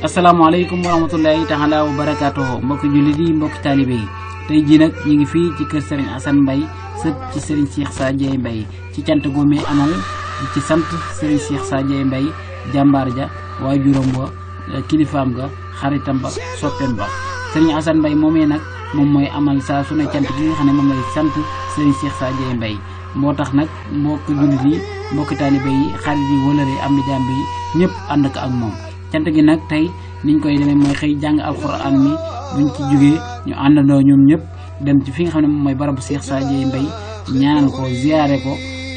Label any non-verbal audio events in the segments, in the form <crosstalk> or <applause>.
Assalamualaikum warahmatullahi wa rahmatullahi ta'ala wa barakatuh mbokk julit yi mbokk talibé tay ji nak ñi ngi fi ci kër serigne assan mbay sepp ci serigne cheikh bayi. mbay ci tiant gomé amal ci sante serigne cheikh sa mbay jambar ja wajuram wa kilifam ga xaritam ba soppem ba serigne assan mbay momé nak mom moy amal sa su tiant gi nga xamne mom lay sante serigne cheikh sa mbay motax nak mbok julit yi talibé yi xarit yi am jambi ñepp and ak mom cant gi nag tey niñ koy demee mooy xëy jàng alxuraan mi buñ ci jógee ñu àndandoo ñoom ñëpp dem ci fii nga xam ne moom mooy barabu Cheikh Sadio Mbaye ñaanal ko ziyaare ko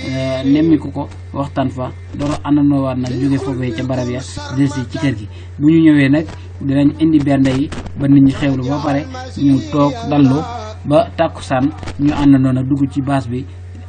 euh, nemmiku ko waxtaan fa door àndandoo waat nag jóge foofee ca barab ya des ci kër gi bu ñu ñëwee nag dinañ indi bernde yi ba nit ñi lu ba pare ñu toog dallu ba saan ñu àndandoo nag dugg ci baas bi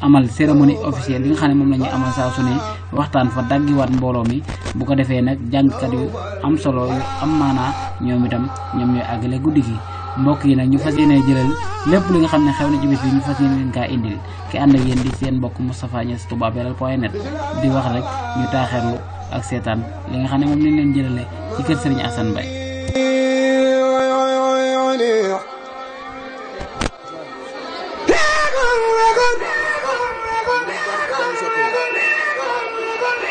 amal seremoni ofisial li nga xamne mom lañuy amal sa suné waxtan fa daggi wat mbooloo mi bu ko nak jang kat yu am solo yu am mana ñom itam ñom ñoy àggale guddi gi mbokk yi nak ñu fasiyene jëlal li nga xamne xewna na ci bis bi ñu fasiyene ka indil ki and ak yeen di seen mbokk Moustapha Niass Touba Belel point net di wax rek ñu taxerlu ak setan li nga xamne mom lañ leen ci kër Serigne Assane Mbaye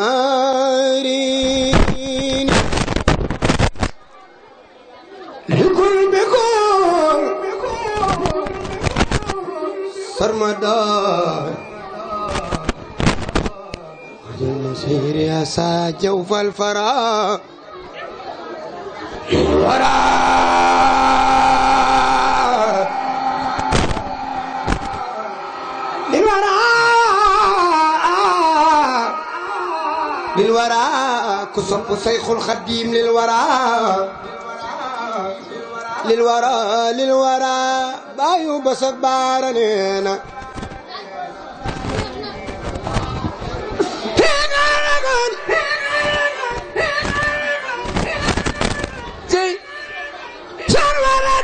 مارين لكل بكم سرمدار المسير يا ساجوف الفراغ ورا للورى كسب شيخ الخديم للورى للورى للورى بايو بسبار نينا Turn around!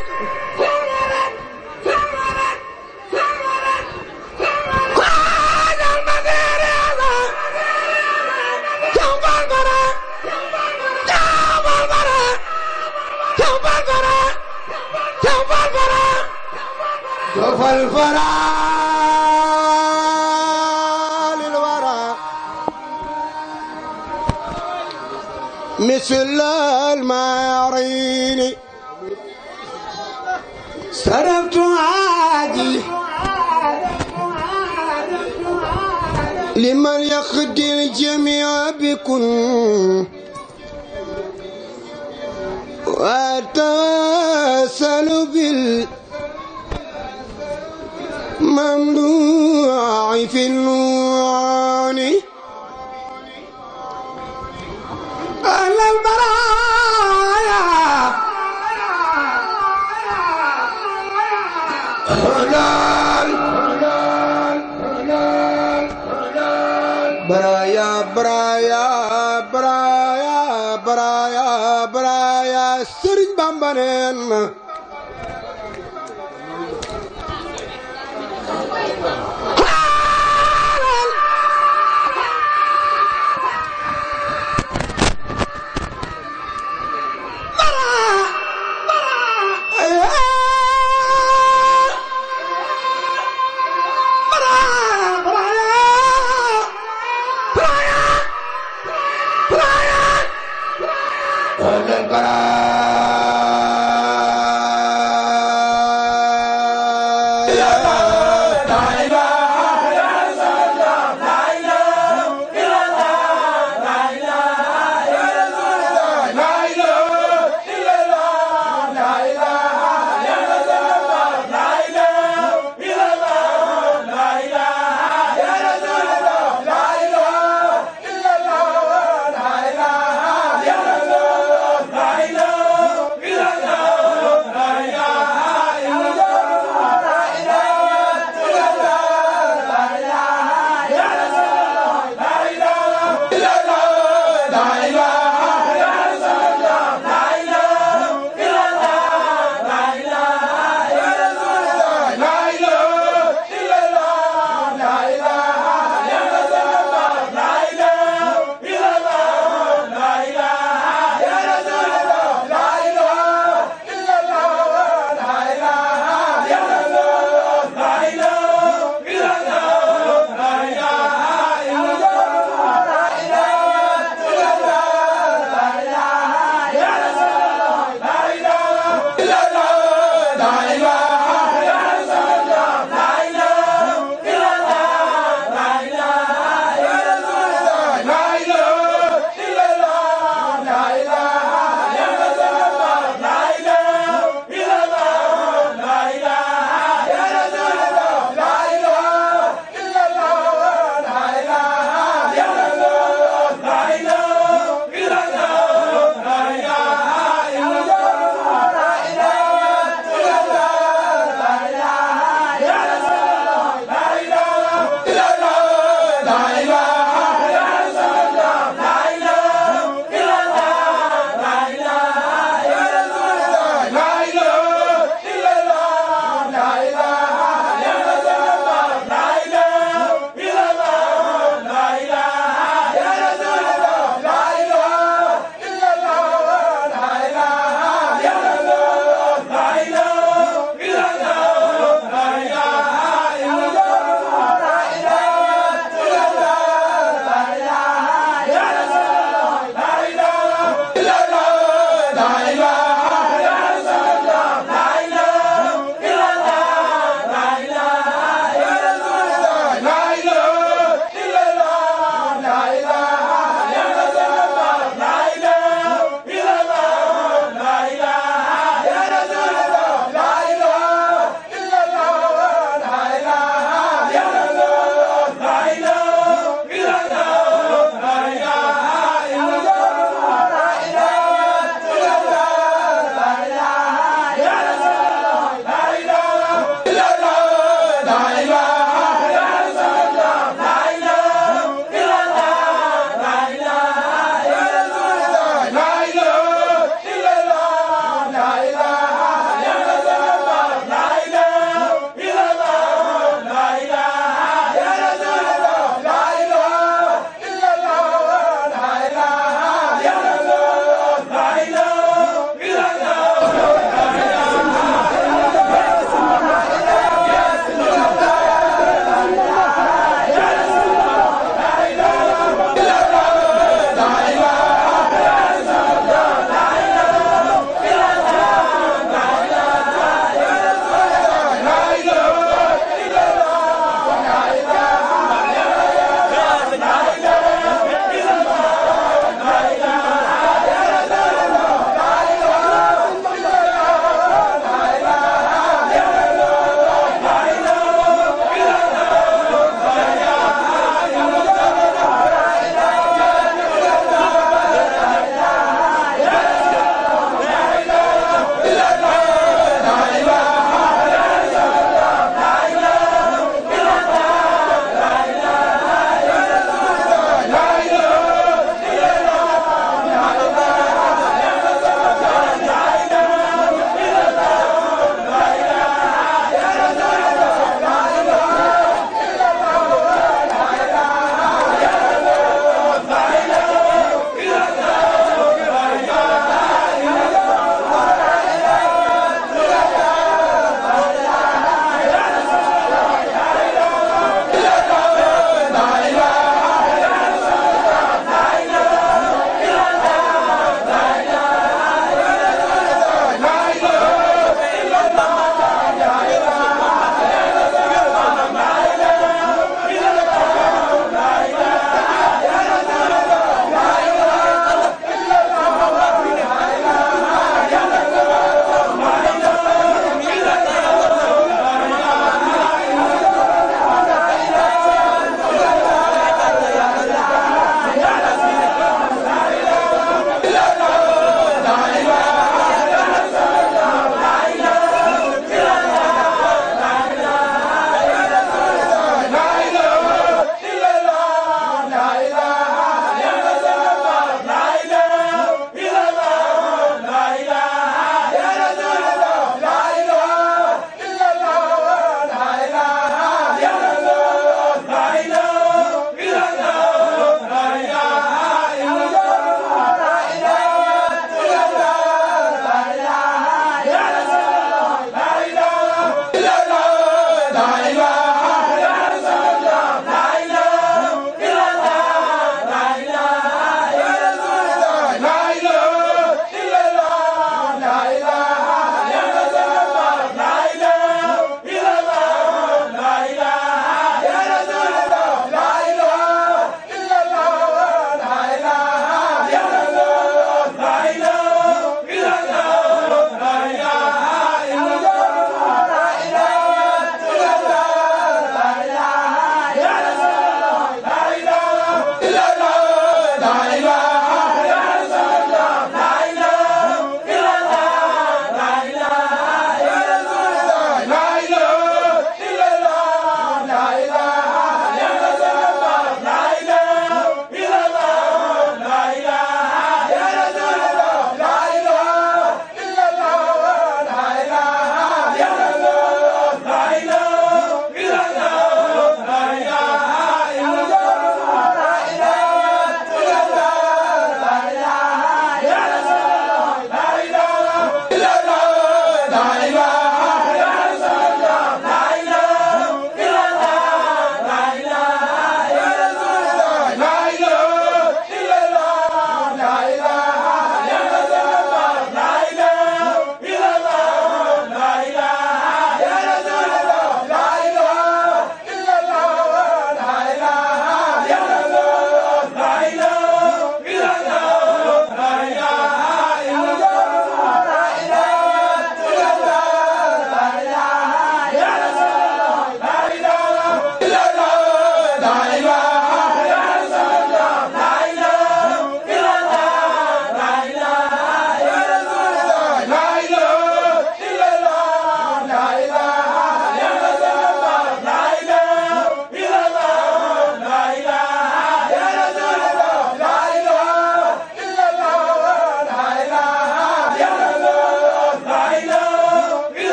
شوف الفرا للورا مثل الماء يريني سربت عادي لمن يخد الجميع بكن وتواصل بال الممدوع في النون أهل البرايا أهلال برايا برايا برايا برايا برايا سرج بامبانين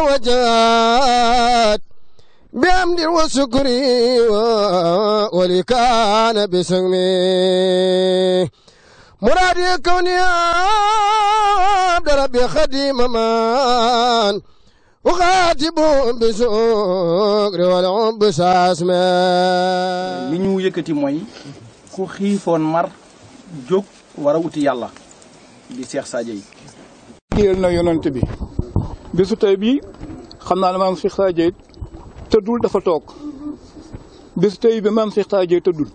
وجاد بحمد وشكري ولكان بسمي مراد يكون يا عبد ربي خديم مان وخاتب بسكر والعب ساسما لي يكتي yëkëti moy ku xifon mar jog wara wuti yalla di cheikh sadjey yel na yonent bi bisu tey bii xam naa ne maam Cheikh Sa Dieye tëddul dafa toog bisu tey bi maam Cheikh Sa Dieye tëddul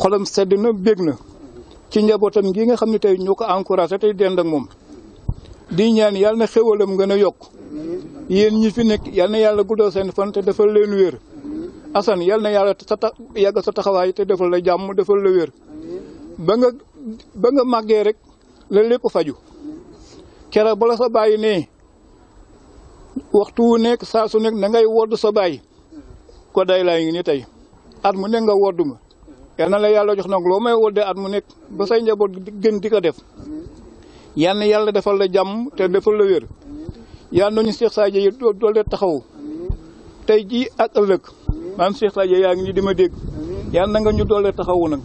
xolam sedd na bég na ci njabootam gi nga xam ne tey ñoo ko encouragé tey dend ak moom di ñaan yàlla na xéwalam gën a yokk yéen ñi fi nekk yal na yàlla guddal seen fan te defal leen wér Assane yal na yàlla sa ta yàgg sa taxawaay te defal la jàmm defal la wér ba nga ba nga màggee rek la lépp faju kera bala sa bàyyi nee waxtu wu nekk saa su nekk ngay wodd sa bay ko day laa ngi ni at mu nekk nga wodd ma yal na la yalla jox nak lo may wodde at mu nek ba say njabot gën di ko def yal na yàlla defal la jam te defal la wér yal nañu Cheikh Sadio do le taxaw tay ji ak ëllëg man Cheikh Sadio ya ngi dima deg ma na nga ñu taxaw nak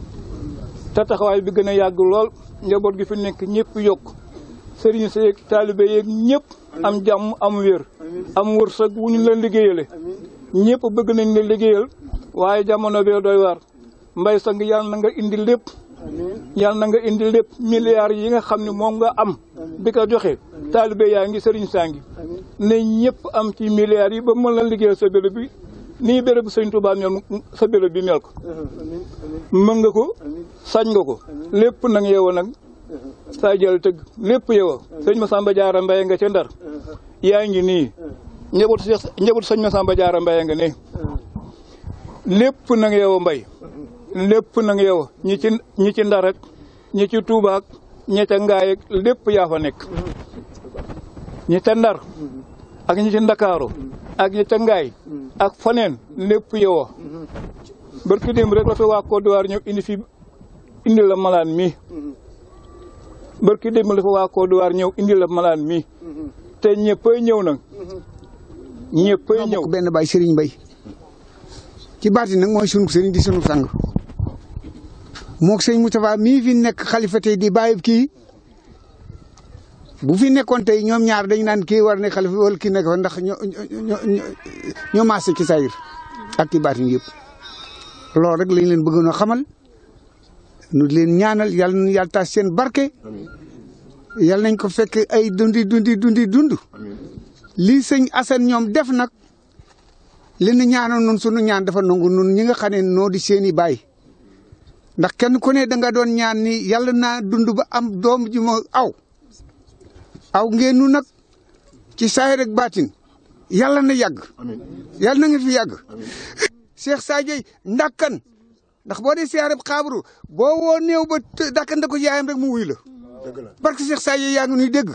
ta taxaway bi gëna yag lool njabot gi fi nek ñepp yok serigne talibey ak ñepp am jàmm am wér am wërsëg wu ñu leen liggéeyale ñëpp bëgg nañ la liggéeyal waaye jamono bee doy waar mbay sang yàlla na nga indi lépp yàlla na nga indi lépp milliards yi nga xam ne moom nga am bi ko joxe taalibe yaa ngi sëriñ saa ngi ne ñëpp am ci milliards yi ba mën la liggéeyal sa béréb bi nii béréb sëñ Tuubaa mel sa béréb bi mel ko mën nga ko sañ nga ko lépp nag yeewoon nag saa jël tëgg lépp yow sëñ Masamba Jaara Mbaye nga ca Ndar yaa ngi nii njabootu njabootu sëñ Masamba Jaara Mbaye nga nii lépp nag yow mbay lépp nag yow ñici ci ñi ci Ndar ci Tuuba ak ñi lépp yaa fa nekk ñi ca Ndar ak ñi ci Ndakaaru ak ñi ak faneen lépp yow barki rek la fi waa Côte d'Ivoire ñëw indi fi indi la mi barki démb la fa waa Côte d'Ivoire ñëw indi la malaan mii te ñëppay ñëw nag ñëppay ñëw benn baay Serigne Mbaye ci baati nag moo sunu Serigne di sunu sang moog sëñ Moustapha mii fi nekk xalifa te di bàyyi kii bu fi nekkoon tey ñoom ñaar dañu naan ki war ne xalifa wala kii nekk fa ndax ñoo ñoo maase ci sayir ak ci baatin yëpp loolu rek lañ leen bëggoon a xamal nu leen ñaanal yal nañu yàlla seen barke yal nañ ko fekk ay dundi dundi dundi dund lii sëñ Assane ñoom def nag li ñu ñaanal nun sunu ñaan dafa nangu nun ñi nga xam ne noo di seen baay ndax kenn ku ne da doon ñaan ni yàlla naa dund ba am doom ji ma aw aw ngeen nag ci saahir ak baatin yàlla na yàgg yàlla na fi yàgg Cheikh Sadio Ndakan ndax boo dee siyaareb xaabru boo woo néew ba dakkante ko yaayam rek mu wuy la. dëgg la parce que Cheikh Saaye yaa ngi nuy dégg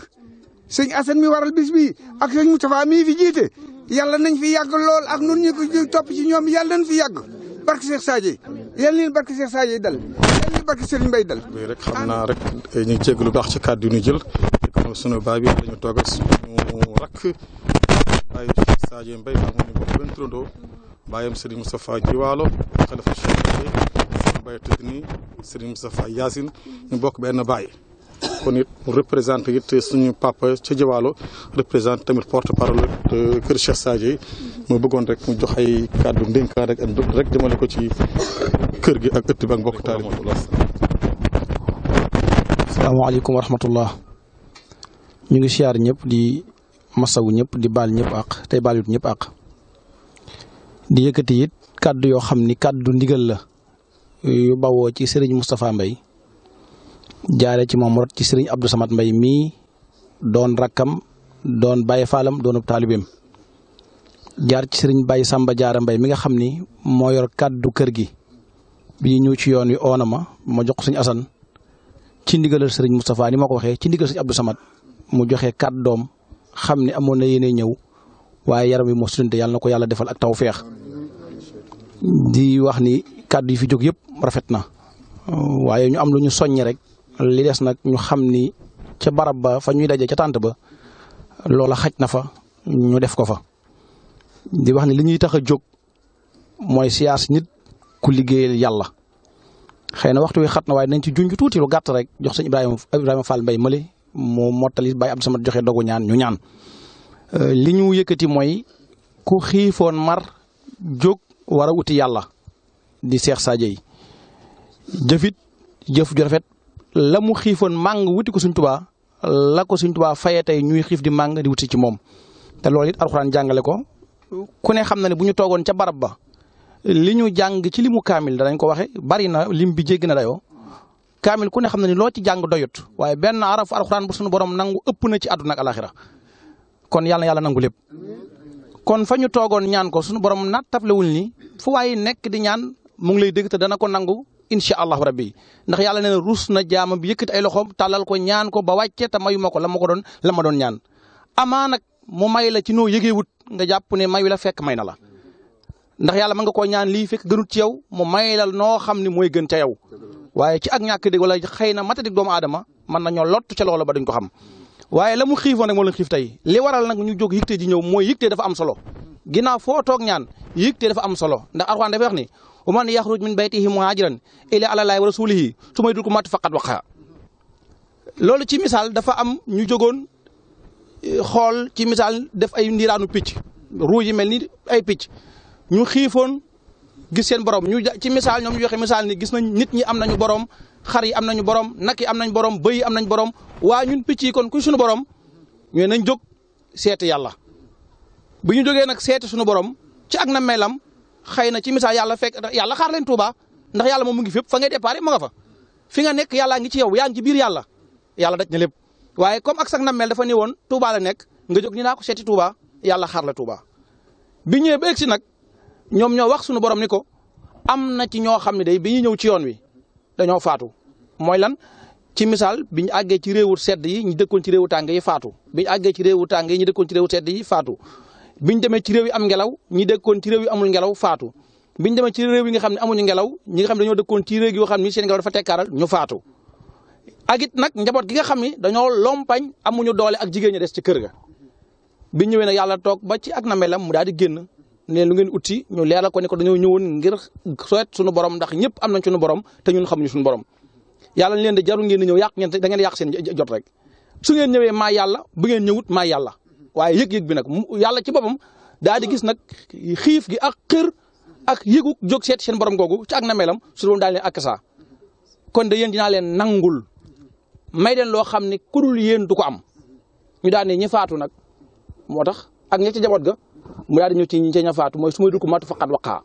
sëñ Assane mi waral bis bi ak sëñ Moustapha mii fi jiite yàlla nañ fi yàgg lool ak nun ñu ko topp ci ñoom yàlla nañ fi yàgg barke Cheikh Saaye yal nañu barke dal yal nañu barke Serigne Mbaye dal. oui rek xam naa rek ñu lu baax ci kàddu yi ñu jël kon sunu baay bi la ñu toog ak sunu bayam serigne Moustapha djiwalo khalifa Cheikh Baye Tidni serigne Moustapha yassine ñu bok ben baye kon it mu représenté it suñu papa ci djiwalo représenté tamit porte parole de keur Cheikh sadji mo bëggon rek mu jox ay kàddu ndénkaan rek rek jëmale ko ci keur gi ak ëtt bi ak mbokk taalib salaamaaleykum wa rahmatullah ñu ngi siyaar ñëpp di massaw ñëpp di bal ñëpp ak tay balut ñëpp ak di yëkkati it kàddu yoo xam ni kàddu ndigal la yu bawoo ci sëriñ Moustapha mbay jaare ci moom rot ci sëriñ Abdou Samad mbay mii doon rakkam doon Baye Fallam doonu taalibeem jaar ci sëriñ Baye Samba Jaara mbay mi nga xam ni moo yor kàddu kër gi bi ñëw ci yoon wi oona ma ma jox suñu asan ci ndigalal sëriñ Moustapha ni ma ko waxee ci ndigal sëriñ Abdou Samad mu joxe kàddoom xam ni amoon na yéene ñëw waaye yaram wi moo sutante yàlla na ko yàlla defal ak taw feex di wax ni kàddu yi fi jóg yëpp rafet na waaye ñu am lu ñu soññ rek li des nag ñu xam ni ca barab ba fa ñuy daje ca tànt ba loola xaj na fa ñu def ko fa di wax ni li ñuy tax a jóg mooy siyaas nit ku liggéeyal yàlla xëy na waxtu wi xat na waaye nañ ci junj tuuti lu gàtt rek jox sëñ Ibrahima Ibrahima Fall Mbaye Mali moo mottali bay Abdou Samad joxe dogu ñaan ñu ñaan Euh, li ñu yëkkati mooy ku xiifoon mar jóg war a wuti yàlla di Cheikh Sadio yi jëfit jëf ju rafet la mu xiifoon màng wuti ko Sëñ Tuubaa la ko Sëñ Tuubaa fayee tey ñuy xiif di màng di wuti ci moom te loolu it alxuraan jàngale ko ku ne xam na ne bu ñu toogoon ca barab ba li ñu jàng ci li mu kaamil danañ ko waxe bari na lim bi jéggi na dayo kaamil ku ne xam na ni loo ci jàng doyut waaye benn araf alxuraan bu sunu borom nangu ëpp na ci àdduna ak alaxira kon yàlla na yàlla nangu lépp kon fa ñu toogoon ñaan ko suñu borom naat tablewul ni fu waaye nekk di ñaan mu ngi lay dégg te dana ko nangu incha allahu rabbi ndax yàlla nee na ruus na jaama bi yëkkati ay loxoom tàllal ko ñaan ko ba wàcce te mayu ko la ma ko doon la ma doon ñaan amaa nag mu may la ci noo yëgeewut nga jàpp ne mayu la fekk may na la ndax yalla mën nga koo ñaan lii fekk gënut ci yow mu may la noo xam ne mooy gën ca yow waaye ci ak ñàkk dégg wala xëy na matadik doomu aadama mën nañoo lott ca loola ba duñ xam waaye la mu xiifoon rek moo leen xiif tey li waral nag ñu jóg yitte ji ñëw mooy yitte dafa am solo ginnaaw foo toog ñaan yitte dafa am solo ndax Alxuraan dafa wax ni wa man yaxruj min baytihi muhaajiran ilaa Allaahi wa rasuulihi du ko al-mawtu faqad waqaa loolu ci misaal dafa am ñu jogoon eh, xool ci missal def ay ndiiraanu picc ruu yi mel ni ay picc ñu xiifoon gis seen borom ñu ci misaal ñoom ñu yoxe misaal ni gis nañ nit ñi am nañu borom xar yi am borom nak yi am borom beuy yi borom wa ñun picc kon ku suñu borom ñu nañ jog sété yalla bu ñu jógee nak sété suñu borom ci ak na melam xeyna na ci misaal yalla fek yalla xaar leen touba ndax yalla mo mu ngi fépp fa ngay déparé mo nga fa fi nga nek yalla ngi ci yow yaa ngi biir yalla yalla daj na lepp waye comme ak sax na mel dafa ne woon la nek nga jog ni na ko sété touba yalla xaar la touba bi ba ci nak ñom ño wax suñu borom niko amna am na ci ño xamni day bi ñëw ci yoon wi dañoo faatu mooy lan ci misaal bi ñu àggee ci réewu sedd yi ñu dëkkoon ci réewu tàng yi faatu bi ñu ci réewu tàng yi ñu dëkkoon ci réewu sedd yi faatu ñu demee ci réew yi am ngelaw ñi dëkkoon ci réew yi amul ngelaw faatu bi ñu demee ci réew yi nga xam ne amuñu ngelaw ñi nga xam ne dañoo dëkkoon ci réew yoo xam ne seen ngelaw dafa tekkaaral faatu ak nag njaboot gi nga xam ne dañoo lompañ amuñu doole ak jigéen ñi des ci kër ga bi ñëwee na yàlla toog ba ci ak na mu daal di génn ne lu ngeen uti ñu leral ko ne ko dañu ñewoon ngir soet suñu borom ndax ñepp am nañ suñu borom te ñun xamuñu suñu borom yàlla leen di jaru ngeen ñew ñëw ngeen da ngeen yàq seen jot rek su ngeen ñewé ma yalla bu ngeen ñewut ma yalla waye bi nak yalla ci bopam daal di gis nak xif gi ak xir ak yegu jog set seen borom gogu ci ak na melam su lu dal ni ak sa kon de yeen dina len nangul may den lo xamni kudul yeen du ko am ñu daal ni ñi faatu nak motax ak ñi ci jabot ga mu daal di ñëw ci ñi ca ña faatu mooy su ma dugg matu faqat waqaa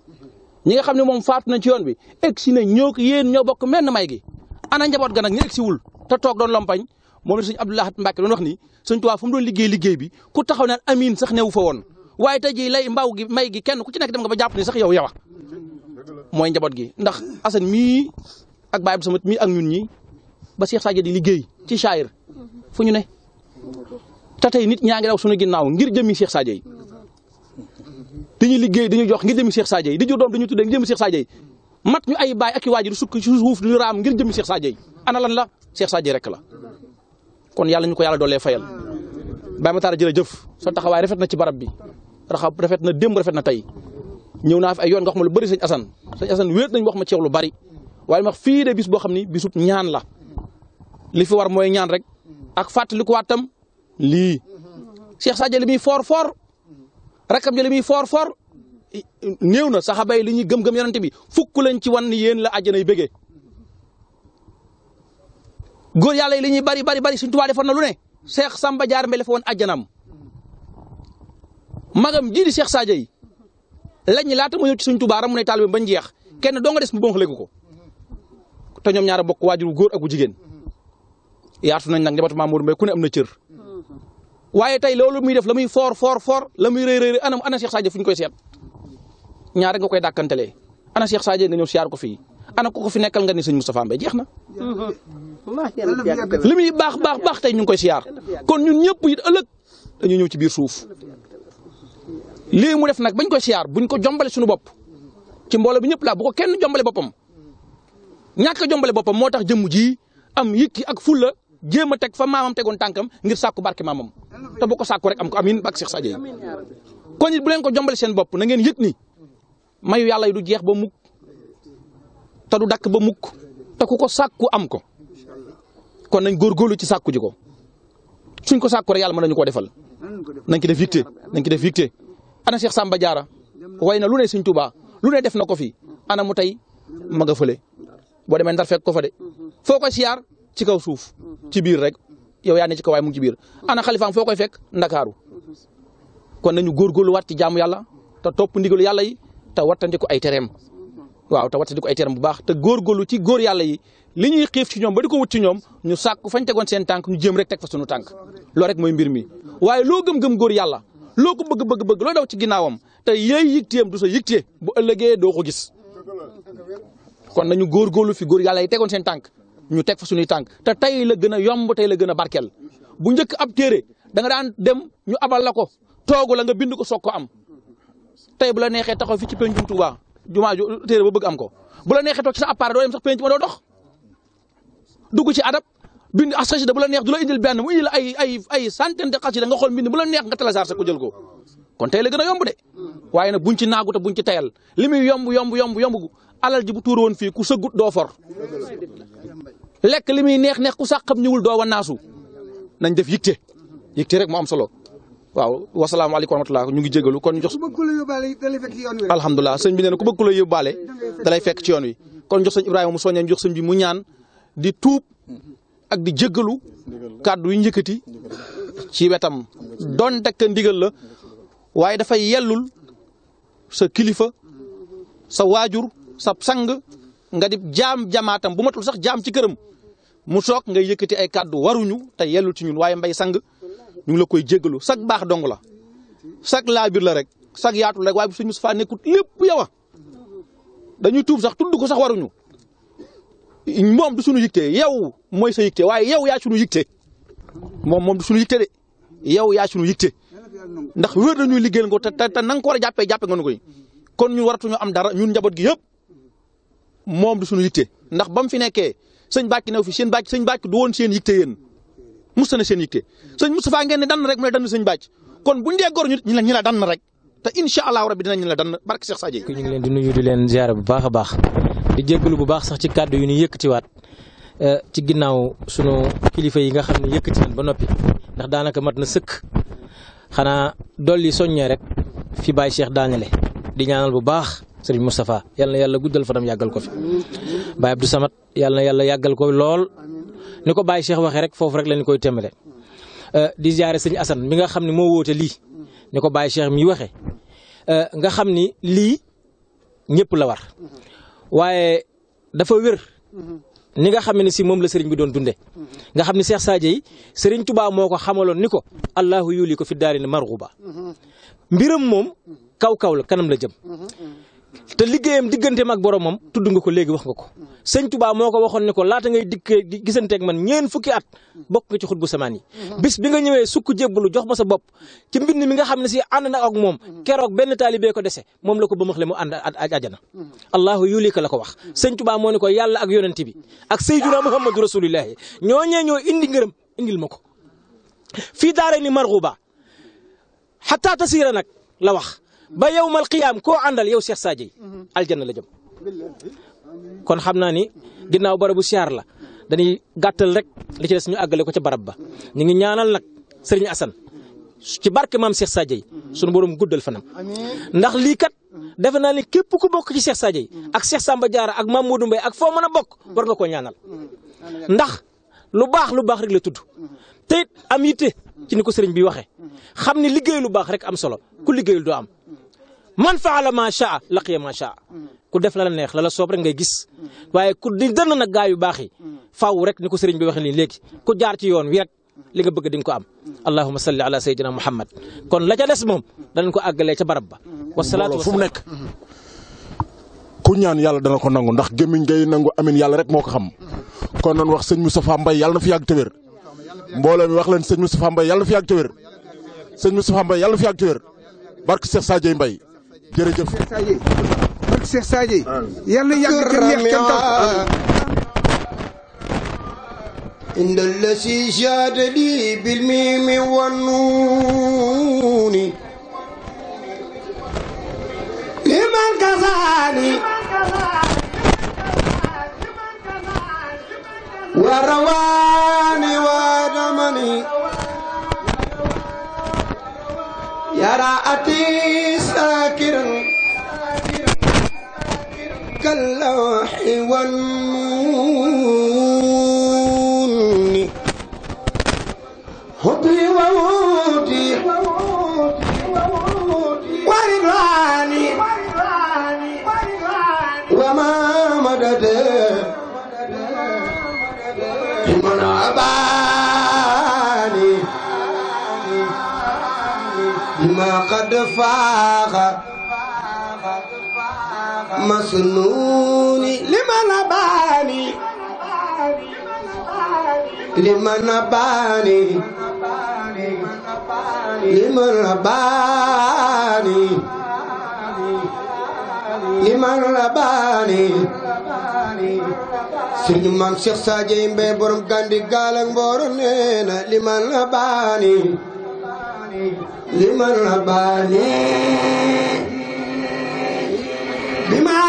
ñi nga xam ne moom faatu nañ ci yoon bi egg si nañ ñoo ko yéen ñoo bokk menn may gi ana njaboot ga nag ñu egg si wul te toog doon lompañ moom la sëñ Abdoulahat Mbacke doon wax ni sëñ Tuubaa fu mu doon liggéey liggéey bi ku taxaw naan amiin sax newu fa woon waaye te ji lay mbaw gi may gi kenn ku ci nekk dem nga ba jàpp ni sax yow yow mooy njaboot gi ndax Assane mii ak Baye Abdou Samad mii ak ñun ñi ba si sa di liggéey ci saayir fu ñu ne te nit ñaa ngi daw suñu ginnaaw ngir jëmmi Cheikh Sadio yi dañuy liggéey dañuy jox ngir jëmi Cheikh Sadio yi di jur doom dañuy tuddee ngir jëmi Cheikh Sadio mat ñu ay baay ak i waajur sukk ci suuf duñu raam ngir jëmi Cheikh Sadio yi la Cheikh Sadio rek la kon yàlla ñu ko yàlla doolee fayal Baye Matar jëf sa taxawaay rafet na ci barab bi raxa rafet na démb rafet na tey ñëw naa fi ay yoon nga ma lu bari sëñ Assane sëñ Assane wéet nañ wax ma ci yow lu bari waaye ma fii de bis boo xam ni bisub ñaan la li fi war mooy ñaan rek ak fàttalikuwaat tam lii Cheikh Sadio li muy foor foor rakkam ja li muy foor foor néew na saxaba yi li ñuy gëm-gëm yonent bi fukk lañ ci wan ni yéen la àjjanay bëggee góor yàlla yi li bari bari bari Sëñ Tuubaa defoon na lu ne Cheikh Samba Diar Mbay dafa woon àjjanam magam jii di Cheikh Sadio yi lañ laata mu ñëw ci Sëñ Tuubaa ne taalibe bañ jeex kenn doo nga des mu bonk léegi ko te ñoom ñaar bokk waajur góor ak gu jigéen yaatu nañ nag njabootu Mamour Mbay ku ne am na cër. waaye tey loolu muy def la muy foor foor foor la muy rëy rëy anam ana Cheikh Sadio fu ñu koy seet ñaar rek nga koy dàkkantelee ana Cheikh Sadio nga ñëw siyaar ko fi ana ko ko fi nekkal nga ni sëñ Moustapha Mbaye jeex na. li muy baax baax baax tey ñu ngi koy siyaar kon ñun ñëpp it ëllëg dañu ñëw ci biir suuf lii mu def nag bañ koy siyaar buñ ko jombale suñu bopp ci mbooloo bi ñëpp laa bu kenn jombale boppam ñàkk jombale boppam moo tax jëmm ji am yëkki ak fulla jéem tek fa mamam tegon tankam ngir sakku barke mamam te bu ko sakku rek am ko amin bak Cheikh Sadio ko nit bu len ko jombal sen bop na ngeen yek ni mayu yalla yi du jeex ba mukk te du dak ba mukk te ku ko sakku am ko kon nañ golu ci sakku ji ko suñ ko sakku rek yalla mën nañ ko defal nañ ki def victé nañ ki def victé ana Cheikh Samba Diarra wayna lu ne seigne touba lu ne def na fi ana mu tay ma nga fële boo demee ndar fek ko fa de foko siar ci kaw suuf mhm. ci biir rek yow yaa ne ci kaw waaye mu ci biir mhm. ana xalifaam foo koy fekk ndakaaru mhm. kon nañu góorgóorluwaat ci jaamu yàlla te topp ndigalu yàlla yi te ko ay tereem waaw te wattandiku ay tereem bu baax te góorgóorlu ci góor yàlla yi li ñuy xiif ci ñoom ba di ko wut ci ñoom ñu sàkku fañ tegoon seen tànk ñu jëm rek teg fa sunu tànk loolu rek mooy mbir mi waaye loo gëm-gëm góor yàlla loo ko bëgg bëgg bëgg loo daw ci ginnaawam te yéey yigteem du sa yigtee bu ëllëgee doo ko gis kon nañu góorgóorlu fi góor yàlla yi tegoon seen tànk ñu tek fa suñu tank te tay la gëna yomb tay la gëna barkel bu ñëk ab téré da nga daan dem ñu abal la ko toogu la nga bindu ko sokko am tay bu la nexé taxaw fi ci penjum Touba juma ju téré ba bëgg am ko bu la nexé tok ci sa appareil do dem sax penc ma dox dugg ci adab bindu asasi da bu la nex du la indil benn mu indil ay ay ay centaine de da nga xol bindu bu la nex nga talasaar sa ko jël ko kon tay la gëna yomb de waaye na buñ ci nagu ta buñ ci tayal limi yomb yomb yomb yomb alal ji bu tour won fi ku seggut do for lekk li muy neex neex ku sàqam ñëwul doo wanaasu nañ def yigte yigte rek mu am solo waaw wasalaamaaleykum wa rahmatulah ñu ngi jégalu kon jox. alhamdulilah sëñ bi nee na ku bëgg ku la dalay fekk ci yoon wi kon jox sëñ Ibrahima mu soññee jox sëñ bi mu ñaan di tuub ak di jégalu kàddu yu njëkkati ci wetam doon tekk ndigal la waaye dafay yellul sa kilifa sa waajur sa sang. nga di jaam jamaatam bu matul sax jaam ci këram mu soog ngay yëkkati ay kàddu waruñu te yellu ci ñun waaye mbay sang ñu ngi la koy jéggalu sag baax dong la sag laabir la rek sag yaatu la rek waaye bu sëñ Moustapha nekkut lépp dañuy tuub sax tudd ko sax waruñu moom du suñu yigte yow mooy sa waaye yow yaa suñu yigte moom moom du suñu yigte de yow yaa suñu yigte ndax wér na liggéeyal nga te te na nga ko war a jàppee jàppee nga nu koy kon ñun waratuñu am dara ñun njabot gi yëpp moom du suñu yitte ndax ba mu fi nekkee sëñ bàkki new fi seen bàcc sëñ bàcc du woon seen yitte yéen musta na seen yitte sëñ Moustapha ngeen ne dann rek mu dan dann sëñ kon buñ dee gor ñu la ñu la dann rek te incha allahu rabbi dinañ la dann barke Cheikh Sadio ñu ngi leen di nuyu di leen ziara bu baax a baax di jéggalu bu baax sax ci kàddu yu ñu yëkkatiwaat eh, ci ginnaaw sunu kilifa yi nga xam ne nañ ba noppi ndax daanaka mat na sëkk xanaa dolli soññee rek fi Baye Cheikh daanale di ñaanal bu baax سري مصطفى يلا يلا جودل فرام يعقل كوفي باي عبد السمت يلا يلا يعقل كوفي لول نكو باي شيخ وخيرك فو فرق لين كوي تمله دي زيارة سني أصلا مينغا خامني مو وو تلي نكو باي شيخ مي وخي نغا خامني لي نيب لا وار واي دافا وير نيغا خامني سي موم لا سيرين بي دون دوندي نغا خامني شيخ ساجي سيرين توبا موكو خامالون نيكو الله يوليكو في الدارين مرغوبا ميرم موم كاو كاو كانم لا جيم te liggéeyam digganteem ak boromam tudd nga ko léegi wax nga ko sëñ Tuubaa moo ko waxoon ne ko laata ngay dikkee di gisanteeg man ñeen fukki at bokk nga ci xutbu samaan yi mhm. bis bi nga ñëwee sukk jébbalu jox ma sa bopp ki mbind mi nga xam ne si ànd na ak moom mhm. keroog benn taalibee ko dese moom la ko bëmaxle mu ànd ak ajana mhm. allahu yulika la ko wax sëñ Tuubaa moo ne ko yàlla ak yonent bi ak sayyiduna muhammadu rasulillahi ñoo ñee ñoo indi ngërëm indil ma ko fii daare ni marxuba xataa tasira nag la wax ba yawmal qiyam ko andal yow Cheikh Sadio mhm. aljanna la jëm. kon xamna ni ginnaw barabu siar la dañi gattal rek li ci des ñu àggale ko ci barab ba ñi ngi ñaanal nak Serigne Assane ci barke mam Cheikh Sadio mhm. sunu borom guddal fanam ndax li kat. Mhm. defe naa ne ku bok ci Cheikh Sadio ak Cheikh Samba Diarra ak Mame mbey ak fo meuna bok war nga ko ñaanal ndax lu bax lu bax rek la tuddu teet am yitte ci niko serigne bi waxe xamni liggey lu bax rek am solo ku liggéeyul do am. man faala ma shaa laqiya ma shaa mm. ku def la la neex la la soob rek ngay gis mm. waaye ku di dënn na gaa yu baax yi mm. faaw rek ni ko sëriñ bi waxee nii léegi ku jaar ci yoon wi rek li nga bëgg di ko am allahumma salli ala sayyidina muhammad kon la ca des moom danañ ko àggalee ca barab ba wasalaatu fu mu nekk ku ñaan yàlla dana ko nangu ndax gémmiñ ngay nangu amin yàlla rek moo ko xam kon noonu wax sëñ Moustapha Mbaye yàlla na fi yàgg te wér mbooloo wax leen sëñ Moustapha Mbaye yàlla fi yàgg te wér sëñ Moustapha yàlla fi yàgg te wér barke Cheikh jërëjëf Cheikh Sadji barke Cheikh Sadji yàlla yàgg kenn yéex kenn dal إن الذي جاد لي بالميم والنون لمن كفاني ورواني ودمني يا راعتي ساكرا كاللوح والنون هدي وودي ورضاني وما مدد من عباد قد فاق مسنوني لمن باني لمن باني لمن باني لمن باني sëriñ maam Cheikh Sadio Mbaye borom gandi galang ak na liman la لمن هباني بما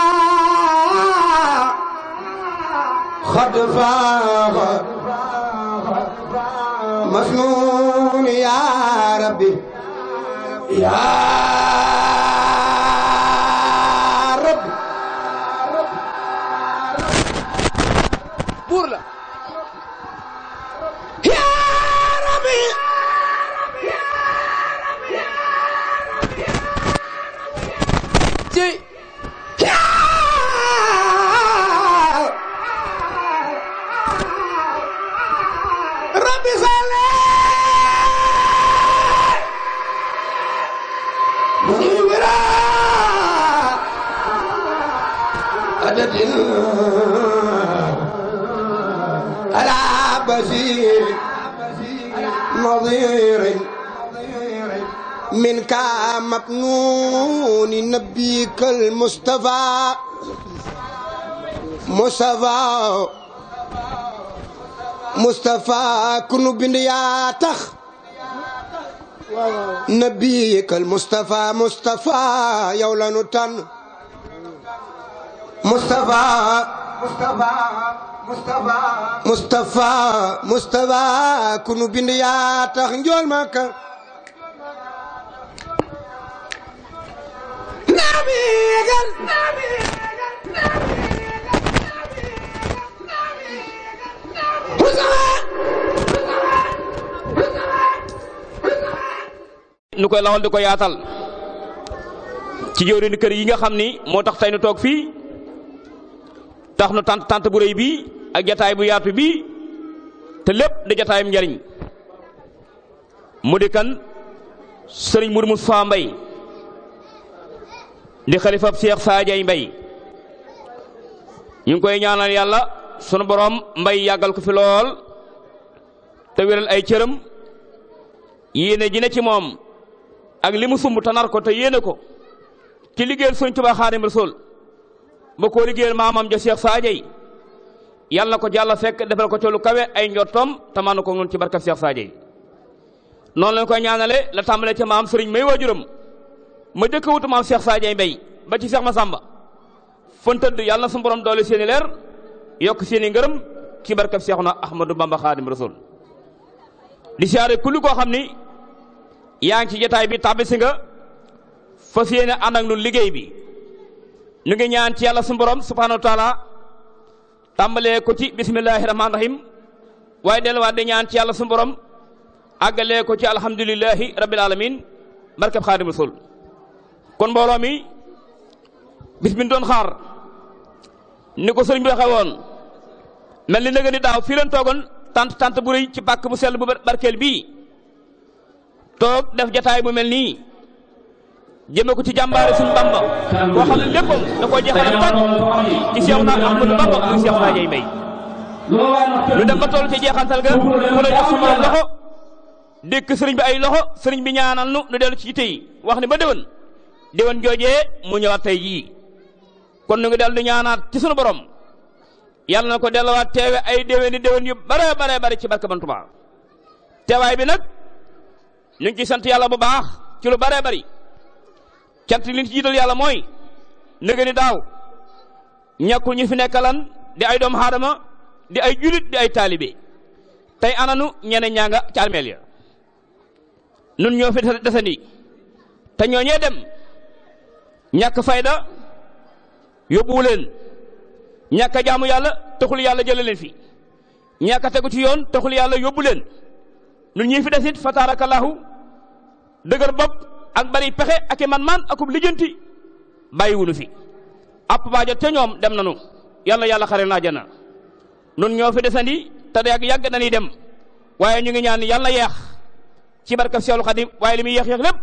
قد فاغ مسنون يا ربي يا نظير منك مكنون نبيك المصطفى مصطفى مصطفى كن بنياتخ نبيك المصطفى مصطفى يولانو تن مصطفى مصطفى مصطفى مصطفى مصطفى كونو بند يا تخ نجول مكة نبي نبي nu koy lawal di ko yaatal ci jëwriñ kër yi nga xam ni moo tax tey toog fii tax nu tant tant bu rëy bii ak jataay bu yaatu bii te lépp di jataayam njariñ mu di kan sëriñ Mourou Moustapha Mbaye di xalifab Cheikh Sadiay Mbaye ñu ngi koy ñaanal yàlla sunu borom mbay yàggal ko fi lool te wéral ay cëram yéene ji ne ci moom ak li mu sumb tanar ko te yéene ko ci liggéeyal Sëriñ Tuubaa Xaadimu Rasuul ba koo liggéeyal maamam ja Cheikh Sadieye yàlla ko jàlla fekk defal ko ci lu kawe ay njottoom tamaanu ko noonu ci barkab Cheikh Sadieye noonu lañ koy ñaanale la tàmbalee ca maam Serigne may waajuram ma jëkk wutu maam Cheikh Sadieye Mbaye ba ci Cheikh ma sàmba tëdd yàlla na suñu borom doole seeni leer yokk seeni ngërëm ci barkab Seexuna Ahmadou Bamba Xaadim Rasul di siyaare kulli koo xam ni yaa ngi ci jotaay bi tàbbi nga fas yéene ànd ak liggéey bi ñu ngi ñaan ci yàlla suñu borom subhanahu wa taala tàmbalee ko ci bismillahi rahmaani rahim waaye delluwaat di ñaan ci yàlla suñu borom àggalee ko ci alhamdulillahi rabbil alamin barkab xaadim sul kon mbooloo mi bis bi doon xaar ni ko sëriñ bi waxee woon mel ni nëgëni daaw fii leen toogoon tant tant bu rëy ci pàkk bu sell bu barkeel bii toog def jataay bu mel jëme ko ci jàmbaare suñu Bamba koo xam ne léppam da koo jeexale tàkk ci Cheikh na Ahmadou Bamba muy Cheikh naa Ndiaye Mbaye lu dem ba ci jeexantal ga ku la jox suñu borom loxo dékk sëriñ bi ay loxo sëriñ bi ñaanal nu nu dellu ci yitte yi wax ne ba déwén déwén joojee mu ñëwaat tey jii kon nu ngi dellu ñaanaat ci sunu borom yàlla na ko delluwaat teewe ay déwén di déwén yu bare bare bare ci barke teewaay bi nag ñu ngi ciy sant yàlla bu baax ci lu bare bari cant li ci jiital yàlla mooy nëgë ni daaw ñàkku ñu fi nekkalan di ay doom aadama di ay julit di ay taalibe tey ananu ñeneen ñaa nga ca armeel ya nun ñoo fi desandi te ñooñee dem ñàkk fayda yóbbuwu leen ñàkk a jaamu yàlla taxul yàlla jële leen fi ñàkk tegu ci yoon taxul yàlla yóbbu leen nun ñii fi desit fa taarakallahu dëgër bopp ak bari pexé ak man man ak lijeenti bayiwunu fi app ba jot ñom dem nanu yalla yalla xare na jana nun ñoo fi desandi te ak yag dañi dem waye ñu ngi ñaan yalla yeex ci barka seul khadim waye limi yeex yeex lepp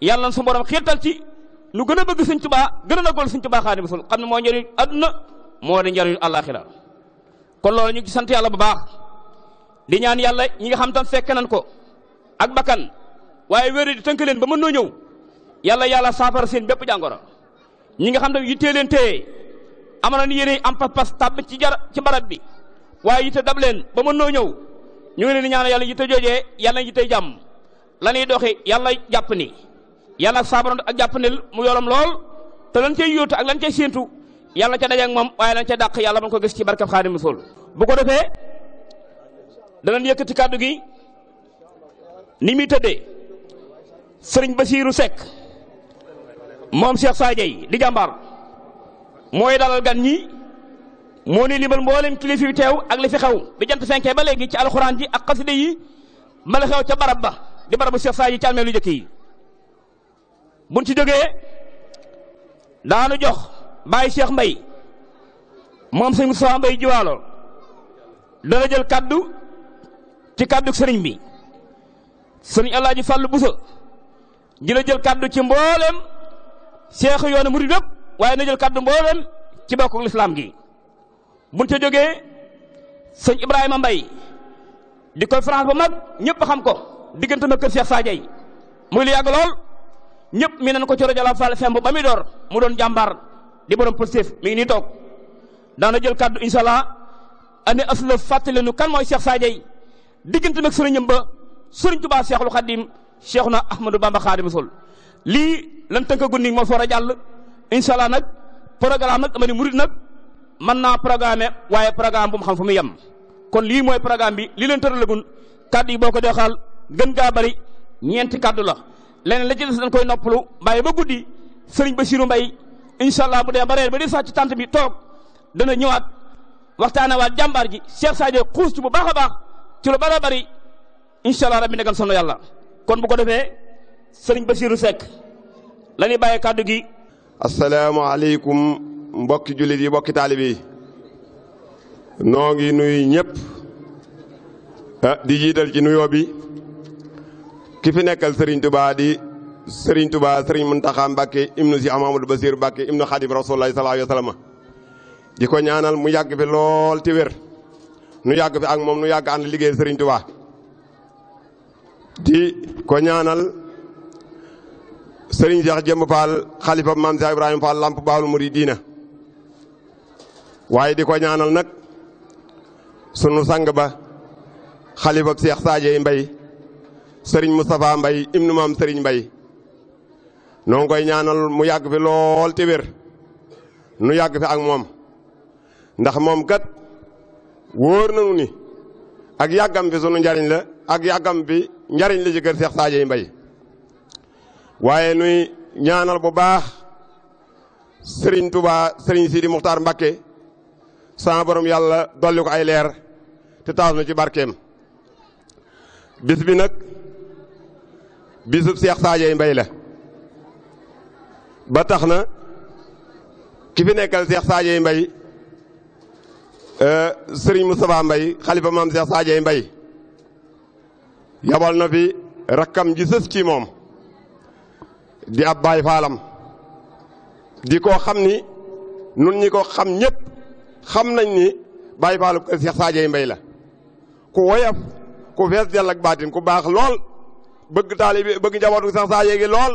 yalla sun borom xirtal ci lu gëna bëgg señ tuba gëna nagol señ tuba khadim sul xamne mo ñëri aduna mo di ñëri alakhirah kon loolu ñu ci sant yalla bu baax di ñaan yalla ñi nga xam tan fekk nan ko ak bakan waye wéeru di tënk leen ba mëno noo ñëw yalla yàlla saafara seen bépp jangoro ñi nga xam na yité leen té amana na yéen am pass pass tab ci jar ci barab bi waye yité dab leen ba mëno noo ñëw ñu ngi leen di ñaan yàlla yitte joojee yàlla yitte jàmm la ñuy doxee yàlla jàpp ni yalla safar ak japp ne mu yorom lool té lan cey yoot ak lan cey sentu yalla ca dajé ak mom waye lan ca dakk yalla mën ko gëss ci barkab khadim Rasuul bu ko defé da lan yëkëti kaddu gi ni mi tëddee sëriñ Basiiru Seck moom Cheikh Sadio di jàmbaar mooy dalal gan ñi moo ni limal mboolem kilifa yu teew ak li fi xew bi jant fenkee ba léegi ci alxuraan ji ak xasida yi ma la xew ca barab ba di barabu Cheikh Sadio ci almeelu njëkk yi buñ ci jógee daanu jox bàyyi Cheikh Mbay moom sëñ saa Mbay Jiwaalo dana jël kàddu ci kaddu sëriñ bi sëriñ Alaaji Fàllu Buso dina jël kaddu ci mboolem seexu yoonu murid yëpp waaye na jël kaddu mboolem ci bokku lislaam gi buñ ca jógee sëñ Ibrahima Mbaye di conférence bu mag ñëpp xam ko diggante ma kër Cheikh yi muy lu yàgg lool ñëpp mi nañ ko ci rajo Fall FM ba muy door mu doon jàmbaar di borom positif mi ngi nii toog daana jël kaddu incha allah ane as la fàttali nu kan mooy Cheikh Sadio yi diggante nag sëriñam ba sëriñ Tuubaa Cheikhul Xadim Cheikhuna Ahmadou Bamba Xaadimu Rasuul lii lan tënkagut nii moo fi a jàll incha nag programme nag dama ni murit nag man naa programme waaye programme bu mu xam fu mu yem. kon lii mooy programme bi lii leen tëralagun kàddu yi boo ko joxal gën gaa bari ñeenti kàddu la leneen la ci des koy noppalu bàyyi ba guddi sëriñ ba Mbaye mbay allah bu dee ba reer ba dee sax ci tànt bi toog dana ñëwaat waxtaane waat jàmbaar ji Cheikh Sadio xuus bu baax a baax ci lu bari bari incha allah rabbi ndegam yàlla. kon bu ko defé serigne bassirou sek la baye kaddu gi assalamu alaykum mbokki julit yi mbokki taalib yi noo ngi ah, di jital ci nuyo bi ki fi nekkal serigne touba di serigne touba serigne muntaha mbake ibnu si Amadu Basiir mbake ibnu khadim rasulullah sallallahu alaihi wasallam diko ñaanal mu yàgg fi lol ti wer nu yàgg fi ak mom nu yàgg and liggéey serigne touba di ko ñaanal serigne Cheikh Jëmb Fall khalifa mam Cheikh ibrahim Fall lamp baawul muridiina waye di ko ñaanal nak sunu sang ba khalifa Cheikh sadie Mbay serigne Moustapha Mbay ibnu mam serigne Mbay no ngoy ñaanal mu yag fi lol te nu yag fi ak mom ndax mom kat wóor nañu ni ak yagam fi sunu njariñ la ak yagam fi njariñ la ci kër Seex Sadio mbay waaye nuy ñaanal bu baax Serigne Touba Serigne Sidi Muxtaar Mbakke sama borom yàlla dolli ko ay leer te taas ci barkeem bis bi nag bisub Seex Sadio mbay la ba tax na ki fi nekkal Seex Sadio Mbaye euh, Serigne Moustapha mbay xalifa maam Seex Sadio mbay yabal na fi rakkam ji sës ci moom di ab baay faalam di ko xam ni nun ñi ko xam ñëpp xam nañ ni baay faalu kër Seex Saajay Mbay la ku woyaf ku fees dell ak baatin ku baax lool bëgg taalibi bëgg njabootu Seex Saajay gi lool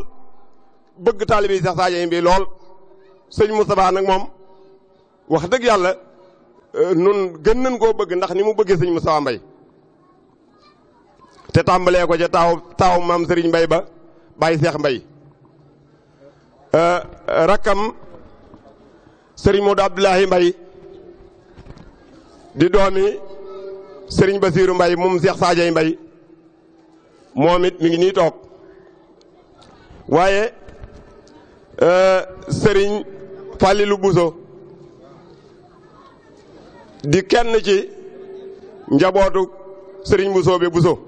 bëgg taalibi Seex Saajay Mbay lool sëñ Moustapha nag moom wax dëgg yàlla euh, nun gën nan koo bëgg ndax ni mu bëggee sëñ Moustapha Mbay te tàmbalee ko ca taaw taaw maam Serigne Mbay ba Baye Seex Mbay euh, rakkam Serigne Modou Abdoulahi Mbay di doomi Serigne Basiiru Mbay moom Seex Saajay Mbay moom it mi ngi nii toog waaye euh, Serigne Fàllilu Buso di kenn ci njabootu Serigne Buso bi Buso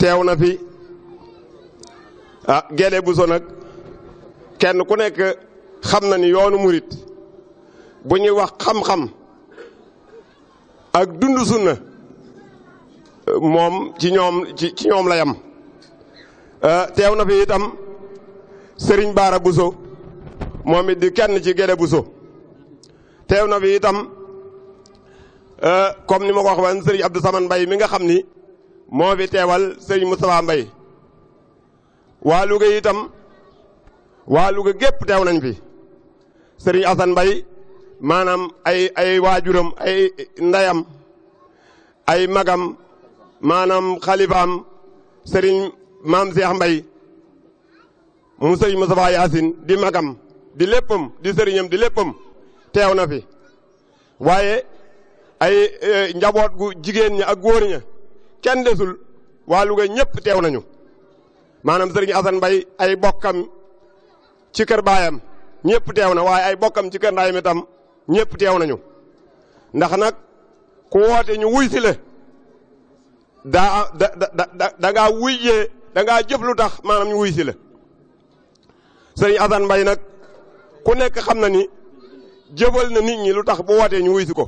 teew fi ah Gele Buso nak kenn ku nek xamna ni yoonu murit bu ñuy wax xam-xam ak dundu sunna mom ci ñom ci ñom la yam teew na fi itam Serigne bara Buso momit di kenn ci Gele Buso teew na fi itam comme ni ko wax waan Serigne Abdou samane Mbaye mi nga xamni moo fi teewal sëriñ Moustapha Mbaye waa Louga itam waa Louga gépp teew nañ fi sëriñ Assane Mbaye maanaam ay ay waajuram ay ndeyam ay magam maanaam xalifaam sëriñ maam Cheikh Mbaye mu sëriñ Moustapha Yacine di magam di léppam di sëriñam di léppam teew na fi waaye ay eh, njaboot gu jigéen ña ak góor ña kenn desul waa Louga ñëpp teew nañu maanaam sëriñ Assane Mbaye ay bokkam ci kër baayam ñëpp teew na waaye ay bokkam ci kër ndaayam itam ñëpp teew nañu ndax nag ku woote ñu wuy si la daa da da da da lu tax maanaam ñu la sëriñ Assane Mbaye nag ku nekk xam na ni jëbal na nit ñi lu tax bu wootee ñu wuy si ko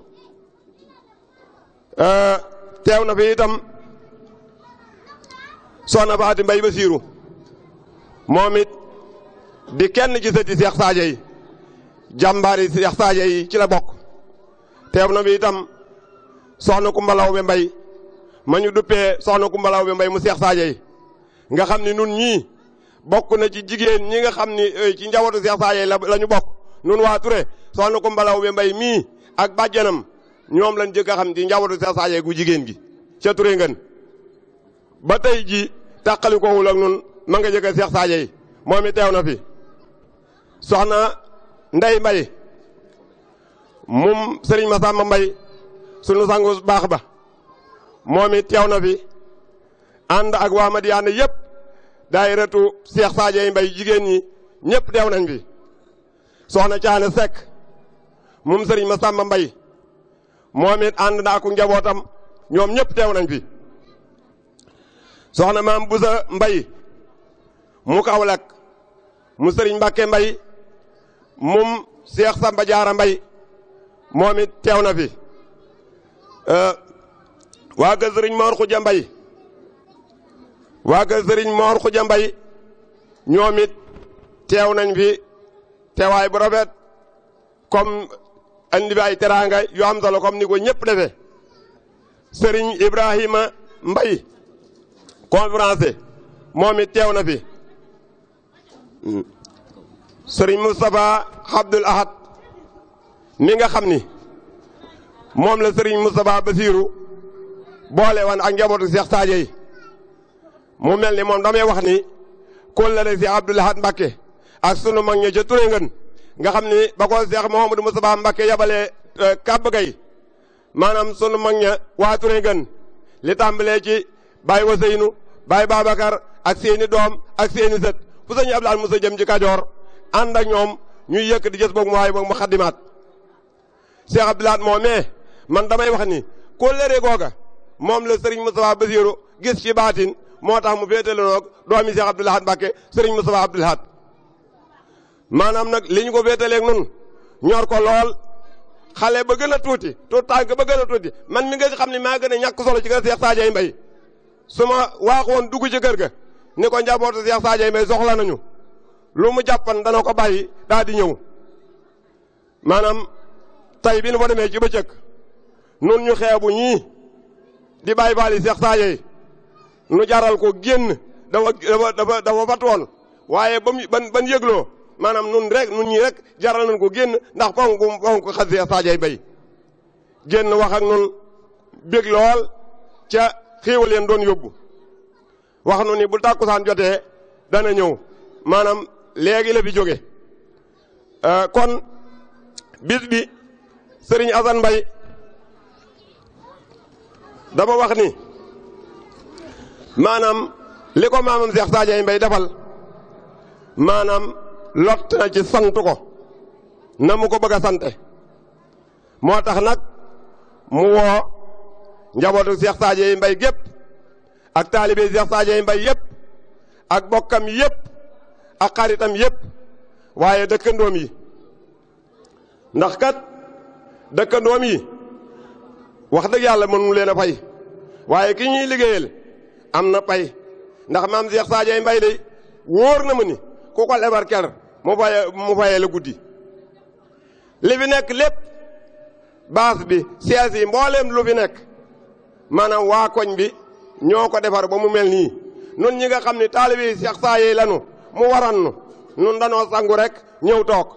euh, teew na fi itam soxna Faati Mbay Basiiru moom it di kenn ci sëti Seex Saaja yi jàmbaari Seex Saaja yi ci la bokk teew na bi itam soxna Kumba Lawbe Mbay ma ñu duppee ku Kumba Lawbe Mbay mu Seex Saaja yi nga xam ni nun ñii bokk na ci jigéen ñi nga xam ni eh, ci njabootu Seex Saaja la lañu bokk nun waa Ture ku Kumba Lawbe Mbay mii ak bàjjanam ñoom lañ jëkk a xam ci njabootu Seex Saaja gu jigéen gi ca Ture ngeen ba tey ji tàqali ko wul nun ma nga jóge Seex Saaje yi moom i teew na fi soxna Ndey Mbay moom Sëriñ sàmma Mbay sunu sangu baax ba moom i teew na fi ànd ak waa Madiyana yëpp daayiratu Seex yi Mbay jigéen ñi ñëpp teew nañ fi soxna Caane sek moom Sëriñ ma sàmma Mbay moom it na ak njabootam ñoom ñëpp teew nañ fi soxna mam Busa Mbay mu kawlak mu serigne mbake Mbay mum cheikh Samba Jaara Mbay momit tewna fi euh kër Sëriñ Moor Xuja Mbay waa kër Sëriñ Moor Xuja Mbay ñoom it teew nañ fi teway bu rafet comme andi bay teranga teraanga yu am solo comme ni ko ñëpp defe serigne Ibrahima Mbay conférence moom it teew na fi hmm. sëriñ Moustapha Abdoul Ahad mi nga xam ni moom la sëriñ Moustapha Basiiru boole wan ak njabootu Seex Saaje yi mu mel ni moom damay wax ni kon la si Abdoul Ahad Mbacke ak sunu mag ñi ca Touré ngeen nga xam ni ba ko Seex Mouhamadou Moustapha Mbacke yabalee euh, kàbb gay maanaam sunu mag ña waa Touré ngeen li tàmbalee ci Baye Waseynu Baye Babacar ak seeni doom ak seeni sët fu sëñ Abdou Lahad Moussa jëm ci Kajoor ànd ak ñoom ñuy yëkk di jës boog mu waaye boog mu xaddimaat Cheikh Abdou moo mais man damay wax ni kóllëre googa moom la sëriñ Serigne Moustapha Bassirou gis ci baatin moo tax mu féete la noog doomi Cheikh Abdou Lahad Mbacké Serigne Moustapha Abdou maanaam nag li ñu ko féetaleeg nun ñor ko lool xale ba gën tuuti tuut tànk ba gën a tuuti man mi nga xam ni maa gën a ñàkk solo ci nga Cheikh Sadio su ma waakoon dugg ci kër ga ni ko njabootu Seex Sadio Mbaye soxla nañu lu mu jàppan dana ko bàyyi daal di ñëw maanaam tey bi nu fa demee ci bëccëg nun ñu xeebu ñii di bàyyi baali Seex Sadio yi nu jaral ko génn dafa dafa dafa dafa fat woon waaye ban ban yëgloo maanaam nun rek nun ñii rek jaral nañ ko génn ndax fonk bu fonk xas Seex Sadio Mbaye génn wax nun bég lool ca xéewal leen doon yóbbu wax nu ni bu tàkkusaan jotee dana ñëw maanaam léegi la fi jóge euh, kon bis bi sëriñ Assane Mbaye dama wax ni maanaam li ko maamam Cheikh Sadio Mbaye defal maanaam lott na ci sant ko na mu ko bëgg a sante moo tax nag mu woo njabootu Cheikh Sadio yi mbay gépp ak taalibe Cheikh Sadio yi mbay yépp ak bokkam yépp ak xaritam yépp waaye dëkkandoom yi ndax kat dëkkandoom yi wax dëgg yàlla mënu leen a fay waaye ki ñuy liggéeyal am na pay ndax maam Cheikh Sadio mbay day wóor na ma ni ku ko lebar ker mu faye mu fayee guddi li fi nekk lépp baas bi siège yi mbooleem lu fi nekk maanaam waa koñ bi ñoo ko defar ba mu mel nii nun ñi nga xam ne taalibi Cheikh Saaye lanu mu waran nu nun danoo sangu rek ñëw toog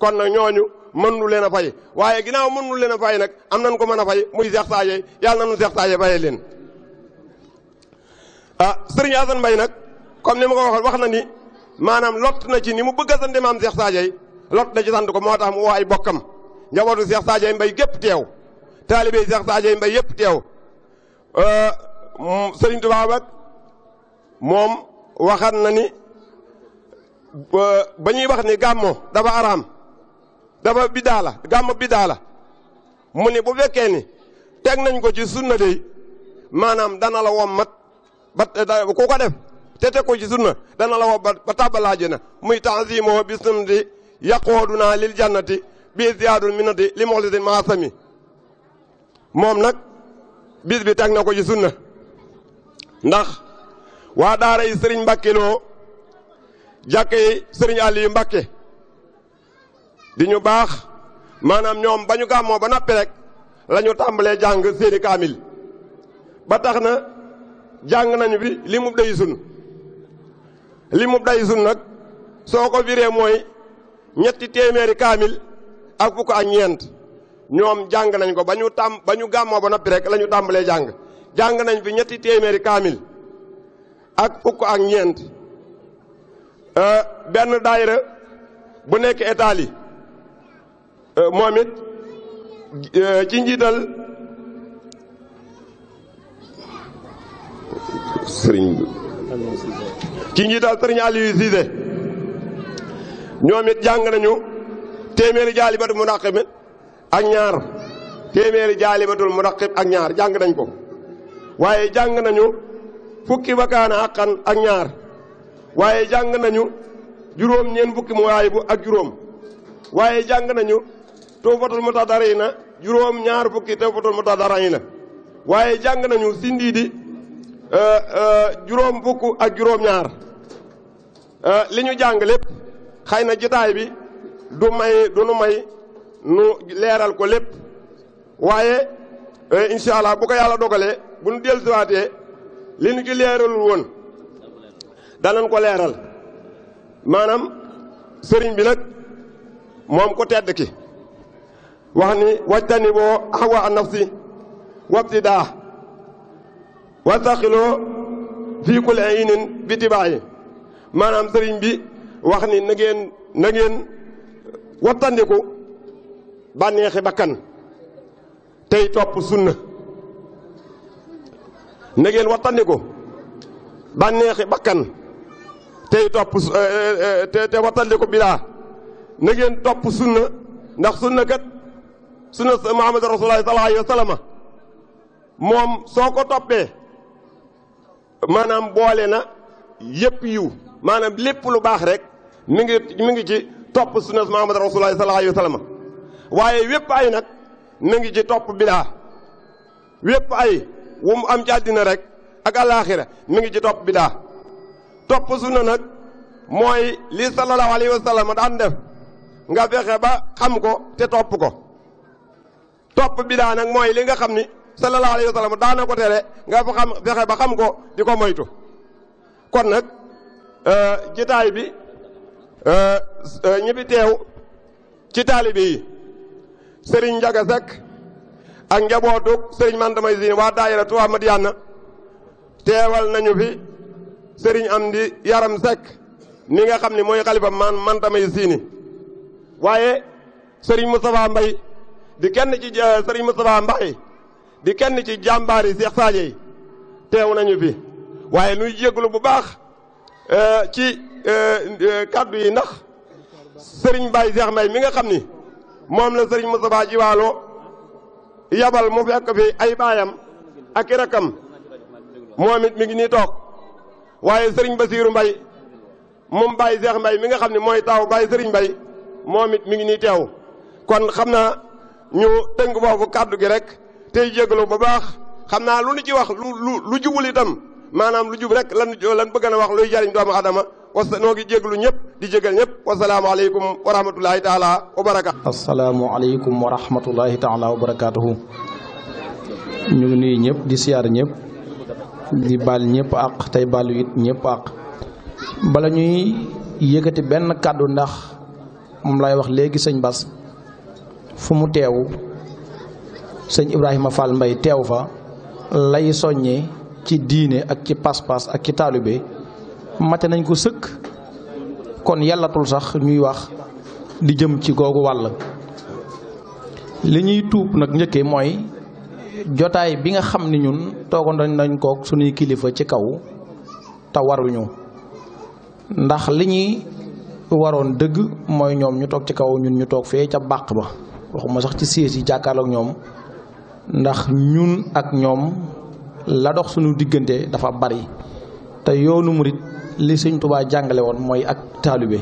kon na ñooñu mën nu leen a fay waaye ginnaaw mën nu leen a fay nag am nañ ko mën a fay muy Cheikh Saaye yàlla na nu Cheikh Saaye fayee leen ah sëriñ Assane Mbaye nag comme ni ma ko waxoon wax na ni maanaam lott na ci ni mu bëgg a sant maam Cheikh Saaye lott na ci sant ko moo tax mu woo ay bokkam njabootu Cheikh Saaye Mbaye gépp teew taalibe Cheikh Saaye Mbaye yëpp teew Sëriñ Tuubaa ak moom waxaat na ni ba ñuy wax ni gàmmo dafa araam dafa bidaa la gàmmo bidaa la mu ni bu fekkee ni teg nañ ko ci sunna dey maanaam dana la wom mat ba ku ko def te teg ko ci sunna dana la wom ba tàbbalaaje na muy tanzimoo bi sunnati yaqoodunaa lil jannati bi ziyaadul minati li moxlisin maasami moom nag bis bi teg na ko ci na ndax waa daara yi sëriñ Mbàkke loo jàkke yi sëriñ Aliou Mbàkke di ñu baax maanaam ñoom ba ñu gàmmoo ba noppi rek la tàmbalee jàng seeni kaamil ba tax na jàng nañu bi li mu day sun li mu day sun nag soo ko viree mooy ñetti téeméeri kaamil ak fukk ak ñeent ñoom jàng nañ ko ba ñu tàmm ba ñu gàmmoo ba noppi rek la tàmbalee jàng jàng nañ fi ñetti téeméeri kaamil ak fukk ak ñeent euh, benn daayira bu nekk Itaali euh, moom it euh, ci njiital sëriñ ci njiital sëriñ Aliou jàng nañu téeméeri jaali ba du mu naq mi ak ñaar téeméeri jaalibatul muraqib ak ñaar jàng nañ ko waaye jàng nañu fukki wakaana àqan ak ñaar waaye jàng nañu juróom ñeen fukki muwaay bu ak juróom waaye jàng nañu tawfatul mutadariina juróom ñaar fukki tawfatul mutadariina waaye jàng nañu sindiidi euh, euh, juróom fukk ak juróom ñaar euh, li ñu jàng lépp xëy na jitaay bi du may du nu may nu leeral ko lépp waaye eh, incha allah bu ko yàlla dogalee bu nu dellusiwaatee li nu ci leeralul woon danañ ko leeral maanaam sëriñ bi nag moom ko tedd ki wax ni wajtani boo axwa an nafsi wabtidaa wattaqiloo fii kulli aynin bi tibaayi maanaam sëriñ bi wax ni na ngeen wattandiku bànneexi bakkan tay top sunna negen ngeen wattandiku bànneexi bakkan tey topp te te wattandiku bidaa na ngeen topp sunna ndax sunna kat sunna Muhammad rasulullah sallallahu alaihi wasallam mom soko topé manam toppee maanaam boole na yëpp yiw maanaam lépp lu bax rek mi ngi mi ngi ci top sunna Muhammad rasulullah sallallahu alaihi wasallam waaye wépp ay nag mi ngi ci topp bidaa wépp ay wu mu am ci àddina rek ak alaaxira mi ngi ci topp bidaa topp sunna nag mooy li sallallahu alayhi wa sallam ba xam ko topp ko topp bidaa nag mooy li nga xam ni sallallahu alayhi wa daan na ko tere nga fa xam fexe ba xam ko di ko moytu kon nag euh, jitaay bi euh, euh, ñi fi teew ci taalibe yi sëriñ Njaga Sekk ak njabootug sëriñ man damay siin waa di Touba Madiyana teewal nañu fi sëriñ Amdi Yaram Sekk mi nga xam ni mooy xalifa man man damay siini waaye sëriñ Moustapha Mbay di kenn ci eh, sëriñ Moustapha Mbay di kenn ci jàmbaar yi Seex Saaje yi teew nañu fi waaye nuy jégalu bu baax eh, ci eh, kàddu yi ndax sëriñ Baye Seex Mbay mi nga xam ni moom la sëriñ Moustapha Jiwaalo yabal moo fekk fi ay baayam ak i rakkam moom it mi ngi nii toog waaye sëriñ ba Basiiru Mbay moom Baye Seex Mbay mi nga xam ne mooy taaw Baye sëriñ Mbay moom it mi ngi nii teew kon xam naa ñu tënk foofu kàddu gi rek tey jégalu bu baax xam naa lu nu ci wax lu lu lu jubul tam maanaam lu jub rek lan lan bëgg na wax luy jariñ doomu adama wasa noo ngi jéglu ñëpp di jégal ñëpp wasalaamualeykum wa rahmatulahi taala wa barakaatu. asalaamualeykum wa rahmatulahi taala wa barakaatuhu. ñu ngi nuyu ñëpp di siyaar ñëpp di baal ñëpp àq tey baalu it ñëpp àq. bala ñuy yëkkati benn kàddu ndax moom lay wax léegi sëñ Bas fu mu teew sëñ Ibrahima Fall mbay teew fa lay soññee ci diine ak ci pas-pas ak ci taalibe. mate nañ ko sëkk kon yàllatul sax ñuy wax di jëm ci googu wàll li ñuy tuub nag njëkkee mooy jotaay bi nga xam ni ñun toogandoon nañ kook suñuy kilifa ci kaw te waruñu ndax li ñuy waroon dëgg mooy ñoom ñu toog ci kaw ñun ñu toog fee ca bàq ba waxuma sax ci siis yi jàkkaarloog ñoom ndax ñun ak ñoom la dox sunu diggante dafa bari te yoonu murit li sëñ tubaa jàngale woon mooy ak taalibe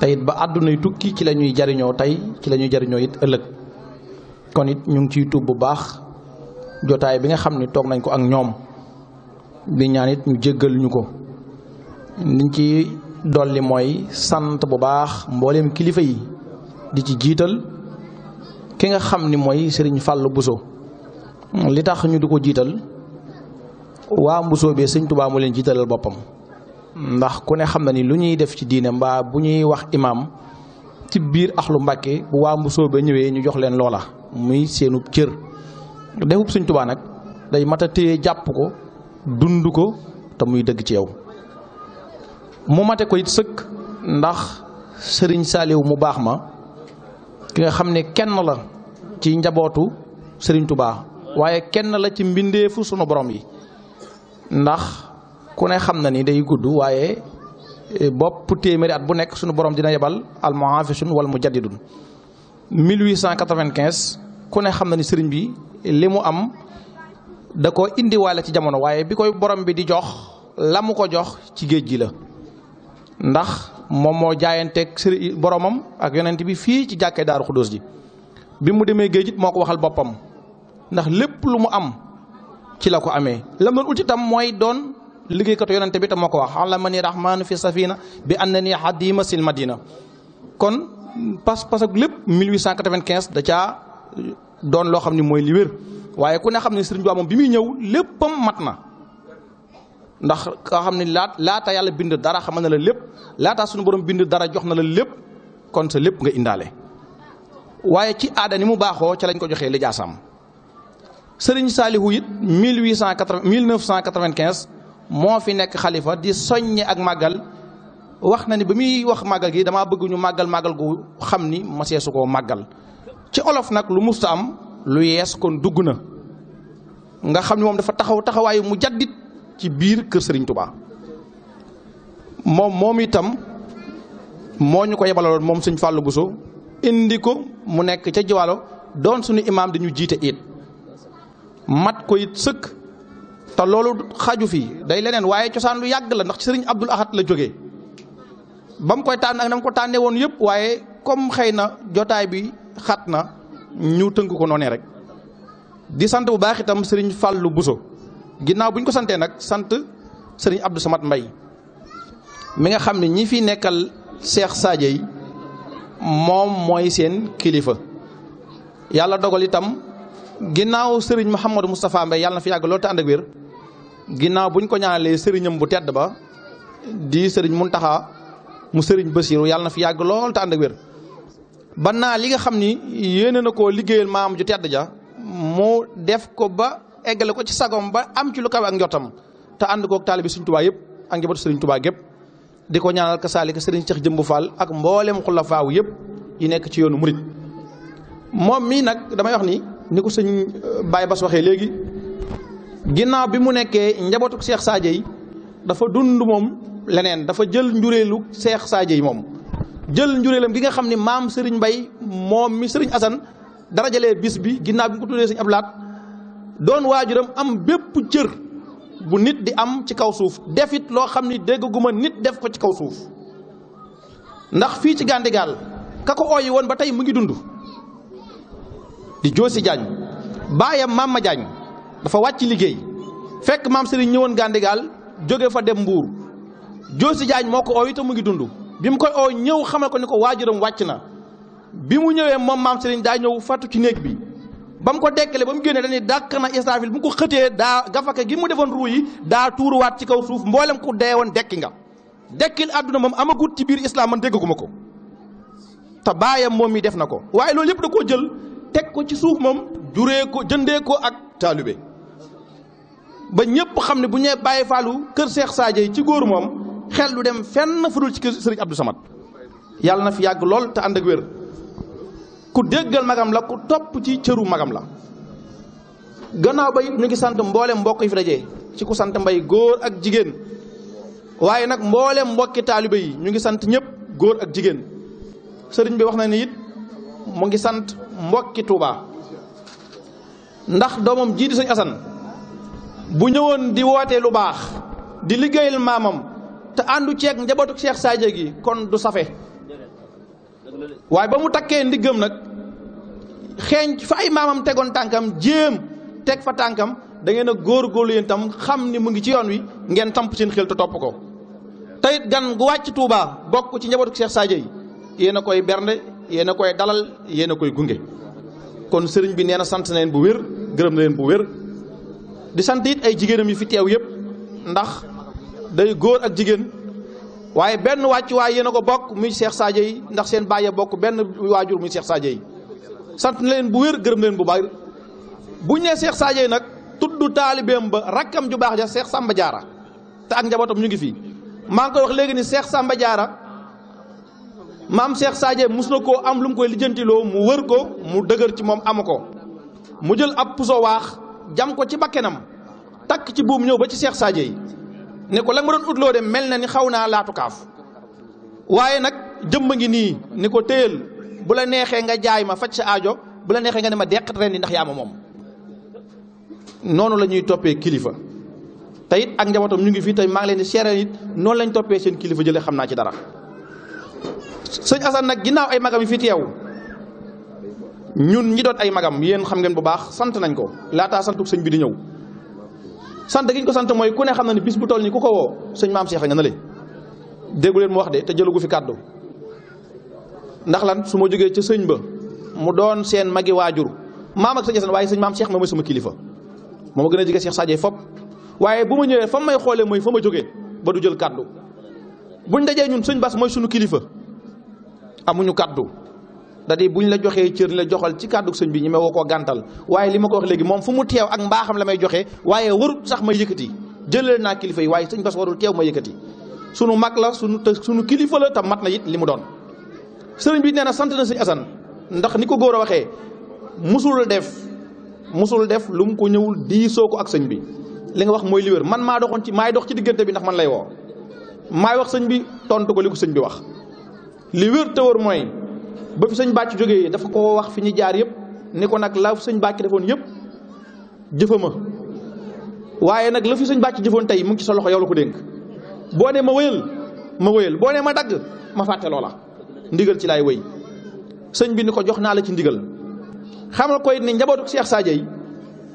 tey it ba àdduna yi tukki ci la ñuy jariñoo tey ci lañuy jariñoo it ëllëg kon it ñu ngi ciy tuub bu baax jotaay bi nga xam ne toog nañ ko ak ñoom di ñaanit it ñu jéggal ñu ko liñ ci dolli mooy sant bu baax mbooleem kilifa yi di ci jiital ki nga xam ni mooy sëriñ Fàllu Buso li tax ñu di ko jiital waa Mbuso bi sëñ Tuubaa moo leen jiitalal boppam ndax ku ne xam na ni lu ñuy def ci diine mbaa bu ñuy wax imaam ci biir axlu mbàkke bu waa mbusoo ba ñëwee ñu jox leen loola muy seenub cër defub suñ tubaa nag day mat a téye jàpp ko dund ko te muy dëgg ci yow mu mate ko it sëkk ndax sëriñ saaliw mu baax ma ki nga xam ne kenn la ci njabootu sëriñ tubaa waaye kenn la ci mbindeefu sunu borom yi ndax ku ne xam na ni day gudd waaye eh, bopp téeméeri at bu nekk suñu borom dina yebal al muhafisun wal mujaddidun 1895 ku ne xam na ni sëriñ bi li mu am da ko indiwaale ci jamono waaye bi koy borom bi di jox la mu ko jox ci géej gi la ndax moom moo jaayanteeg sëriñ boromam ak yonent bi fii ci jàkkee daaru xudóos ji bi mu demee géej it moo ko waxal boppam ndax lépp lu mu am ci la ko amee lam doon ut itam mooy doon kat yonente bi te moo Allah wax Rahman fi safina bi annani hadima sil madina kon pas pas ak lepp 1895 da ca euh, don lo xamni moy li wer waye ku ne xamni serigne sëriñ Tuubaa bi mi ñew leppam matna ndax ka xamni lat lata yalla bind dara xamna la lepp lata sunu borom bind dara jox na la lepp kon sa lip nga indale. waye ci ada ni mu baxo ci lañ ko joxee li serigne sëriñ yit it 1895 moo fi nekk xalifa di soññe ak màggal wax na ni ba muy wax màggal gi damaa bëgg ñu màggal màggal gu xam ni maseesu koo màggal ci olof nag lu musta am lu yees kon dugg na nga xam ni moom dafa taxaw taxawaayu mu jaddit ci biir kër Serigne Touba moom moom itam moo ñu ko yebalaloon moom Serigne Fallou Bousso indi ko mu nekk ca Jiwaalo doon suñu imaam dañu jiite it mat ko it sëkk te loolu xaju fii day leneen waaye cosaan lu yàgg la ndax sëriñ Abdul axat la jógee ba mu koy tànn ak na mu ko tànnee woon yëpp waaye comme xëy na jotaay bi xat na ñu tënk ko noonee rek di sant bu baax itam sëriñ Fallou Bousso ginnaaw bu ñu ko santee nag sant sëriñ Abdou Samad Mbay mi nga xam ne ñi fi nekkal Cheikh Sadio yi moom mooy seen kilifa yàlla dogal itam ginnaaw sëriñ Mouhamadou Moustapha Mbaye yàlla na fi yàgg loolu te ànd ak wér ginnaaw buñ ko ñaanalee sëriñam bu tedd ba di sëriñ taxa mu sëriñ Bassirou yàlla na fi yàgg lool te ànd ak ba naa li nga xam ni yéene na koo liggéeyal maam ju tedd ja mu def ko ba eggale ko ci sagoom ba am ci lu kawe ak njottam te ànd koog taalibi Sëriñ Tuubaa yëpp ak njabootu Sëriñ Tuubaa gépp di ko ñaanal kasaali ka sëriñ Cheikh Jëmbu Fall ak mboolem xulafaaw yëpp yi nekk ci yoonu murit nag damay ni ni ko sëñ euh, Baye Bass waxee léegi ginnaaw bi mu nekkee njabootuk Cheikh Sadio yi dafa dund moom leneen dafa jël njureelu Cheikh Sadio yi moom jël njureelam gi nga xam ni maam Serigne mbay moom mi sëriñ Assane dara jalee bis bi ginnaaw bi mu ko tuddee sëñ Ablaat doon waajuram am bépp cër bu nit di am ci kaw suuf defit loo xam ni dégguma nit def ko ci kaw suuf ndax fii ci Gandigal ka ko yi woon ba tey mu ngi dund di Joosi Jaañ baayam ma Jaañ dafa wàcc liggéey fekk maam Serigne ñëwoon Gandigaal jóge fa dem Mbuur Joosi Jaañ moo ko oo itam mu ngi dund bi mu koy oo ñëw xamal ko ni ko waajuram wàcc na bi mu ñëwee moom maam Serigne daa ñëw fàttu ci néeg bi ba mu ko dekkale ba mu génnee dañuy dàq na israfil bu mu ko xëtee daa gafaka gi mu defoon ruu yi daa tuuruwaat ci kaw suuf mboolem ku dee woon dekki nga dekkil àdduna moom amagut ci biir islam man dégguma ko te baayam moom mi def na ko waaye loolu yëpp da koo jël teg ko ci suuf moom juree ko jëndee ko ak taalibe ba ñëpp xam ne bu ñee bàyyi faalu kër Seex yi ci góor moom xel du dem fenn fu dul ci kër Sëriñ Abdou Samad yàlla na fi yàgg lool te ànd ak wér ku déggal magam la ku topp ci cëru magam la gannaaw ba it ñu ngi sant mboole mbokk yi fi dajee ci ku sant mbay góor ak jigéen waaye nag mboolem mbokki taalibe yi ñu ngi sant ñëpp góor ak jigéen sëriñ bi wax na ni it mu ngi sant mbokki Touba ndax doomam jii sañ sëñ bu ñëwoon di wootee lu baax di liggéeyal maamam te àndu ceeg njabootu Cheikh Sadio gi kon du safe waaye ba mu takkee ndiggam nag xeeñ fa ay maamam tegoon tànkam jéem teg fa tànkam da ngeen a góorgóorlu yéen tam xam ni mu ngi ci yoon wi ngeen tamp seen xel te topp ko teyit gan gu wàcc Touba bokk ci njabootu Cheikh Sadio yi yéen a koy bernde yena koy dalal yena koy gunge kon sëriñ bi néna sant nañ bu wër gërëm nañ bu wër di sant it ay jigéenam yu fi teew yépp ndax day goor ak jigéen waye benn waccu way a ko bok muy Cheikh Sadio yi ndax seen baye ya bok benn wajur muy Cheikh Sadio yi sant nañ bu wër gërëm nañ bu baax bu ñé Cheikh Sadio nak tuddu talibem ba rakam ju bax ja Cheikh Samba jaara ta ak njabotam ñu ngi fi ma ngi wax ni Cheikh Samba jaara Mam Cheikh Sadie musna ko am lu koy mu wër ko mu muerko ci mom amako mu jël ab puso wax jam ko ci bakkenam tak ci buum ñew ba ci Cheikh Sadie ne ko la nga doon utloo de mel na ni xawna naa laatu waye nak jëm ngi ni ni ko teyel bu la nexé nga jaay ma faj aajo bu la nexé nga ne ma deqat ren ndax yaama mom nonu noonu la ñuy kilifa tayit ak njabotam ñu ngi fi tay ma ngi leen di seereen nit non lañ topé seen kilifa jëlé xamna ci dara sëñ Assane nag ginnaaw ay magam yi fi teew ñun ñi doon ay magam yéen xam ngeen bu baax sant nañ ko laataa santuk sëñ bi di ñëw sant gi ñu sant mooy ku ne na ni bis bu toll nii ku ko woo sëñ maam Cheikh nga na le déggu leen mu wax de te jëlugu fi kàddu ndax lan su ma jógee ca sëñ ba mu doon seen magi waajur maam ak sëñ Assane waaye sëñ maam Cheikh moom mooy sama kilifa moo gën a jege Cheikh Sadio fop waaye bu ma ñëwee fa may xoolee mooy fa ma jógee ba du jël kàddu buñ dajee ñun sëñ Bass mooy sunu kilifa. amuñu kàddu c'est-à-dire la joxee cër la joxal ci kaddu sëñ bi ñi ma woo koo gàntal waaye li ma ko wax léegi moom fu mu teew ak mbaaxam la may joxe waaye warut sax ma yëkkati jëlee naa kilifa yi waaye sëñ bas warul teew ma yëkkati sunu mag la sunu te sunu kilifa la te mat na it li mu doon. sëriñ bi nee na sant na si Assane ndax ni ko góor a waxee musul def musul def lu mu ko ñëwul diisoo ko ak sëñ bi li nga wax mooy li man maa doxoon ci maay dox ci diggante bi ndax man lay woo maay wax sëñ bi tontu ko ko sëñ bi wax. li wér te mooy ba fi sëñ bàcc jógee dafa ko wax fi ñu jaar yëpp ni ko nag la fi sëñ bàcc yëpp jëfama waaye nag la sëñ bàcc jëfoon tey mu ci sa loxo yow la ko dénk boo ne ma wëyal ma wëyal boo ne ma dagg ma fàtte loola ndigal ci lay wëy sëñ bi ni ko jox naa la ci ndigal xamal ko it ni njabootu Cheikh Sadio yi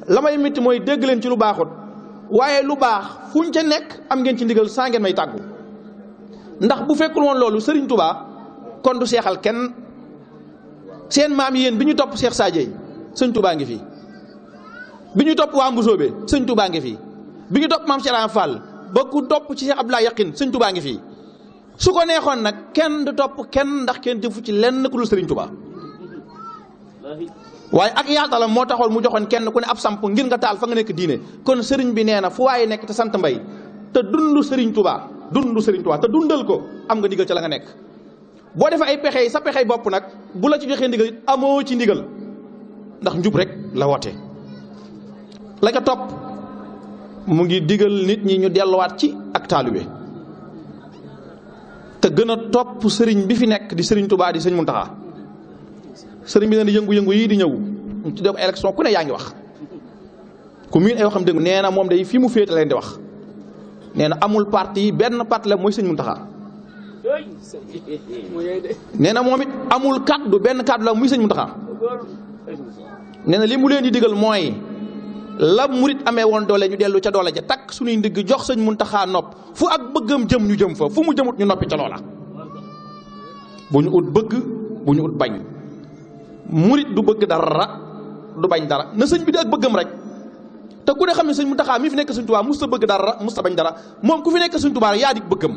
la may mitti mooy dégg leen ci lu baaxut waaye lu baax fuñ ca nekk am ngeen ci ndigal saa ngeen may tàggu ndax bu fekkul woon loolu Serigne tubaa kon du seexal kenn seen maam yeen biñu top Cheikh Sadio seigne Touba ngi fi biñu top wa waa seigne Touba ngi fi biñu top mam Cheikh Fall ba ku topp ci Cheikh abdallah Yaqin seigne Touba ngi fi su ko neexon nak kenn du top kenn ndax kenn defu ci lenn ku lu seigne Touba waaye ak yaatalam mo taxol mu joxoon kenn ku ne ab samp ngir nga tal fa nga nek diine kon seigne bi neena fu waaye nek te sante mbay te dundu seigne Touba dundu seigne Touba te dundal ko am nga digal ci la nga nek bo def ay pexey sa pexey bop nak bu la ci joxe ndigal amo ci ndigal ndax njub rek la woote la ka top mu ngi digal nit ñi ñu wat ci ak top te gëna top toba sëriñ bi fi nek di sëriñ Tuubaa di sëriñ muntaha sëriñ bi nee yëngu-yëngu yi di ñëw mu tuddee ko élection ku ne yaangi wax ku min ay waxam deug neena na day fi mu leen di wax neena amul parti benn parti la mooy muntaha. nee na moom it amul du benn kàddu la muy sëñ Muntaxa nee na li mu leen di digal mooy la murit amee woon doole ñu dellu ca doole ja takk suñuy ndigg jox sëñ Muntaxa nopp fu ak bëggam jëm ñu jëm fa fu mu jëmut ñu noppi ca loola bu ñu ut bëgg bu ñu ut bañ murit du bëgg dara du bañ dara na sëñ bi di ak bëggam rek te ku ne xam ne sëñ Muntaxa mi fi nekk sëñ Tuubaa musta bëgg dara musta bañ dara moom ku fi nekk sëñ Tuubaa yaa di bëggam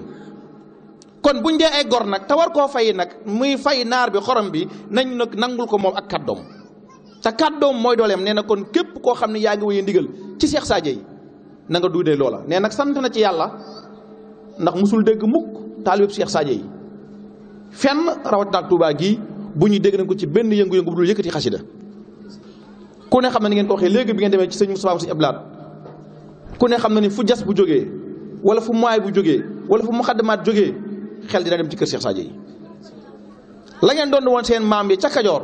kon buñ dé ay gor nak te war koo fay nak muy fay nar bi xorom bi nañ nak nangul ko mom ak kaddom ta kaddom moy dolem nee kon képp ko xamni ne yaa ndigal ci Cheikh Sadio na nga duudee lola né nak sant na ci yalla ndax musul dégg mukk talib Cheikh Sadio fenn rawat dal Touba gi buñu dégg nañ ko ci benn yëngu-yëngu bu dul yëkkati ku ne xam ni ngeen ko waxé légui bi ngeen démé ci seigne ku ne fu jass bu joggé wala fu moy bu joggé wala fu muxadamaat joggé xel dina dem ci kër Cheikh Sadio yi la ngeen doon woon seen maam yi ca Kajoor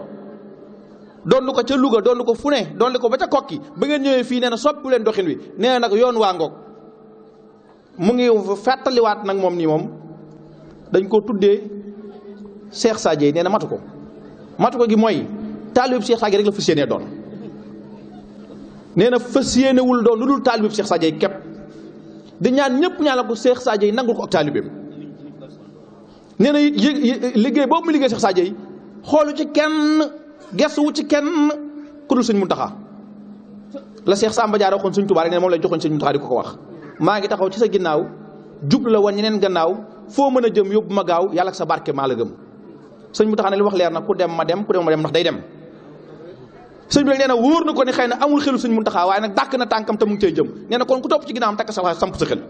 doon ko ca Louga doon ko fu ne doon ko ba ca kokki ba ngeen ñëwee fii nee na soppi leen doxin wi nee nag yoon waa ngoog mu ngi fàttaliwaat nag moom nii moom dañ ko tudde Cheikh Sadio yi nee na matu ko matu ko gi mooy taalib Cheikh Sadio rek la fas doon nee na fas yéenewul doon lu dul taalib Cheikh Sadio yi képp di ñaan ñëpp ñaanal ko Cheikh Sadio yi nangul ko ak taalibeem nee na it liggéey boobu mu liggéey Cheikh Sadio yi xoolu ci kenn gesuwu ci kenn ku dul sëñ Muntaxa la Cheikh Samba Diarra waxoon sëñ Tuubaa rek ne moom lañ joxoon sëñ Muntaxa di ko ko wax maa ngi taxaw ci sa ginnaaw jublu la woon ñeneen gannaaw foo mën a jëm yóbbu ma gaaw yàlla ak sa barke maa la gëm sëñ Muntaxa ne li wax leer na ku dem ma dem ku dem ma dem ndax day dem sëñ bi nag nee na wóor na ko ne na amul xelu sëñ Muntaxa waaye nag dàkk na tànkam te mu ngi cay sa samp sa xel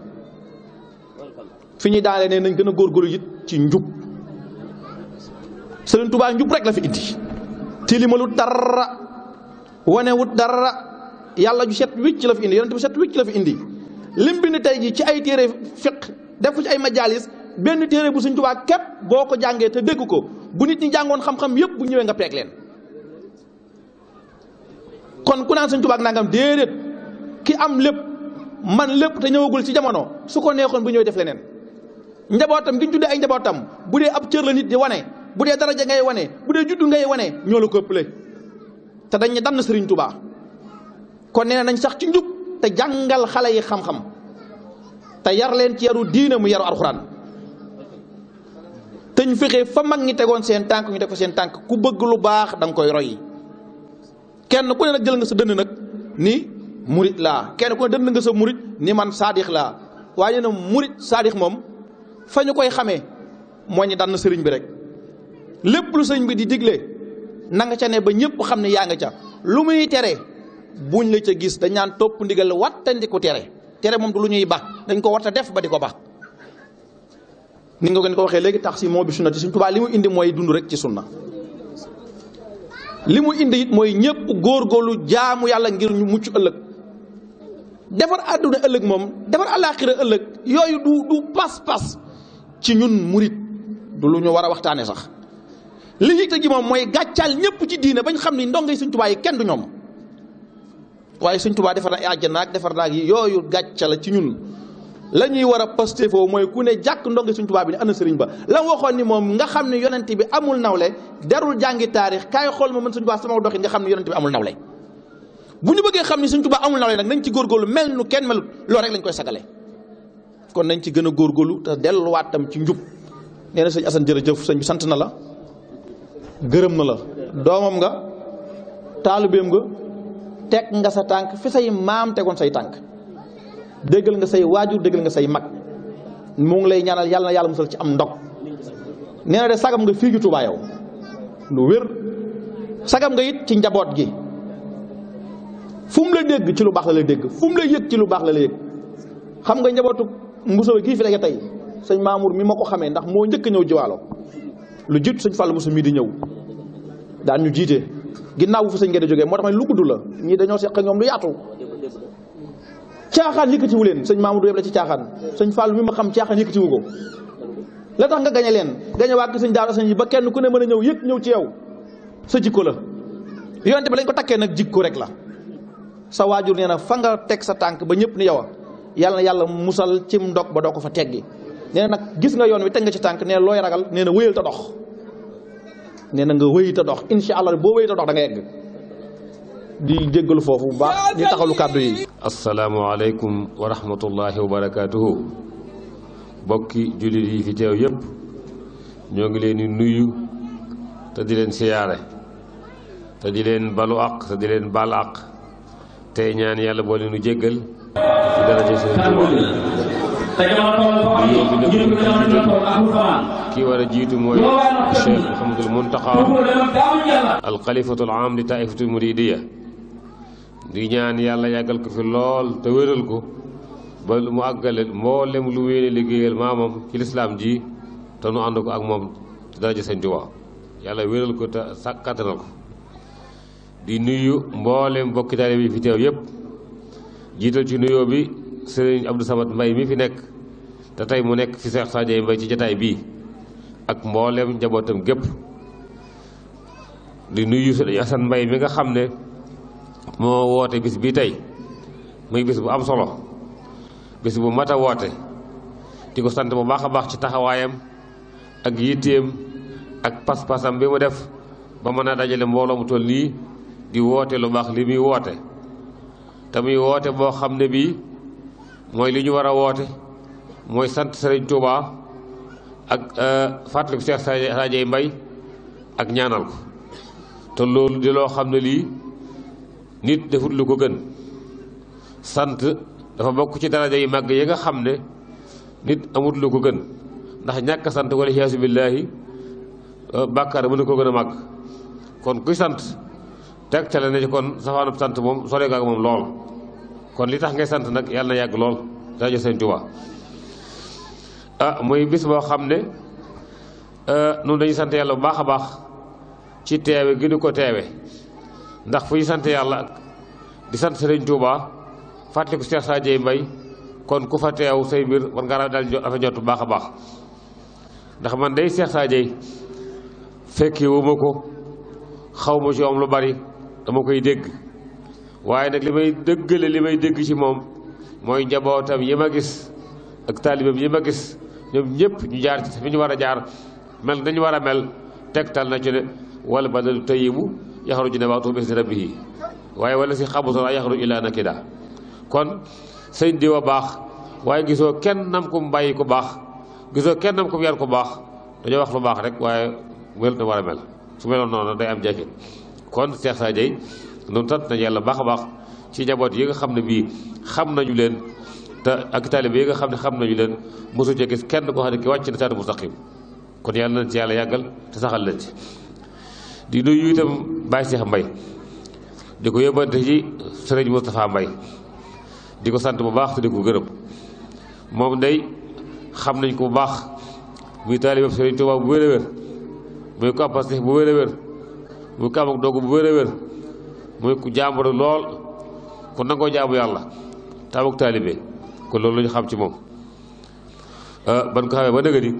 fi ñuy daale ne nañ gën a góor it ci njub Sëriñ Tuubaa njub rek la fi indi tilimalu dara wanewut dara yàlla ju set wicc la fi indi yonent bu set wicc la fi indi lim bind tey ji ci ay téere fiq def ko ci ay majalis benn téere bu Sëriñ Tuubaa képp boo ko jàngee te dégg ko bu nit ñi jàngoon xam-xam yépp bu ñëwee nga peeg leen kon ku naan Sëriñ Tuubaa nangam déedéet ki am lépp man lépp te ñëwagul ci jamono su ko neexoon bu ñëwee def leneen njabotam gi tuddé ay njabotam budé ab cër la nit di wané budé dee daraja ngay wané budé dee juddu ngay wané ñolo ko ëppale té dañ ne dan sëriñ Touba kon néna nañ sax ci njub té jangal xalé yi xam-xam té yar leen ci yaru diina mu yaru alxuraan te ñu fa mag ñi tégon seen tank ñu déko seen tank ku bëgg lu baax dang koy roy kenn ku ne jël nga sa dënd nak ni murid la kenn ku dënd nga sa murid ni man sadiq la waaye murid na mom fa ñu koy xamee moo ñu na sëriñ bi rek lépp lu sëriñ bi di digle na nga ca ne ba ñëpp xam ne yaa nga ca lu muy tere buñ la ca gis dañ naan topp ndigal wattandi ko tere tere moom du lu ñuy baax dañ ko war def ba di ko baax. ni nga gën ko waxee léegi tax si moo bi sunna ci Sëriñ Tuubaa li mu indi mooy dund rek ci sunna li mu indi it mooy góor góorlu jaamu yàlla ngir ñu mucc ëllëg defar àdduna ëllëg moom defar àllaaxira ëllëg yooyu du du pas ci ñun murit du lu ñu war a waxtaane sax li yitte gi moom mooy gàccaal ñëpp ci diina bañ xam ni ndongay Sëñ Tuubaa yi kenn du ñoom waaye suñ Tuubaa defar na ay defar naag yi yooyu gàcca la ci ñun la ñuy war a posté foofu mooy ku ne jàkk ndonge Sëñ Tuubaa ana sëriñ ba la waxoon ni moom nga xam ne yonent bi amul nawle derul jàngi taarix kaay xool ma man suñ Tuubaa sama doxin nga xam ne yonent bi amul nawle bu ñu bëggee xam ni Sëñ Tuubaa amul nawle nag nañ ci góorgóorlu mel nu kenn melut loolu rek lañ koy sagale kon nañ ci gën a góorgóorlu te delluwaat ci njub nee na jërëjëf sëñ sant na la gërëm la doomam nga taalibeem nga teg nga sa tànk fi say maam tegoon say tànk déggal nga say waajur déggal nga say mag mu ngi lay ñaanal yàlla na yàlla musal ci am ndog sagam nga fii lu wér sagam nga it ci njaboot gi fu mu la dégg ci lu baax la lay dégg fu mu yëg ci lu baax la lay yëg xam nga njabootu Mbuso gii fi daje tey sëñ Mamour mi ma ko xamee ndax moo njëkk ñëw jiwaalo lu jiitu sëñ Fallou Moussa mii di ñëw daan ñu jiite ginnaaw bu fa sëñ Guèye jógee moo tax ma lu gudd la ñii dañoo seq ñoom lu yaatu. caaxaan yëkkatiwu leen sëñ Mamour du yëpp la ci caaxaan sëñ Fallou mi ma xam caaxaan yëkkatiwu ko la tax nga gañe leen gañe waa sëñ Daara sëñ yi ba kenn ku ne mën a ñëw yëg ñëw ci yow sa jikko la yonent bi lañ ko takkee nag jikko rek la sa waajur nee na fa nga teg sa tànk ba ñëpp ni yow yalla yalla musal cim ndok ba doko fa teggi neena nak gis nga yoon wi teg nga ci tank nee loy ragal neena na ta dox neena nga wéy ta dox inshallah bo boo ta dox da nga egg di jéggalu fofu ba di taxalu kaddu yi alaykum wa rahmatullahi wa barakatuh bokki julit yi fi tew yeb ñogi leen di nuyu te di leen siyaré te di leen balu àq te di leen bal àq tay ñaan bo leen nu jéggal ci daraja sëriñ Tuubaa kii war jiitu mooy Cheikh Mouhamadul Muntaxa al xalifatul aam li taaifatul muridiya di ñaan yàlla yàggal ko fi lool te wéral ko ba mu àggale mboolem lu wéene liggéeyal maamam ci lislaam ji te nu ànd ko ak moom ci daraja sëriñ Tuubaa yàlla wéral ko te sàkkatanal ko di nuyu mboolem bokki taalibe yi fi teew yépp jiital ci nuyoo bi sëriñ Abdou Samad Mbay mi fi nekk te tey mu nekk fi Seex Sadio Mbay ci jataay bii ak mbooleem njabootam gépp di nuyu sëriñ Asan Mbay mi nga xam ne moo woote bis bii tey muy bis bu am solo bis bu mat a woote di ko sant bu baax a baax ci taxawaayam ak yitteem ak pas-pasam bi mu def ba mën a dajale mbooloo mu toll nii di woote lu baax li muy woote te woote boo xam ne bii mooy li ñu war a woote mooy sant Sëriñ Tuuba ak euh, fàttaliku Seex Saajay Mbay ak ñaanal ko te loolu di loo xam ne lii nit defut lu ko gën sant dafa bokk ci daraja yi màgg yi nga xam ne nit amut lu ko gën ndax ñàkk sant wala xiyaasu billaahi euh, bàkkaar mën na ko gën a màgg kon kuy sant tegtale na ci kon safaanub sant moom sore gaag moom lool kon li tax ngay sant nag yàlla na yàgg lool rajo Sëñ Tuubaa ah muy bis boo xam ne ah, nun dañuy sant yàlla bu baax a baax ci teewe gi du ko teewe ndax fu ñu sant yàlla ak di sant Sëriñ Tuubaa fàttaliku Cheikh Sadio Mbaye kon ku fa teew say mbir war nga daal dafa jot baax a baax ndax man day Cheikh Sadio fekki wu ko xawma ma ci am lu bari dama koy dégg waaye nag li may dëggale li may dégg ci moom mooy njabootam yi ma gis ak taalibam yi ma gis ñoom ñëpp ñu jaar ci fi ñu war a jaar mel dañu war a mel tegtal na ci ne wala baladu tayyibu yaxruju nabaatuhu bi izni rabbihi waaye wala si xabusa laa yaxruju illaa nakidaa kon sëñ diw a baax waaye gisoo kenn nam ko mbàyyi ko baax gisoo kenn nam ko yar ko baax dañoo wax lu baax rek waaye mel na war a mel su meloon noonu day am jafe kon Cheikh Sa Dieye noonu sant nañu yàlla baax a baax ci njaboot yi nga xam ne bii xam nañu leen te ak taalibe yi nga xam ne xam nañu leen mosu ci gis kenn koo xam ki wàcc na saatu mustaqim kon yàlla nañ ci yàlla yàggal te saxal leen ci di nuyu itam Baye Cheikh Mbaye di ko yóbbante ci sëriñ Moustapha mbay di ko sant bu baax te di ko gërëm moom day xam nañ ko bu baax muy taalibe sëriñ Tuubaa bu wér a wér muy ko bu wér wér muy ko am ak dogu bu wér a muy ku jàmbur lool ku nangoo jaamu yàlla te am ak kon loolu la ñu xam ci moom. Euh, ban ko xamee ba dëgg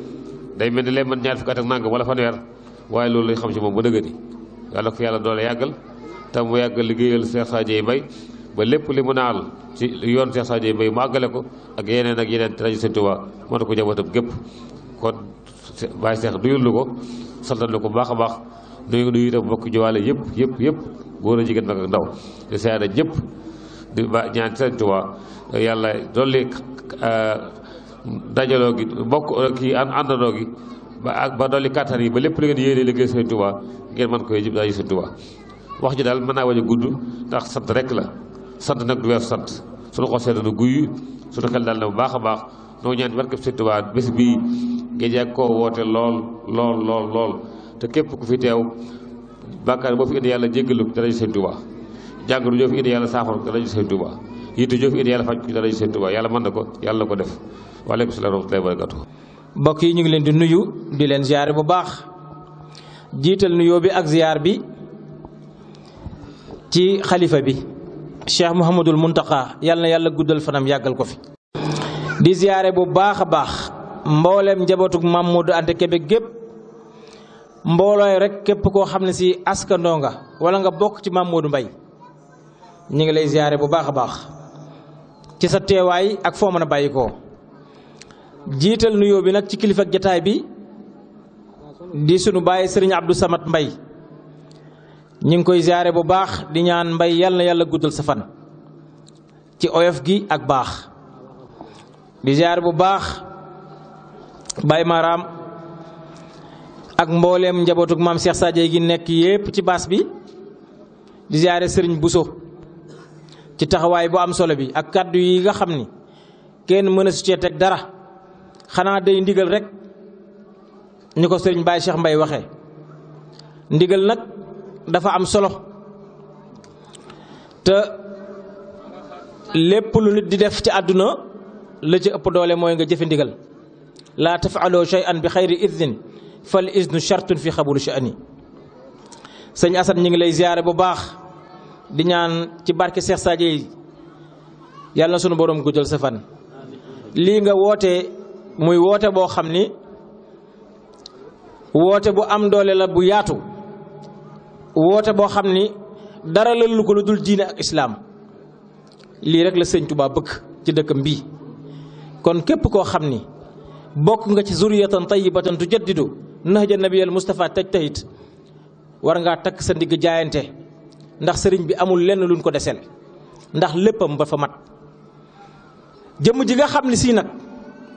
day mel ni lay mën ñaar fukki wala fanweer waaye loolu la xam ci moom ba dëgg ni yàlla ko yàlla doole yàggal te mu yàgg liggéeyal Cheikh Sadio bay ba lépp li mu naal ci yoon Cheikh Sadio Mbaye mu àggale ko ak yeneen ak yeneen rajo Sëñ Tuubaa moo tax ko njabootam gépp kon Baye Cheikh duyul lu ko santal ko baax a baax. nuyu nuyu nag mbokk jowaale yëpp yëpp yëpp góor a jigéen mag ak ndaw di siyaare ñëpp di ba ñaan Sëriñ yàlla dolli ah, dajaloo gi mbokk kii àndandoo gi ba ak dolli kattan yi ba lépp li ngeen yéene liggéey Sëriñ Tuubaa ngeen mën koy jib daa wax ji daal mën naa wañ gudd ndax sant rek la sant nag du weer sant na guy suñu xel daal na bu baax a bés bii géej ak koo woote lool lool lool te képp ku fi teew bàkkaar boo fi indi yàlla jéggalu dara ju seen Tuubaa jàngoro joo fi indi yàlla saafara dara ju seen Tuubaa yitu joo fi indi yàlla faj ko dara seen Tuubaa yàlla mën na ko yàlla na ko def waaleykum salaam wa rahmatullaahi wa barakaatu mbokk yi ñu ngi leen di nuyu di leen ziare bu baax jiital nuyoo bi ak ziar bi ci xalifa bi cheikh Mouhamadul Mountakha yàlla yàlla guddal fanam yàggal ko fi. di ziare bu baax a baax mboolem njabootug Mamadou Anta Kébé gépp mboolooy rek kep ko xamni ci si askandoo nga wala nga bok ci mamadou mbay ñi ñu ngi lay ziaré bu baax baax ci sa téway ak fo mëna bayiko jital nuyo bi nak ci kilifa ak bi di sunu baye serigne Abdou Samad mbay ñi ngi koy ziaré bu baax di ñaan mbay yalla yalla guddal sa fan ci oyf gi ak baax di ziare bu baax Baye Maram ak mbooleem njabootug maam Cheikh Sadio gi nekk yépp ci baas bi di ziare Serigne Bousso ci taxawaay bu am solo bi ak kàddu yi nga xam ni kenn mën a su cee teg dara xanaa day ndigal rek ñu ko Serigne Baye Cheikh Mbaye waxee ndigal nag dafa am solo te lépp lu nit di def ci àdduna la ci ëpp doole mooy nga jëfe ndigal laa tafaloo an bi xayri idnin fal isnu shartun fi xabulu sha'ani sëñ Assane ñu ngi lay ziare bu baax di ñaan ci barke Cheikh Sadio yi yàlla sunu borom guddal sa fan. lii nga woote muy woote boo xam ni woote bu am doole la bu yaatu woote boo xam ni dara lëllu ko lu dul diine ak islaam lii rek la sëñ Touba bëgg ci dëkkam bii kon képp koo xam ni bokk nga ci zuriyatan tayyibatan tujaddidu nahja al Mustafa tej tahit war nga tak sa ndig jaayante ndax sëriñ bi amul len luñ ko desel ndax leppam ba fa mat jëm ji nga xamni si nak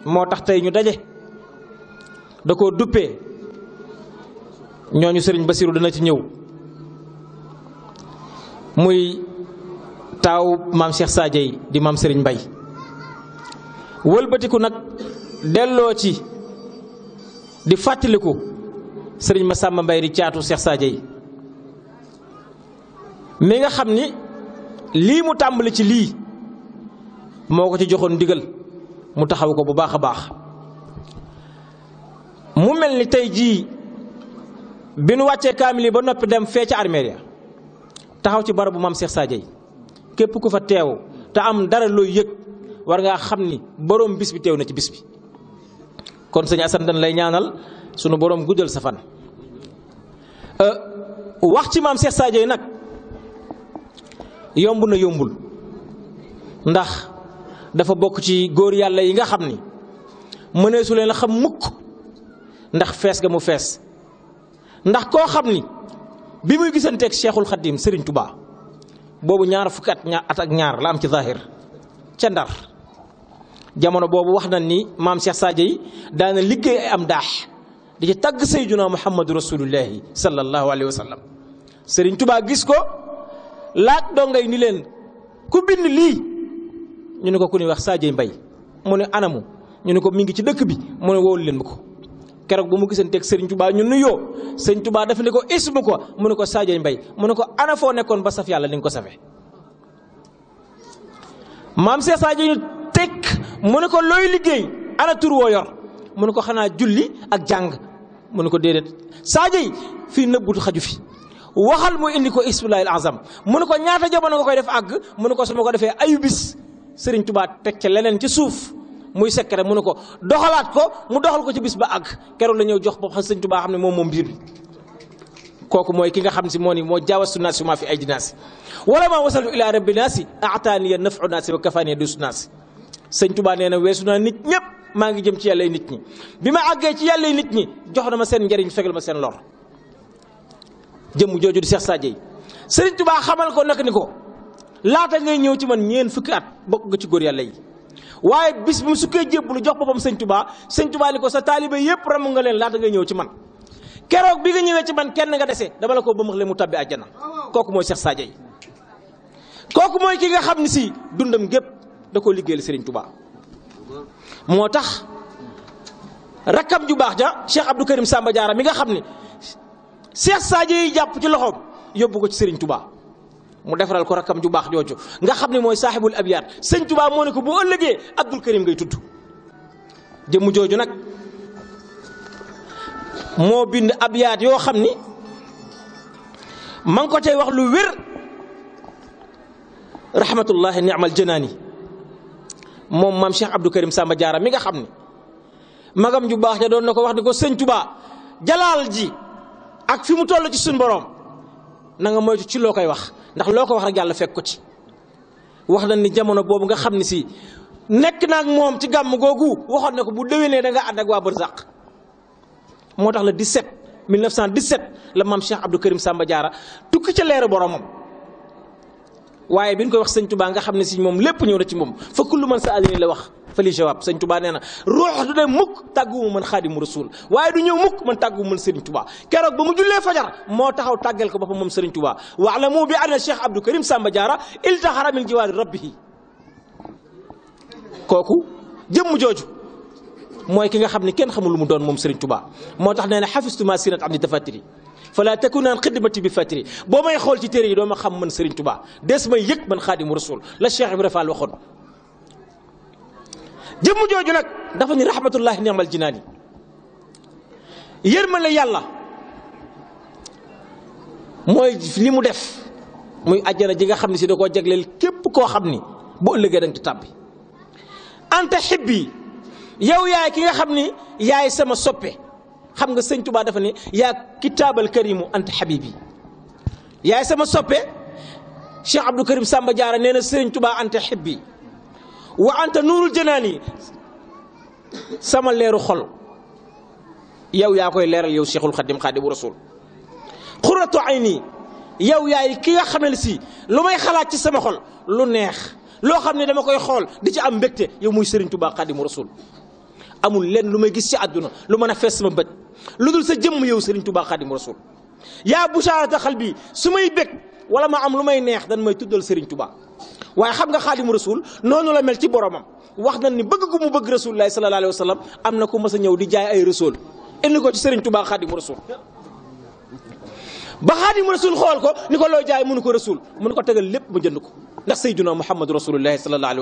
nag tax ñu dajé da ko duppé ñoñu basirou dana ci ñew muy taw mam Cheikh di mam sëriñ bay wëlbatiku nak delloo ci di fàttaliku sëriñ Massamba Mbaye di caatu Cheikh Sadio yi mi nga xam ni lii mu tàmbali ci lii moo ko ci joxoon ndigal mu taxaw ko bu baax a baax mu mel ni tey jii bi nu wàccee kaamil yi ba noppi dem fee ca armeel ya taxaw ci barabu maam Cheikh Sadio yi képp ku fa teew te am dara looy yëg war ngaa xam ni boroom bis bi teew na ci bis bi kon sëñ Assane dañ lay ñaanal suñu borom guddal sa fan euh, wax ci mam Cheikh Sadio nak yomb na yombul ndax dafa bok ci góor yalla yi nga xamni mene su leen xam mukk ndax fess ga mu fess ndax ko xamni bi muy ak Cheikhul Khadim Serigne Touba bobu ñaar fukat ñaar at ñaar la am ci zahir ci ndar jamono boobu wax nañ ni maam Cheikh Sadio yi daana liggéey ay am daax di ci tàgg sayyiduna muhammadu rasulullahi sallallahu alayhi wa sallam Sëriñ tubaa gis ko laaj dongay ni leen ku bind lii ñu ne ko ku ñuy wax Sadio Mbay mu ne anamu ñu ne ko mi ngi ci dëkk bi mu ne woolu leen ma ko keroog ba mu gisanteeg Sëriñ Tuubaa ñu nuyoo Sëriñ tubaa dafa ne ko ismu ko mu ne ko Sadio Mbay mu ne ko ana nekkoon ba saf yàlla ni ko safee maam Cheikh Sadio mu ne ko looy liggéey ana tur woo mu ne ko xanaa julli ak jàng mu ne ko déedéet Sadio yi fii nëbbutu xaju fi waxal mu indi ko isbillahi al mu ne ko ñaata jamono nga koy def àgg mu ne ko su ma ko defee bis sëriñ tubaat te ca leneen ci suuf muy secret mu ne ko doxalaat ko mu doxal ko ci bis ba àgg keroog la ñëw jox bopp Serigne Touba xam ne moom moom mbir bi. kooku mooy ki nga xam si moo ni moo jaawastu naasi ma fi ay dinaasi wala maa wasaltu ila rabbi naasi ataaniya nafcu naasi sëñ tubaa nee na weesu naa nit ñëpp maa ngi jëm ci yàlla nit ñi bi ma àggee ci yàlla nit ñi jox na ma seen njëriñ fegal ma seen lor jëm jooju di seex Sadio yi sëriñ tubaa xamal ko nag ni ko laata ngay ñëw ci man ñeen fukki at bokk nga ci góor yàlla yi waaye bis bu mu sukkee jébbalu jox boppam sëñ tubaa sëñ tubaa ni ko sa taalibe yëpp ram nga leen laata ngay ñëw ci man keroog bi nga ñëwee ci man kenn nga dese dama la ko ba mu tabbi mu kooku mooy Cheikh Sadio kooku mooy ki nga xam da koo liggéeyal Serigne Touba moo tax rakkam ju baax ja Cheikh Abdou Karim Samba Diarra mi nga xam ne Cheikh Sadio yi jàpp ci loxoom yóbbu ko ci Serigne Touba mu defaral ko rakkam ju baax jooju nga xam ne mooy saaxibul abiyaat Sëñ Touba moo ne ko bu ëllëgee Abdou Karim ngay tudd jëmm jooju nag moo bind abyaat yoo xam ni ma ngi ko tey wax lu wér rahmatullahi ni'mal janaani moom maam Cheikh Abdou Karim Samba jaara mi nga xam ni magam ju baax ja doon na ko wax ni ko sëñ Tuubaa jalaal ji ak fi mu toll ci suñ borom na nga moytu ci loo koy wax ndax loo ko wax rek yàlla fekk ko ci. wax nañ ni jamono boobu nga xam ne si nekk naag moom ci gàmm googu waxoon na ko bu déwénee da nga ànd ak waa Barzak moo tax le 17 1917 la maam Cheikh Abdou Karim Samba Diarra tukki ca leeru boromam. waye biñ ñu koy wax seigne touba nga xamne ne mom lépp ñëw na ci mom fa kullu man sa la wax fa li jawab seigne touba neena ruh du dem mukk tàgguwu man xaadimu rasul waye du ñëw muk man tàgguwu man seigne touba kérok ba mu julle fajar mo taxaw tàggal ko mom seigne touba wa alamu bi anna cheikh abdou karim samba jara iltahara min jiwar rabbihi koku jëm joju moy ki nga xamne kenn xamul lu mu doon mom seigne touba motax neena hafiztu ma sinat abdi tafatiri فلا تكون ان قدمت بفتري بوماي خول سي تيري دوما خام من سيرن توبا ديس ما ييك من خادم الرسول لا شيخ ابن رفال وخون جيم جوجو نك دا فني رحمه الله نعم الجنان يرمل يالا موي لي مو ديف موي اجانا جيغا خامن سي داكو جاغلل كيب كو خامن بو ليغي دنج تابي انت حبي يا ويا كيغا خامن ياي سما سوبي xam nga seigne touba dafa ne yaa kitaabal karimu ant habibi yaay sama soppe Cheikh Abdou Karim Samba Diarra neena seigne touba ant habibi wa ant nurul janani sama leru xol yow ya koy leral yow Cheikhul Khadim Khadimu Rasul qurratu ayni yow yaay ki nga xamel si lumay may xalaat ci sama xol lu neex lo xam dama koy xol di ci am mbekté yow moy Serigne Touba Khadimu Rasul amul len lumay gis ci aduna lu meuna fess fees sama bët. لودول سا جيم يو توبا خادم رسول يا بشارة قلبي سمي بك ولا ما عم ما نيخ دان ماي تودول سيرن توبا واي خمغا خادم رسول نونو لا ملتي سي وحدا واخ نان رسول الله صلى الله عليه وسلم امنا كو مسا نيو جاي اي رسول انكو سي سيرن توبا خادم رسول ba khadim rasul khol ko niko lo jay munuko rasul munuko tegal lepp mu jënd ko ndax sayyiduna muhammad rasulullah sallallahu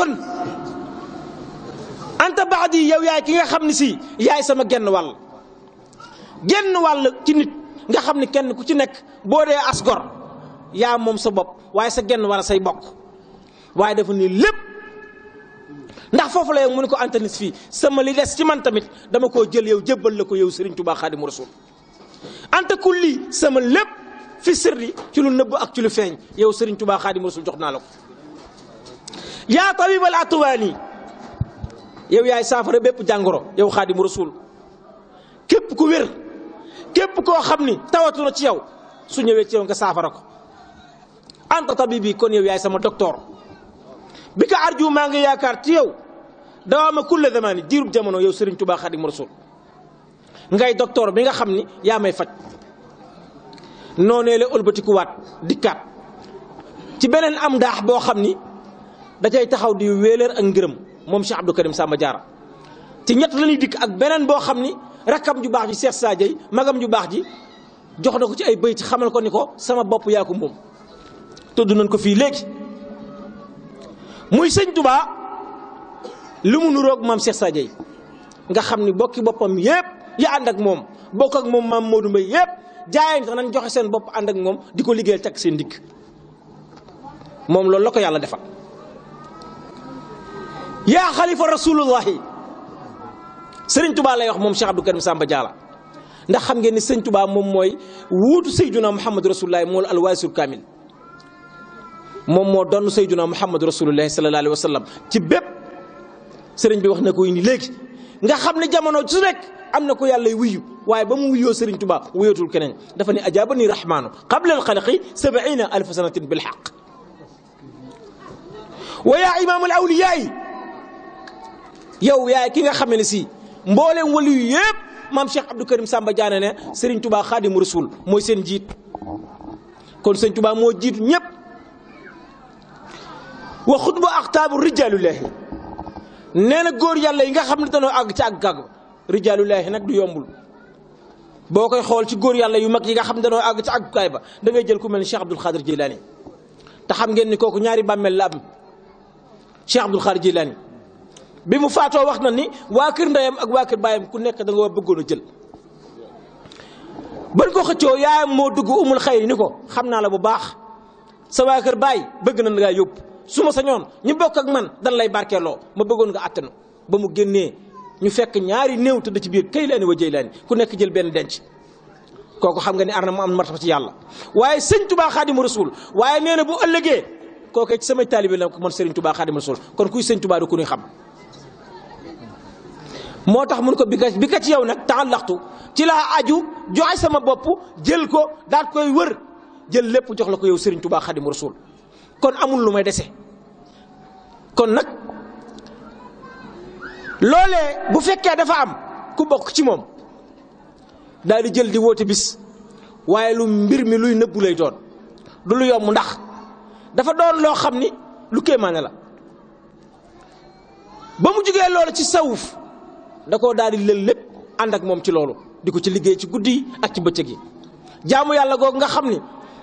alaihi anta baax di yow yaay ki nga xam ni si yaay sama genn wàll genn wàll ci nit nga xam ni kenn ku ci nekk boo dee as gor yaa moom sa bopp waaye sa genn wàll say bokk waaye dafa ni lépp ndax foofu la yow mu ne ko anta nis fii sama li des ci man tamit dama koo jël yow jébbal la ko yow Serigne Touba Xaadimu Rasul anta kulli sama lépp fi sirri ci lu nëbb ak ci lu feeñ yow Serigne Touba Xaadimu Rasul jox naa la ko yaa tabibal atwaani yow yaay safara bepp jangoro yow khadim rasul kep ku wer kep ko xamni tawatu na ci yow su ñewé ci yow nga safara ko anta tabibi kon yow yaay sama docteur bi ka arju ma nga yaakar ci yow dawama kulle zamani diirub jamono yow Serigne Touba khadim rasul ngay docteur bi nga xam ni yaa may faj noonee la ëlbatikuwaat dikkaat ci benen am daax bo xamni da cey taxaw di weler ak ngeureum Momsya Cheikh Abdou Karim Samba Diarra ci ñet la ñuy dikk ak benen bo xamni rakam ju bax ji Cheikh Sa magam ju bax ji jox nako ci ay ci xamal ko niko sama bop ya ko mom tuddu nañ ko fi legi muy seigne Touba limu nu rok yep Cheikh nga xamni bokki bopam yeb ya andak ak mom bok ak mom mam Modou yeb jaayen sax nañ joxe seen bop and ak mom di liggeel tak seen dik mom loolu lako yalla defal yaa xalifa rasulullahi sëriñ tubaa lay wax moom Cheikh Abdou Karim Samba Diala ndax xam ngeen ni sëriñ tubaa moom mooy wuutu sayduna muhammad rasulullahi mool alwaasir kaamil moom moo doon sayduna muhammad rasulullahi sallallahu alayhi wa sallam ci bépp sëriñ bi wax na ko yi ni léegi nga xam ne jamono su nekk am na ko yàlla wuyu waaye ba mu wuyoo sëriñ tubaa wuyootul keneen dafa ne ajaaba ni rahmaanu qabla alxalqi sabaina alfa sanatin bilxaq wa yaa imaamu alawliyaa yow yaay ki nga xam ne si mboolem wali yëpp mam Cheikh Abdou Karim Samba Diané ne Serigne Touba Xaadimu rasoul moy sen jitt kon Serigne Touba mo jitt ñëpp wa xutba aqtab rijalullah nee na góor yàlla yi nga xamné ne ag ci ag àgg rijalullah nak du yombul bokay xol ci gor yàlla yu mag yi nga xam dañu ag ci ag kayba da ngay jël ku mel Cheikh Abdoul Khadir Jilani ta xam ngeen ni koku ñaari bammel lam Cheikh Abdoul Khadir Jilani bi mu faatoo wax na ni waa kër ndeyam ak waa kër baayam ku nekk da nga war bëggoon a jël ko xëccoo yaayam moo dugg umul xayri ni ko xam naa la bu baax sa waa kër baay bëgg na ngaa yóbbu su ma sañoon ñu bokk ak man dan lay barkeeloo ma bëggoon nga àttanu ba mu génnee ñu fekk ñaari néew tëdd ci biir kay laani wa jëy laani ku nekk jël benn denc kooku xam nga ni arna mu am martaba ci yàlla waaye sëñ tubaa xaadimu rasul waaye nee na bu ëllëgee kooku ci samay taalibi la ko man sëriñ tubaa xaadimu rasul kon kuy sëñ tubaa du xam moo tax mun ko bi ka bi ka ci yow nag taallaqtu ci laa aju joxe sama bopp jël ko daal koy wër jël lépp jox la yow sëriñ tubaa kon amul lu may kon nak lole bu fekkee dafa am ku dari ci moom daal di jël di bis waaye lu mbir mi luy nëbbu lay doon du lu yomb ndax dafa doon loo xam ni lu kéemaane la ba ci sawuf da koo daal di lël lépp ànd ak moom ci loolu di ko ci liggéey ci guddi ak ci bëccëg yi jaamu yàlla googu nga xam ni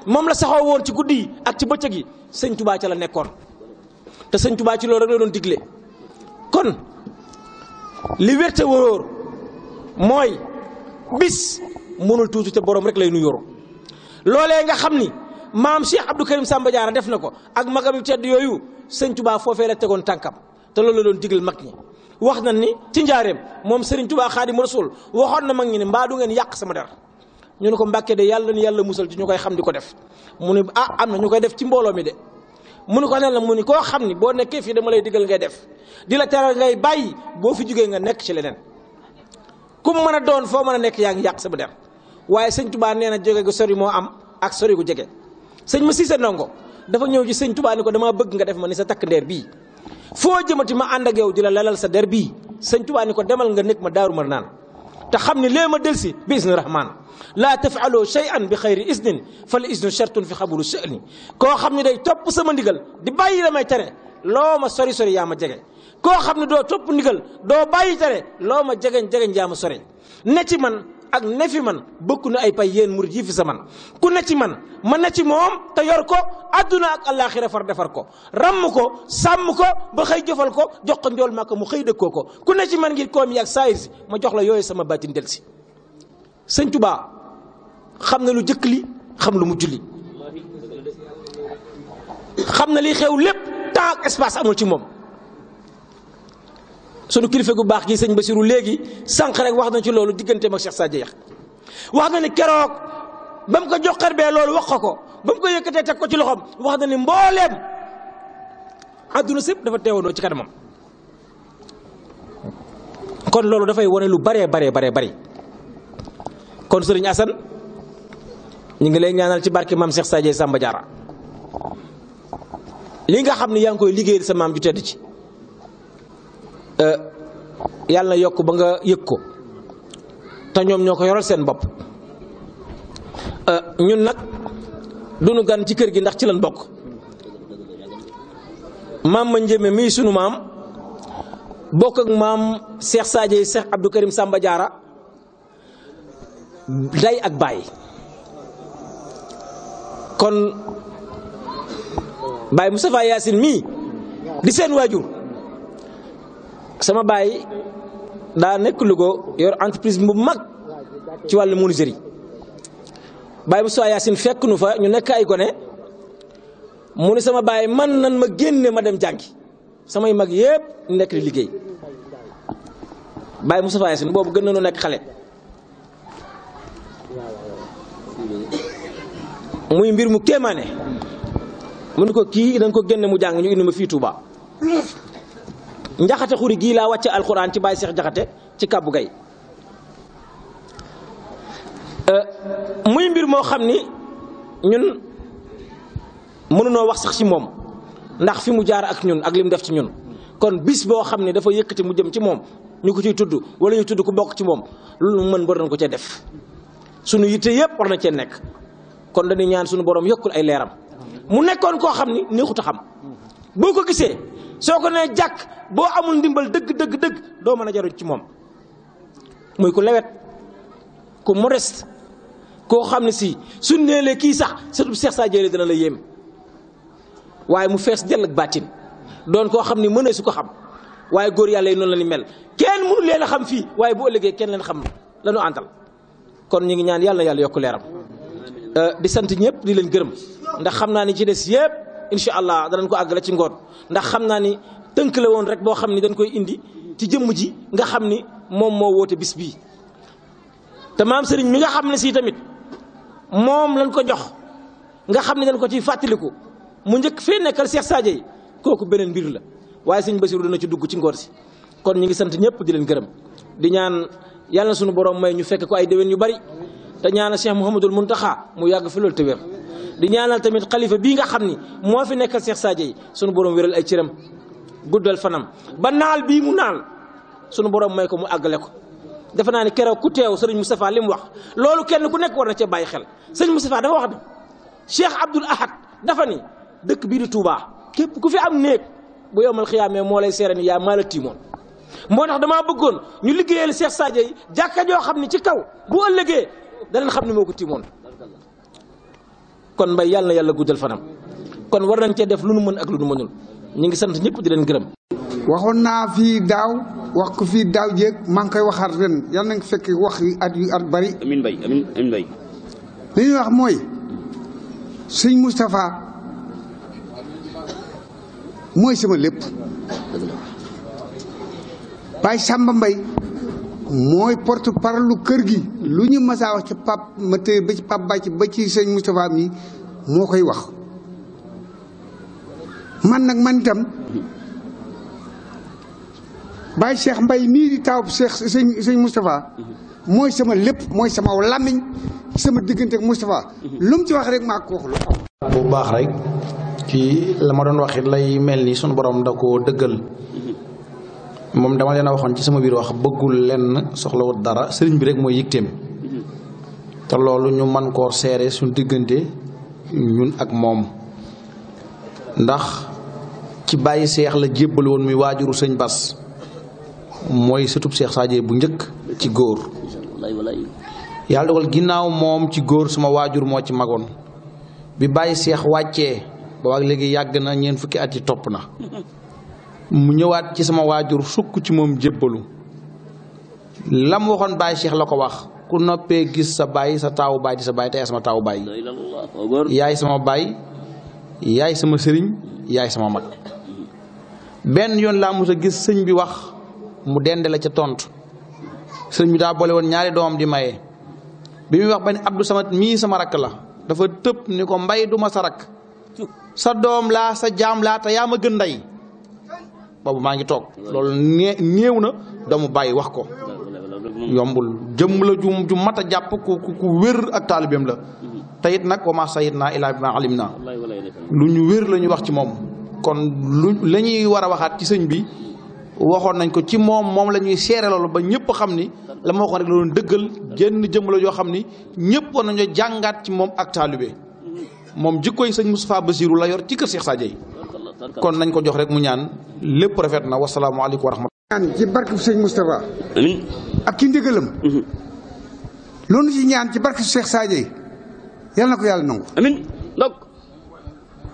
moom la saxoo woon ci guddi ak ci bëccëg yi sëñ tubaa ca la nekkoon te sëñ tubaa ci loolu rek doon digle kon li mooy bis mënul tuuti te borom rek lay nu yoru loolee nga xam ni maam Cheikh Abdou Karim Samba Diarra def na ko ak magam yu tedd yooyu sëñ tubaa foofee la tegoon tànkam te loolu la doon digal mag ñi waxna ni ci njaareem mom serigne touba khadim rasoul waxon na mag ni mba du ngeen yak sama der ñu ne ko mbacke de yalla ni yalla musal ci xam diko def mu ne ah am na def ci mbolo mi de mu ne ko ne la mu ni ko xam ni dama lay digal ngay def di la teral ngay bàyyi bo fi jugge nga nekk ci lenen ku mu mën doon fo mën a nekk yaa sama der waye serigne touba neena joge gu sori mo am ak sori gu jege serigne ma nongo dafa ñew ci serigne touba ni ko dama bëgg nga def ma ni sa tak ndeer bi foo jëmati ma ànd ak yow di la lalal sa der bii sëñ Tuubaa ko demal nga nekk ma daaru mar naan te xam ne lee ma delsi bi isni rahman laa tafaaloo shay'an bi xayri isnin fa la isnu shartun fi xabulu sha'ni koo xam ne day topp sama ndigal di bàyyi la may tere loo ma sori sori yaa ma jege koo xam ne doo topp ndigal doo bàyyi tere loo ma jege jegeñ yaa ma sori ne man ak ne fi man bokk na ay pay yéen murid yi fi sa man ku ne ci man man na ci moom te yor ko adduna ak àllaaxira far defar ko ràmm ko sàmm ko ba xëy jëfal ko jox ko njool màkk mu xëy dëkkoo ko ku ne ci man ngir koom yi ak saayir ma jox la yooyu sama baatin del si sëñ xam na lu jëkk li xam lu mujj li xam na li xew lépp temps espace amul ci moom sunu kilifa gu baax gi sëñ ba Basiru léegi sànq rek wax na ci loolu digganteem ak Cheikh sa Yax wax na ni keroog ba mu ko jox xarbee loolu wax ko ko ba mu ko yëkkatee teg ko ci loxoom wax na ni mbooleem àdduna sépp dafa teewandoo ci kanamam. kon loolu dafay wone lu baree baree baree bari kon sëriñ Assane ñu ngi lay ñaanal ci barke maam sa Sadio Samba Diarra li nga xam ne yaa ngi koy liggéeyal sa maam ju tedd ci. Eh, yalla yokk ba nga yëg ko te ñoom ñoo yoral seen bop eh, ñun nak duñu gan ci kër gi ndax ci lan bok mam ma njéeme mi sunu mam bok ak mam Cheikh sadie Cheikh Abdou Karim Samba jara day ak bay kon bay mustapha yassine mi di seen wajur sama baay daa nekk Louga yor entreprise bu mag ci wàll wàllu menuiserie baay bu soo yaasin fekk nu fa ñu nekk ay gone mu ne sama baay man nan ma génne ma dem jàngi samay mag yëpp nekk di liggéey baay Moustapha Yacine boobu gën nañu nekk xale muy mbir mu kéemaane mu ne ko kii dañ ko génne mu jàng ñu indi ma fii Touba njaxate xuri gii laa wàcce alxuraan ci bàyyi seex jaxate ci kàbbu gay euh, muy mbir moo xam ni ñun mënunoo wax sax ci moom ndax fi mu jaar ak ñun ak li mu def ci ñun kon bis boo xam ne dafa yëkkati mu jëm ci moom ñu ko ciy tudd wala ñu tudd ku bokk ci moom loolu mu mën war nañ ko cee def sunu yitte yëpp war na cee nekk kon dañuy ñaan sunu borom yokkul ay leeram mu nekkoon koo xam ni neexut a xam boo ko gisee soo ko nee jàkk boo amul ndimbal dëgg dëgg dëgg doo mën a jaru ci moom muy ku lewet ku modeste koo xam ne si su neelee kii sax surtout Seex Saa Jéeri dina la yem waaye mu fees dell ak baatin doon koo xam ne mën su ko xam waaye góor yàlla yi noonu la ñu mel kenn mënu leen a xam fii waaye boo ëllëgee kenn leen xam la ñu àndal kon ñu ngi ñaan yàlla yàlla yokk leeram euh, di sant ñëpp di leen gërëm ndax xam naa ni ci des yëpp. inshallah allah danañ ko cingkor. ci ngor ndax xamna ni teunk la won rek bo xamni ni dañ koy indi ci jëm ji nga xamni ni mo wote bis bi te mam serigne mi nga xamni si tamit mom lañ ko jox nga xamni dañ ko ci fatiliku mu ñëk fi nekkal Cheikh Sadio koku benen beneen mbir la waye serigne Basiru dana ci dugg ci ngor si kon ñi ngi sant ñepp di leen gërëm di ñaan yalla suñu borom may ñu fekk ko ay deewen yu bari te ñaan Cheikh muntaha mu yag fi lol te wer di ñaanal tamit khalifa bi nga xamni mo fi nek Cheikh Sadio sunu borom wéral ay cëram guddal fanam ba naal bi mu naal sunu borom may ko mu àggale ko. dafa naani kéro ku tew serigne Moustapha lim wax lolu kenn ku nek war na ci baye xel serigne Moustapha dafa wax ni Cheikh abdul Ahad dafa ni dëkk bi di Touba kep ku fi am néeg bu yowmal khiyamé mo lay sérani ya mala timon la tiimoon. tax damaa bëggoon ñu liggéeyal Cheikh Sadio yi jàkka joo xam ci kaw bu ëllëgé da xam xamni moko timon kon mbay yàlla na yàlla guddal fanam kon war nañ cee def lu nu mën ak lu nu mënul ñu ngi sant ñëpp di leen gërëm. waxoon naa fii daaw wax ko fii daaw jéeg maa ngi koy waxaat ren yal na fekkee wax yi at yu at bari. amiin bay amiin wax mooy sëñ Moustapha mooy sama lépp. Baye Samba mbay mooy porte parole kër gi lu ñu masaa wax ci pap ma tey ba ci pap bàcc ba ci sëñ Moustapha mi moo koy wax man nag man itam Baye Cheikh Mbay nii di taw Cheikh sëñ sëñ Moustapha mooy sama lépp mooy sama làmmiñ sama diggante ak Moustapha lu mu ci wax rek maa ko wax lu bu baax rek ci la ma doon wax it lay mel ni sunu borom da ko dëggal moom dama leen a waxoon ci sama biir wax bëggul lenn soxlawut dara sëriñ bi rek mooy yëgteem te loolu ñu man seere suñu diggante ñun ak moom ndax ci bàyyi seex la jébbal woon muy waajuru sëñ Bas mooy sëtu seex Sadio bu njëkk ci góor yàlla dogal ginnaaw moom ci góor sama waajur moo ci magoon bi bàyyi seex wàccee ba léegi yàgg na ñeent fukki at yi topp na mu ñëwaat ci sama wajur sukk ci mom jébbalu lam waxon bay Cheikh lako wax ku noppé gis sa bay sa taw bay di sa bay tay sama taw bay yaay sama bay yaay sama serigne yaay sama mag ben yon la musa gis señ bi wax mu la ci tontu señ bi da bolé won ñaari doom di maye bi mi wax ben Abdou Samad mi sama rak la dafa tepp niko mbay duma sa sa doom la sa jam la ta ma boobu maa ngi toog loolu nee néew na damu bàyyi wax ko yombul jëmm la ju ju mat a jàpp ku ku wér ak taalibeem la te nag wa maa sayit naa ilaa bi maa alim naa lu ñu wér la ñu wax ci moom kon lu lañuy ñuy war a waxaat ci sëñ bi waxoon nañ ko ci moom moom la ñuy seere loolu ba ñëpp xam ni la ma waxoon rek la doon dëggal jenn jëmm la yoo xam ni ñëpp war nañoo jàngaat ci moom ak taalibe moom jikkoy sëñ Moustapha Bassirou la yor ci kër Cheikh Sadio yi kon nañ ko jox rek mu ñaan lépp rafet na wasalaamualeykum wa rahmatulah. ñaan ci barke sëñ Moustapha. amiin ak ci ndigalam. Mhm. loolu ci ñaan ci barke Cheikh Sadio yal na ko yàlla nangu. amiin donc.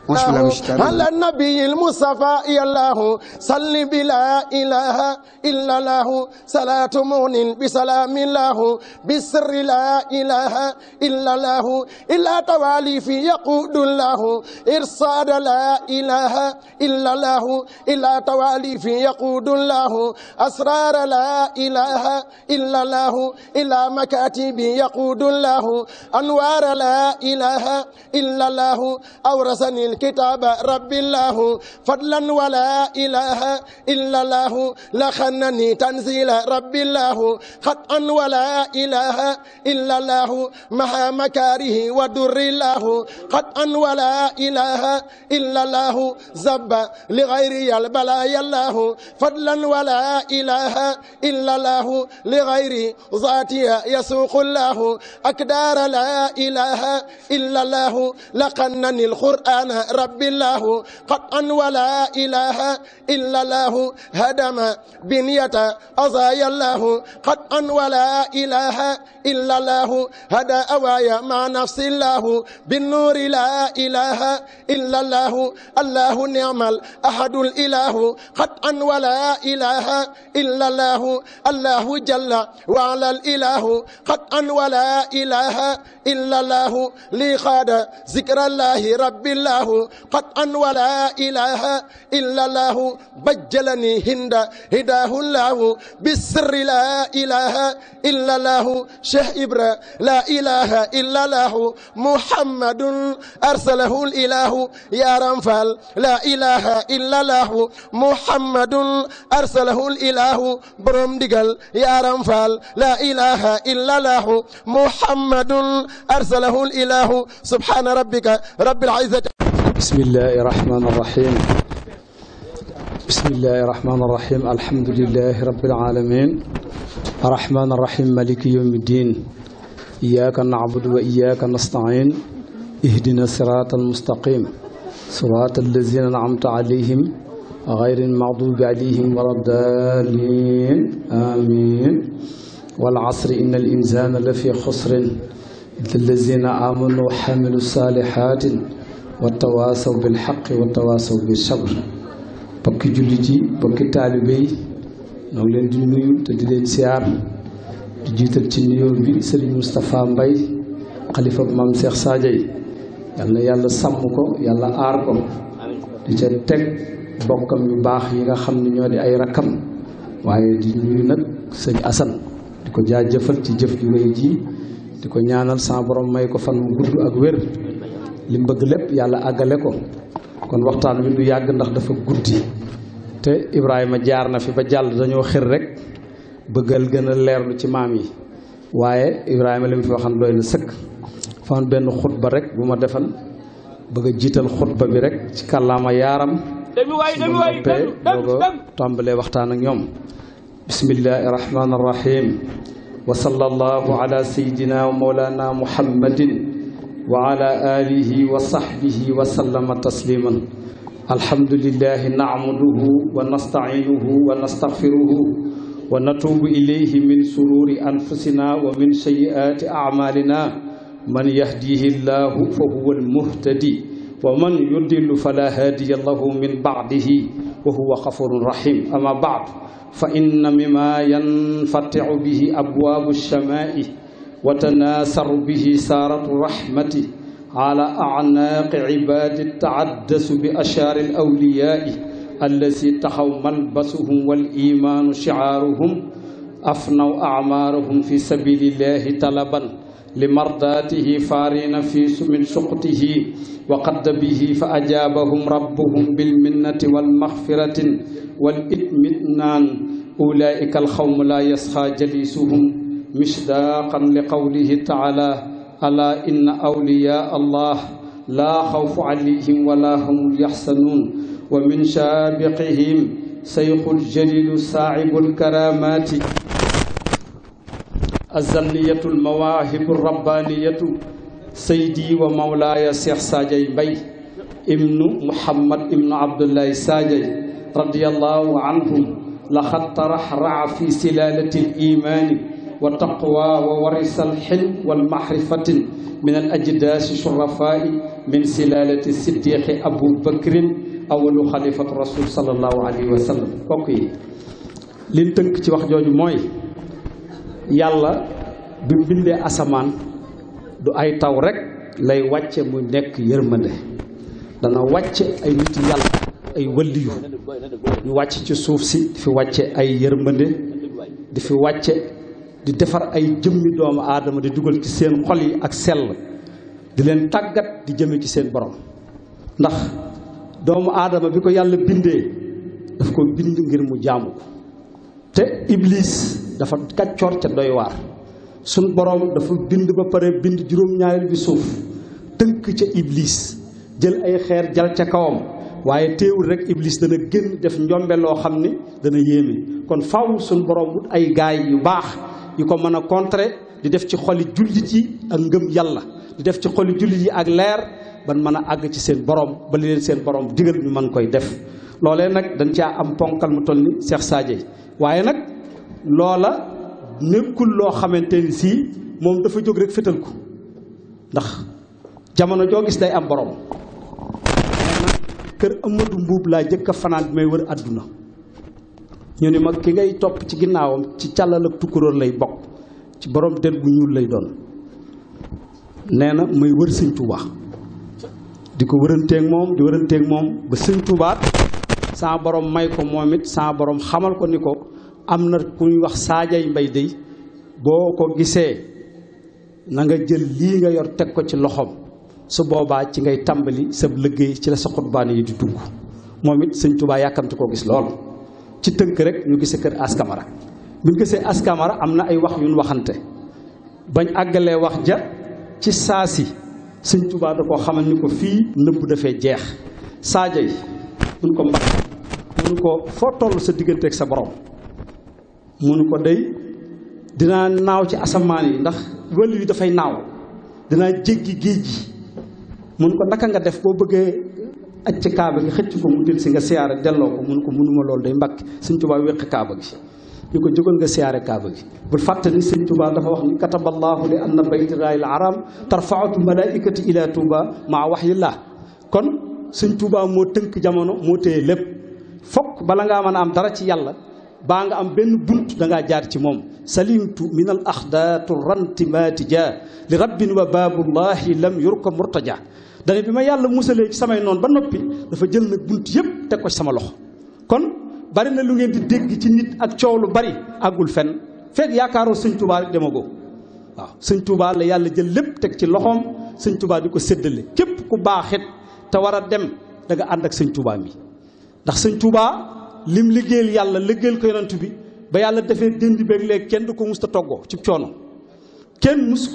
مش النبي المصطفى يا الله صل بلا إله إلا له صلاة مون بسلام الله بسر لا إله إلا له إلا توالي في يقود الله إرصاد لا إله إلا له إلا توالي في يقود الله أسرار لا إله إلا له إلا مكاتب يقود الله أنوار لا إله إلا الله أورثني الكتاب رب الله فضلا ولا إله إلا الله لخنني تنزيل رب الله خطأ ولا إله إلا الله مها مكاره ودر الله خطأ ولا إله إلا الله زب لغير البلايا الله فضلا ولا إله إلا الله لغير ذاتي يسوق الله أكدار لا إله إلا الله لقنني القرآن رب الله قطعا ولا إله إلا الله هدم بنية أزايا الله قطعا ولا إله إلا الله هدى أوايا مع نفس الله بالنور لا إله إلا الله الله نعم الأحد الإله قطعا ولا إله إلا الله الله جل وعلا الإله قطعا ولا إله إلا الله لي خاد ذكر الله رب الله الله أن ولا إله إلا الله بجلني هند هداه الله بالسر لا إله إلا الله شيخ إبرا لا إله إلا الله محمد أرسله الإله يا رنفال لا إله إلا الله محمد أرسله الإله برمدقل يا رنفال لا إله إلا الله محمد أرسله الإله سبحان ربك رب العزة بسم الله الرحمن الرحيم بسم الله الرحمن الرحيم الحمد لله رب العالمين الرحمن الرحيم مالك يوم الدين إياك نعبد وإياك نستعين اهدنا صراط المستقيم صراط الذين أنعمت عليهم غير المغضوب عليهم ولا الضالين آمين والعصر إن الإنسان لفي خسر إلا الذين آمنوا وحملوا الصالحات wa tawaasaw bil xaq wa tawaasaw bi sabr bokki jullit yi bokki taalibe yi ñoo leen di nuyu te di leen siyaar di jiital ci nuyoo bi Serigne Moustapha Mbaye xalifa maam Cheikh Sadio yi yal na yàlla sàmm ko yàlla aar ko di ca teg bokkam yu baax yi nga xam ne ñoo di ay rakkam waaye di nuyu nag sëñ Assane di ko jaajëfal ci jëf ju rëy ji di ko ñaanal sa may ko fan mu gudd ak wér li mu bëgg lépp yàlla àggale ko kon waxtaan wi du yàgg ndax dafa guddi te Ibrahima jaar na fi ba jàll dañoo xër rek bëggal gën a leerlu ci maam yi waaye Ibrahima li mu fi waxan doy na sëkk fan benn xutba rek bu ma defal bëgg a jiital xutba bi rek ci kàllaama yaaram su ma noppee doog a tàmbalee waxtaan ak ñoom bismillahi wa sallallahu ala sayyidina wa muhammadin وعلى آله وصحبه وسلم تسليما الحمد لله نعمده ونستعينه ونستغفره ونتوب إليه من سرور أنفسنا ومن سيئات أعمالنا من يهديه الله فهو المهتدي ومن يضل فلا هادي له من بعده وهو غفور رحيم أما بعد فإن مما ينفتع به أبواب الشمائل وتناثر به سارة رحمته على أعناق عباد التعدس بأشار الأولياء الذي تخوا ملبسهم والإيمان شعارهم أفنوا أعمارهم في سبيل الله طلبا لمرضاته فارين في من سقطه وقد به فأجابهم ربهم بالمنة والمغفرة والإطمئنان أولئك القوم لا يسخى جليسهم مصداقا لقوله تعالى ألا إن أولياء الله لا خوف عليهم ولا هم يحسنون ومن سابقهم سيخ الجليل صاحب الكرامات الزنية المواهب الربانية سيدي ومولاي الشيخ ساجي بي ابن محمد ابن عبد الله ساجي رضي الله عنهم لقد ترحرع في سلالة الإيمان wa taqwa wa warisal xilm wal mahrifatin min al ajdaasi shurafaa'i min silaalati siddiqi abu bakrin awalu xalifatu rasul sallallahu alayhi wa sallam yi li tënk ci wax jooju mooy yàlla bi mu bindee asamaan du ay taw rek lay wàcce mu nekk yërmande dana wàcce ay nit yàlla ay wëlliyu ñu wàcc ci suuf si di fi wàcce ay yërmande di fi wàcce di defar ay jëmmi doomu aadama di dugal ci seen xol yi ak sell di leen tàggat di jëme ci seen borom ndax doomu aadama bi ko yàlla bindee daf ko bind ngir mu jaamu ko te iblis dafa kàccoor ca doywaar waar sun borom dafa bind ba pare bind juróom-ñaareel bi suuf tënk ca iblis jël ay xeer jal ca kawam waaye teewul rek iblis dana génn def njombe loo xam ne dana yéeme kon faw sun borom wut ay gaay yu baax yi ko mën a contrer di def ci xoli jullit yi ak ngëm yàlla di def ci xoli jullit yi ak leer ban mën a àgg ci seen borom ba li leen seen borom digal ñu mën koy def loolee nag dañ caa am ponkal mu toll ni Cheikh Sadio waaye nag loola nekkul loo xamante ni sii moom dafa jóg rek fétal ko ndax jamono joo gis day am borom kër Amadou Mbuub laa jëkk a fanaan bi may wër àdduna ñu ni mag ki ngay topp ci ginnaawam ci càllal ak tukkuróor lay bokk ci boroom der bu ñuul lay doon nee na may wër sëñ Tuubaa di ko wëranteeg moom di wëranteeg moom ba sëñ Tuubaa saa borom may ko moom it saa boroom xamal ko ni ko am na ku ñuy wax saajay mbay dey boo ko gisee na nga jël lii nga yor teg ko ci loxoom su boobaa ci ngay tàmbali sab liggéey ci la sa xutbaan yi di dugg moom it sëñ Tuubaa yàkkamti koo gis lool ci tënk rek ñu gisee kër askamara bi ñu gisee askamara am na ay wax yuñ waxante bañ àggalee wax ja ci saasi sëñ Tuubaa da ko xamal ni ko fii nëbb dafee jeex saajay mun ko mbax munu ko foo toll sa diggante ak sa borom munu ko day dinaa naaw ci asamaan yi ndax wël yi dafay naaw dinaa jéggi géej gi mun ko naka nga def boo bëggee acc kaaba gi xëcc ko mu dil si nga siyaare delloo ko mun ko munuma loolu day mbàkk sëñ Tuubaa wéq kaaba gi ñu ko jógal nga siyaare kaaba gi bul fàtte ni sëñ Tuubaa dafa wax ni kataballaahu li anna baytillahil haram tarfaatu malaikati ila Touba maa waxyillah kon sëñ Tuubaa moo tënk jamono moo téye lépp fokk bala nga mën a am dara ci yàlla baa nga am benn bunt da ngaa jaar ci moom salimtu min al axdaatu rantimatija li rabbin wa baabullahi lam yurka murtaja dane bi ma yàlla musalee ci samay noon ba noppi dafa jël na bunt yëpp teg ko ci sama loxo kon bari na lu ngeen di dégg ci nit ak coow lu bari àggul fenn fekk yaakaaroo sëñ Tuubaa rek demagoo waaw sëñ Tuubaa la yàlla jël lépp teg ci loxoom sëñ Tuubaa di ko séddale képp ku baaxit te war a dem da ànd ak sëñ Tuubaa mi ndax sëñ Tuubaa lim liggéeyal yàlla liggéeyal ko yonent bi ba yàlla defee dindi beeg léegi kenn du ko mus a toggoo cib coono kenn mus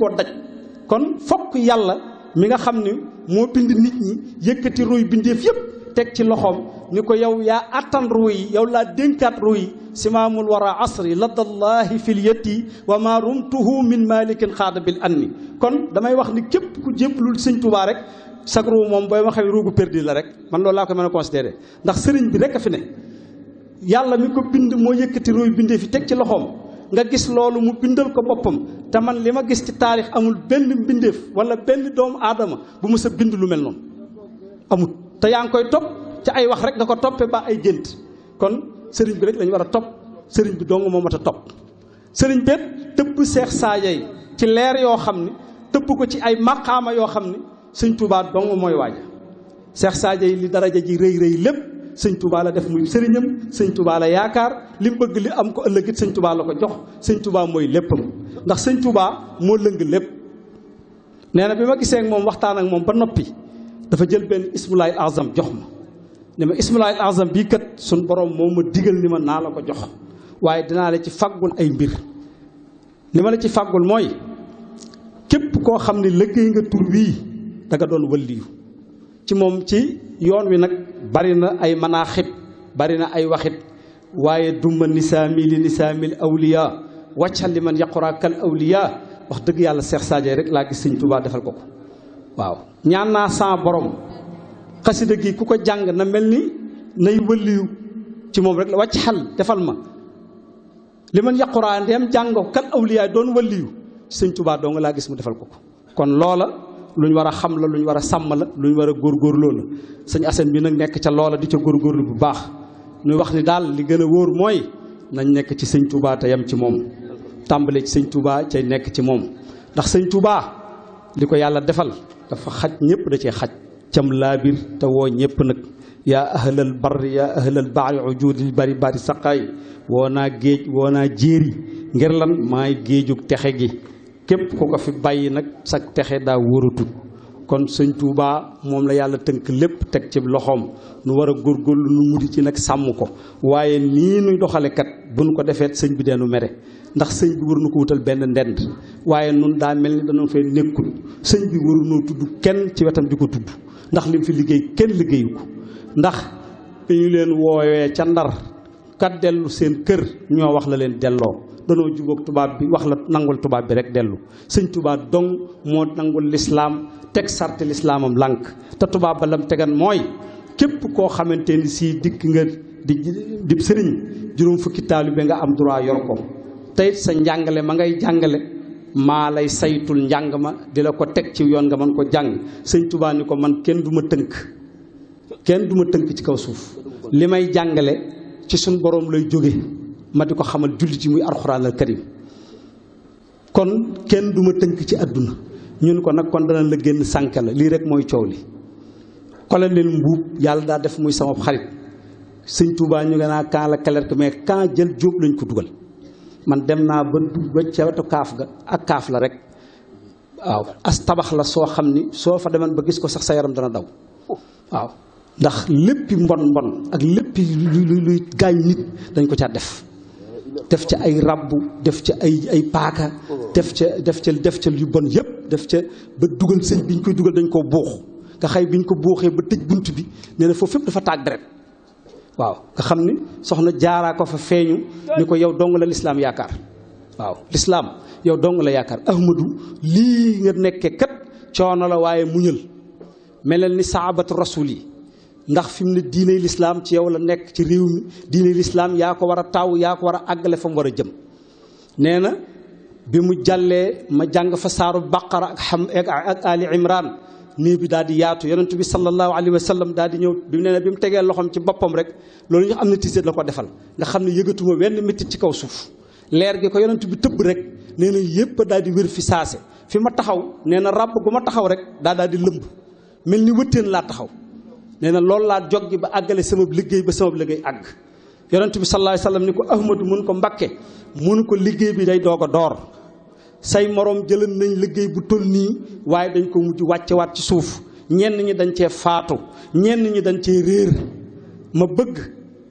mi nga xam ni moo bind nit ñi yëkkati ruy bindeef yépp teg ci loxom ni ko yow yaa attan ruy yow laa dénkaat ruy yi simaamul wara asri ladallahi fil yati wa ma rumtuhu min malikin xaada bil anni kon damay wax ni képp ku jébbalul sëñ tubaa rek sag ruu moom booy ma xamee ruugu perdi la rek man loolu laa ko mën a considéré ndax sëriñ bi rek a fi ne yàlla mi ko bind moo yëkkati ruy bindee fi teg ci loxom nga gis loolu mu bindal ko boppam te man li ma gis ci taarix amul benn mbindeef wala benn doomu aadama bu mës a bind lu mel noonu amul te yaa ngi koy topp ci ay wax rek nga ko toppe ba ay gént kon sëriñ bi rek lañu war a topp sëriñ bi dong moo mat a topp sëriñ bi tëbb seex yi ci leer yoo xam ni tëbb ko ci ay maqaama yoo xam ni sëñ Tuubaa dong mooy waaja seex yi li daraja ji rëy rëy lépp sëñ Touba la def muy sëriñam sëñ Touba la yaakaar li mu bëgg li am ko ëllëg sëñ Touba la ko jox sëñ Touba mooy léppam ndax sëñ Touba moo lëng lépp. nee na bi ma gisee ak moom waxtaan ak moom ba noppi dafa jël benn ismulaay azam jox ma ne ma ismulaay azam bii kat suñ borom moo ma digal ni ma naa la ko jox waaye dinaa la ci faggul ay mbir li ma la ci faggul mooy képp koo xam ne liggéey nga tur wii da nga doon wëlliyu ci moom ci yoon wi nag bari na ay manaaxib bari na ay waxit waaye dumma nisaami li nisaamil awliya xal li man yaquraa kal awliya wax dëgg yàlla Seex Saaje rek laa gis sëñ Tuubaa defal ko ko waaw ñaan naa sa borom xasida gi ku ko jàng na mel ni nay wëlliyu ci moom rek la wàcc xal defal ma li man yaquraa ndeem jàng kal awliya doon wëlliyu sëñ Tuubaa doo nga laa gis mu defal ko ko kon loola lu ñu war a xam la lu ñu war a sàmm la lu ñu war a góor la sëñ Assane bi nag nekk ca loola di ca góorgóorlu bu baax ñu wax ni daal li gën a wóor mooy nañ nekk ci sëñ Touba te yam ci moom tàmbale ci sëñ Touba cay nekk ci moom ndax sëñ Touba li ko yàlla defal dafa xaj ñëpp da cee xaj cam laabir te woo ñëpp nag yaa ahlal barri yaa ahlal baari ujuudil bari bari saqaay woo naa géej woo naa jéeri ngir lan may géejug texe gi képp ko ko fi bàyyi nag sag texe daa wóoratut kon sëñ Touba moom la yàlla tënk lépp teg ci loxoom nu war a góorgóorlu nu mudi ci nag sàmm ko waaye nii nuy doxale kat bu nu ko defeet sëñ bi deenu mere ndax sëñ bi war nu ko wutal benn ndend waaye nun daa mel ni danoon fee nekkul sëñ bi waru noo tudd kenn ci wetam ji ko tudd ndax lim fi liggéey kenn liggéeyu ko ndax ñu leen woowee ca ndar kat dellu seen kër ñoo wax la leen delloo danoo jubóog tubaab bi wax la nangul tubaab bi rek dellu sëñ tubaab dong moo nangul lislaam teg sart lislaamam lànk te tubaab ba lam tegan mooy képp koo xamante ni sii dikk nga di di sëriñ juróom fukki taalibe nga am droit yor ko tey sa njàngale ma ngay jàngale maa lay saytul njàng ma di la ko teg ci yoon nga mën ko jàng sëñ tubaa ni ko man kenn du ma tënk kenn du ma tënk ci kaw suuf li may jàngale ci suñ boroom lay jóge ma di ko xamal julli ci muy alxuraan al karim kon kenn du ma tënk ci àdduna ñun ko nag kon dana la génn sànke la lii rek mooy coow li colonel mbuub yàlla daa def muy sama xarit sëñ Touba ñu nga naa kan la kelerk mais kan jël jóob lañ ko dugal man dem naa ba kaaf ga ak kaaf la rek waaw as tabax la soo xam ni soo fa demoon ba gis ko sax sa yaram dana daw waaw ndax léppi mbon mbon ak léppi luy luy gaañ nit dañ ko caa def def ca ay rabbu def ca ay ay paaka def ca def ca def ca yu bon yëpp def ca ba dugal sëñ bi ñu koy dugal dañ koo buux nga xay bi ñu ko buuxee ba tëj bunt bi nee na foofu yëpp dafa taag deret waaw nga xam ni soxna jaaraa ko fa feeñu ni ko yow dong la lislaam yaakaar waaw lislaam yow dong la yaakaar ahmadu lii nga nekkee kat coono la waaye muñal melal ni saabatu rasul yi ndax fi mu ne diiney lislaam ci yow la nekk ci réew mi diiney lislaam yaa ko war a taw yaa ko war a àggale fa mu war a jëm nee na bi mu jàllee ma jàng fa saaru baqara ak xam ak ali imran néew bi daal di yaatu yonent bi sallallahu alayhi wa sallam daal di ñëw bi mu bi mu tegee loxoom ci boppam rek loolu ñu am na tiseet la ko defal nga xam ne yëgatuma wenn métti ci kaw suuf leer gi ko yonent bi tëbb rek nee na yëpp daal di wér fi saase fi ma taxaw nee na ràbb gu ma taxaw rek daa daal di lëmb mel ni wëttéen laa taxaw nee na loolu laa jog gi ba àggale sama liggéey ba sama liggéey àgg yonent bi sallallahu alayhi ni ko ahmadu mun ko mbakke mun ko liggéey bi day doog a door say moroom jëlan nañ liggéey bu toll nii waaye dañ ko mujj waat ci suuf ñenn ñi dañ cee faatu ñenn ñi dañ cee réer ma bëgg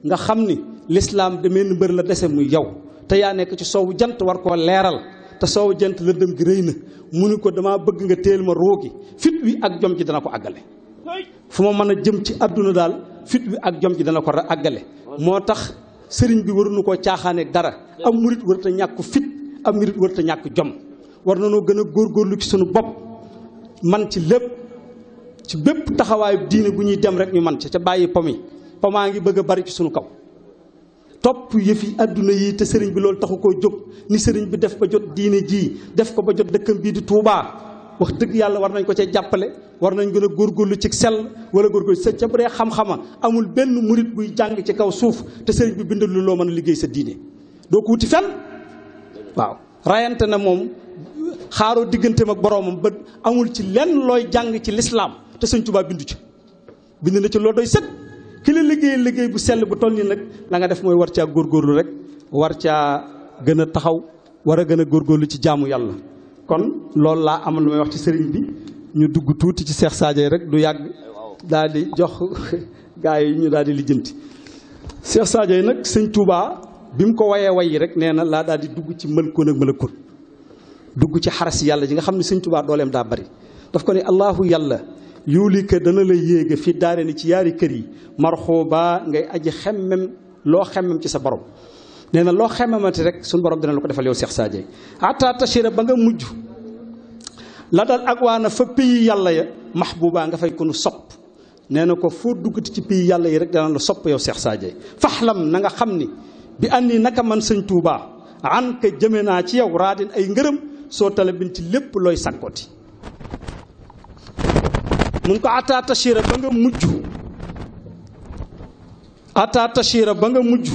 nga xam ni lislaam de menn mbër la dese muy yow te yaa nekk ci soowu jant war koo leeral te soow jant lëndëm gi rëy na mu ni ko dama bëgg nga téel ma roogi fit wi ak jom ji dana ko àggale fu ma mën a jëm ci àdduna daal fit bi ak jom ji dana ko àggale moo tax sëriñ bi waruñu koo caaxaane dara am murit warut ñàkk fit am murit warut ñàkk jom war na nanoo gën a góorgóorlu ci sunu bopp man ci lépp ci bépp taxawaayu diine bu ñuy dem rek ñu man ci ca bàyyi pomi pomaa ngi bëgg a bari ci suñu kaw topp yëfi àdduna yi te sëriñ bi loolu taxu koo jóg ni sëriñ bi def ba jot diine jii def ko ba jot dëkkam bii di Tuubaa wax dëgg yàlla war nañ ko cee jàppale war nañ gën a góorgóorlu ci sell wala góorgóorlu sa ca bu dee xam-xama amul benn murit buy jàng ci kaw suuf te sëriñ bi bindal loo mën liggéey sa diine doo ko wuti fenn waaw rayante na moom xaaroo digganteem ak boroomam ba amul ci lenn looy jàng ci lislaam te sëñ Tuubaa bindu ci bind na ci loo doy sët ki la liggéey liggéey bu sell bu toll nii nag la nga def mooy war caa góorgóorlu rek war caa gën a taxaw war a gën a góorgóorlu ci jaamu yàlla kon loolu laa am lu may wax ci sëriñ bi ñu dugg tuuti ci Cheikh Sadio rek du yàgg daal di jox <laughs> gaa yi ñu daal di lijjanti. Cheikh yi nag sëñ tuubaa bi mu ko wayee yi rek nee na laa daal di dugg ci mëlkoon ak mëlkoon dugg ci xaras yàlla ji nga xam ne sëñ Touba dooleem daa bari daf ko ne Allahu yàlla. kër dana la yéega fi daare ni ci yaari kër yi marxoo baa ngay aji xemmem loo xemmem ci sa borom nee na loo xemamati rek suñu borom dina la ko defal yow Cheikh Sadio hatta tashira ba nga mujj la dal ak waana fa pays yàlla ya mahbuba nga fay ko nu sopp nee na ko foo duggati ci pays yàlla yi rek dana la sopp yow Cheikh Sadio faxlam na nga xam ni bi andi naka man sëñ Touba an ka jëme naa ci yow raadin ay ngërëm soo talabin ci lépp looy sakkoti mun ko ataa tashira ba nga mujj ataa tashira ba nga mujj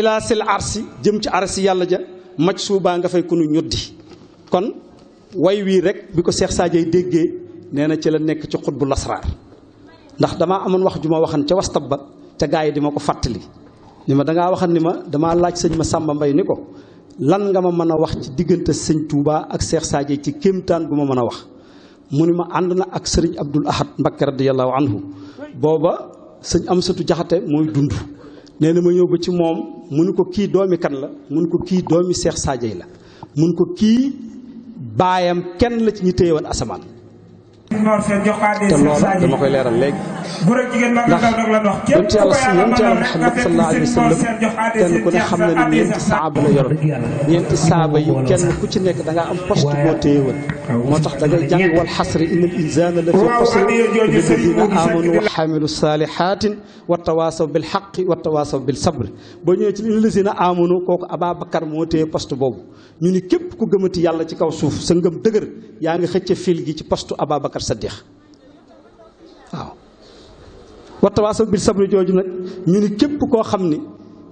ilaa sil arsi jëm ci arsi yàlla ja maj suubaa nga fay ku ñuddi kon way wii rek bi ko Seex Saajay déggee nee na ci la nekk ci xutbu lasraar ndax damaa amoon wax ju ma waxan ca wastab ba ca gaa yi di ma ko fàttali ni ma dangaa waxan ni ma damaa laaj sëñ ma Sàmba Mbay ni ko lan nga ma mën a wax ci diggante sëñ Tuubaa ak Seex Saajay ci kéemtaan bu ma mën a wax mu ni ma ànd na ak sëriñ Abdul Ahad Mbakke radiyallahu anhu booba sëñ Amsatu Jaxate mooy dund nee na ma ñëw ba ci moom munu ko kii doomi kan la munu ko kii doomi Seex Saaja la mun ko kii baayam kenn la ci ñu téye woon asamaan te loola dama koy leeral léegi ndax yonent yàlla si yonent yàlla Muhammad sallallahu alayhi wa sallam ku xam na ni ñeenti saaba la yoroon ñeenti saaba yi kenn ku ci nekk da ngaa am poste boo téye woon moo tax da ngay jàng wal inna al insaana la fi xusri illa alladina wa xamilu salihatin wa tawaasaw bil xaqi wa tawaasaw bil sabri boo ñëwee ci li alladina amanu kooku Ababacar moo téye poste boobu ñu ni képp ku gëmati yàlla ci kaw suuf sa ngëm dëgër yaa ngi xëcc fil gi ci poste Ababacar Abubakar Saddiq waaw wattawaasaw bil sabri jooju nag ñu ni képp koo xam ni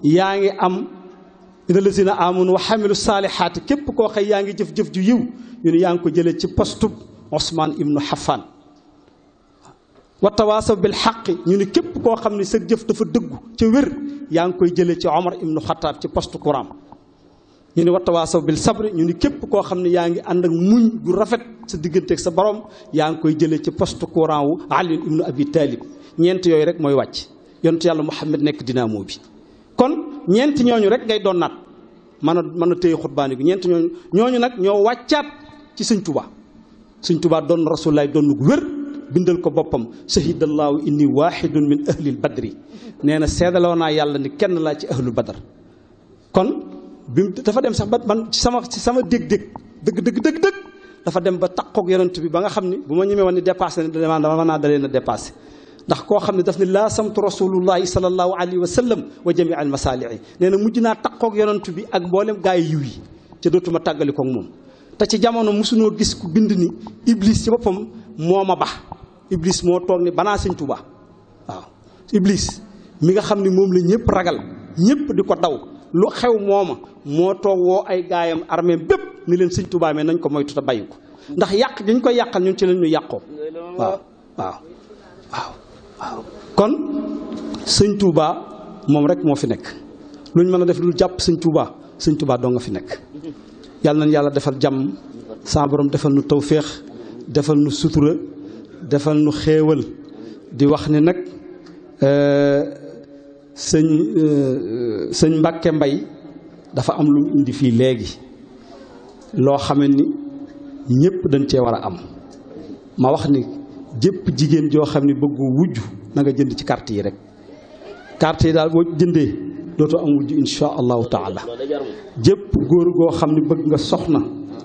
yaa ngi am ina lazina amanu wa xamilu saalihaati képp koo xëy yaa ngi jëf-jëf ju yiw ñu ni yaa ngi ko jëlee ci postub Ousmane ibnu Xafaan wattawaasaw bil xaqi ñu ni képp koo xam ni sa jëf dafa dëggu ca wér yaa ngi koy jëlee ci Omar ibnu Xataab ci postu Quran ñu ni waa bil sabri ñu ni képp koo xam ne yaa ngi ànd ak muñ gu rafet sa digganteeg sa borom yaa ngi koy jëlee ci poste courant wu Ali ibnu Abi Talib ñeent yooyu rek mooy wàcc yontu yàlla Muhammad nekk dynamo bi kon ñeenti ñooñu rek ngay doon naat mën a mën a téye xutbaani bi ñeent ñooñu ñooñu nag ñoo wàccaat ci Sëñ Tuubaa Sëñ Tuubaa doon rasulaay doon gu wér bindal ko boppam shahidallaahu inni waahidun min ahlil badri nee na seedaloo naa yàlla ni kenn laa ci ahlu badar bi dafa dem sax ba man ci sama ci sama deg deg dëgg dëgg dëgg dëgg dafa dem ba takkoog yonent bi ba nga xamni buma ñëmé wone dépasser woon ni dama na dama dama na dépassé ndax ko xamni daf ni la samtu rasulullah sallallahu alaihi wasallam wa jamii al masalii nee na mujj naa yonent bi ak bolem gaay yi yiw yi ca dootuma tàggalikoog moom te ci jamono musuno gis ku bind ni iblis ci bopam moma ba iblis mo tok ni bana seigne touba waaw iblis mi nga xamni mom la ñepp ragal ñepp diko daw lu xew mooma moo toog woo ay gaayam armée bépp ni leen sëñ Tuubaa mee nañ ko moytu te bàyyi ndax yàq gi ñu koy yàqal ñun ci lañ ñu yàqoo waaw waaw kon sëñ Tuubaa moom rek moo fi nekk lu ñu mën a def lu jàpp sëñ Tuubaa sëñ Tuubaa doo nga fi nekk yàlla nañ yàlla defal jàmm sa borom defal nu tawféex defal nu sutura defal nu xéewal di wax ni nag euh, sëñ euh, sëñ Mbàkke Mbay dafa am lu mu indi fii léegi loo xam ni ñëpp dañ cee war a am ma wax ni jëpp jigéen joo xam ne bëgg wujj na nga jënd ci carte yi rek carte yi daal boo jëndee dootoo am wujj insha allahu taala jëpp góor goo xam ne bëgg nga soxna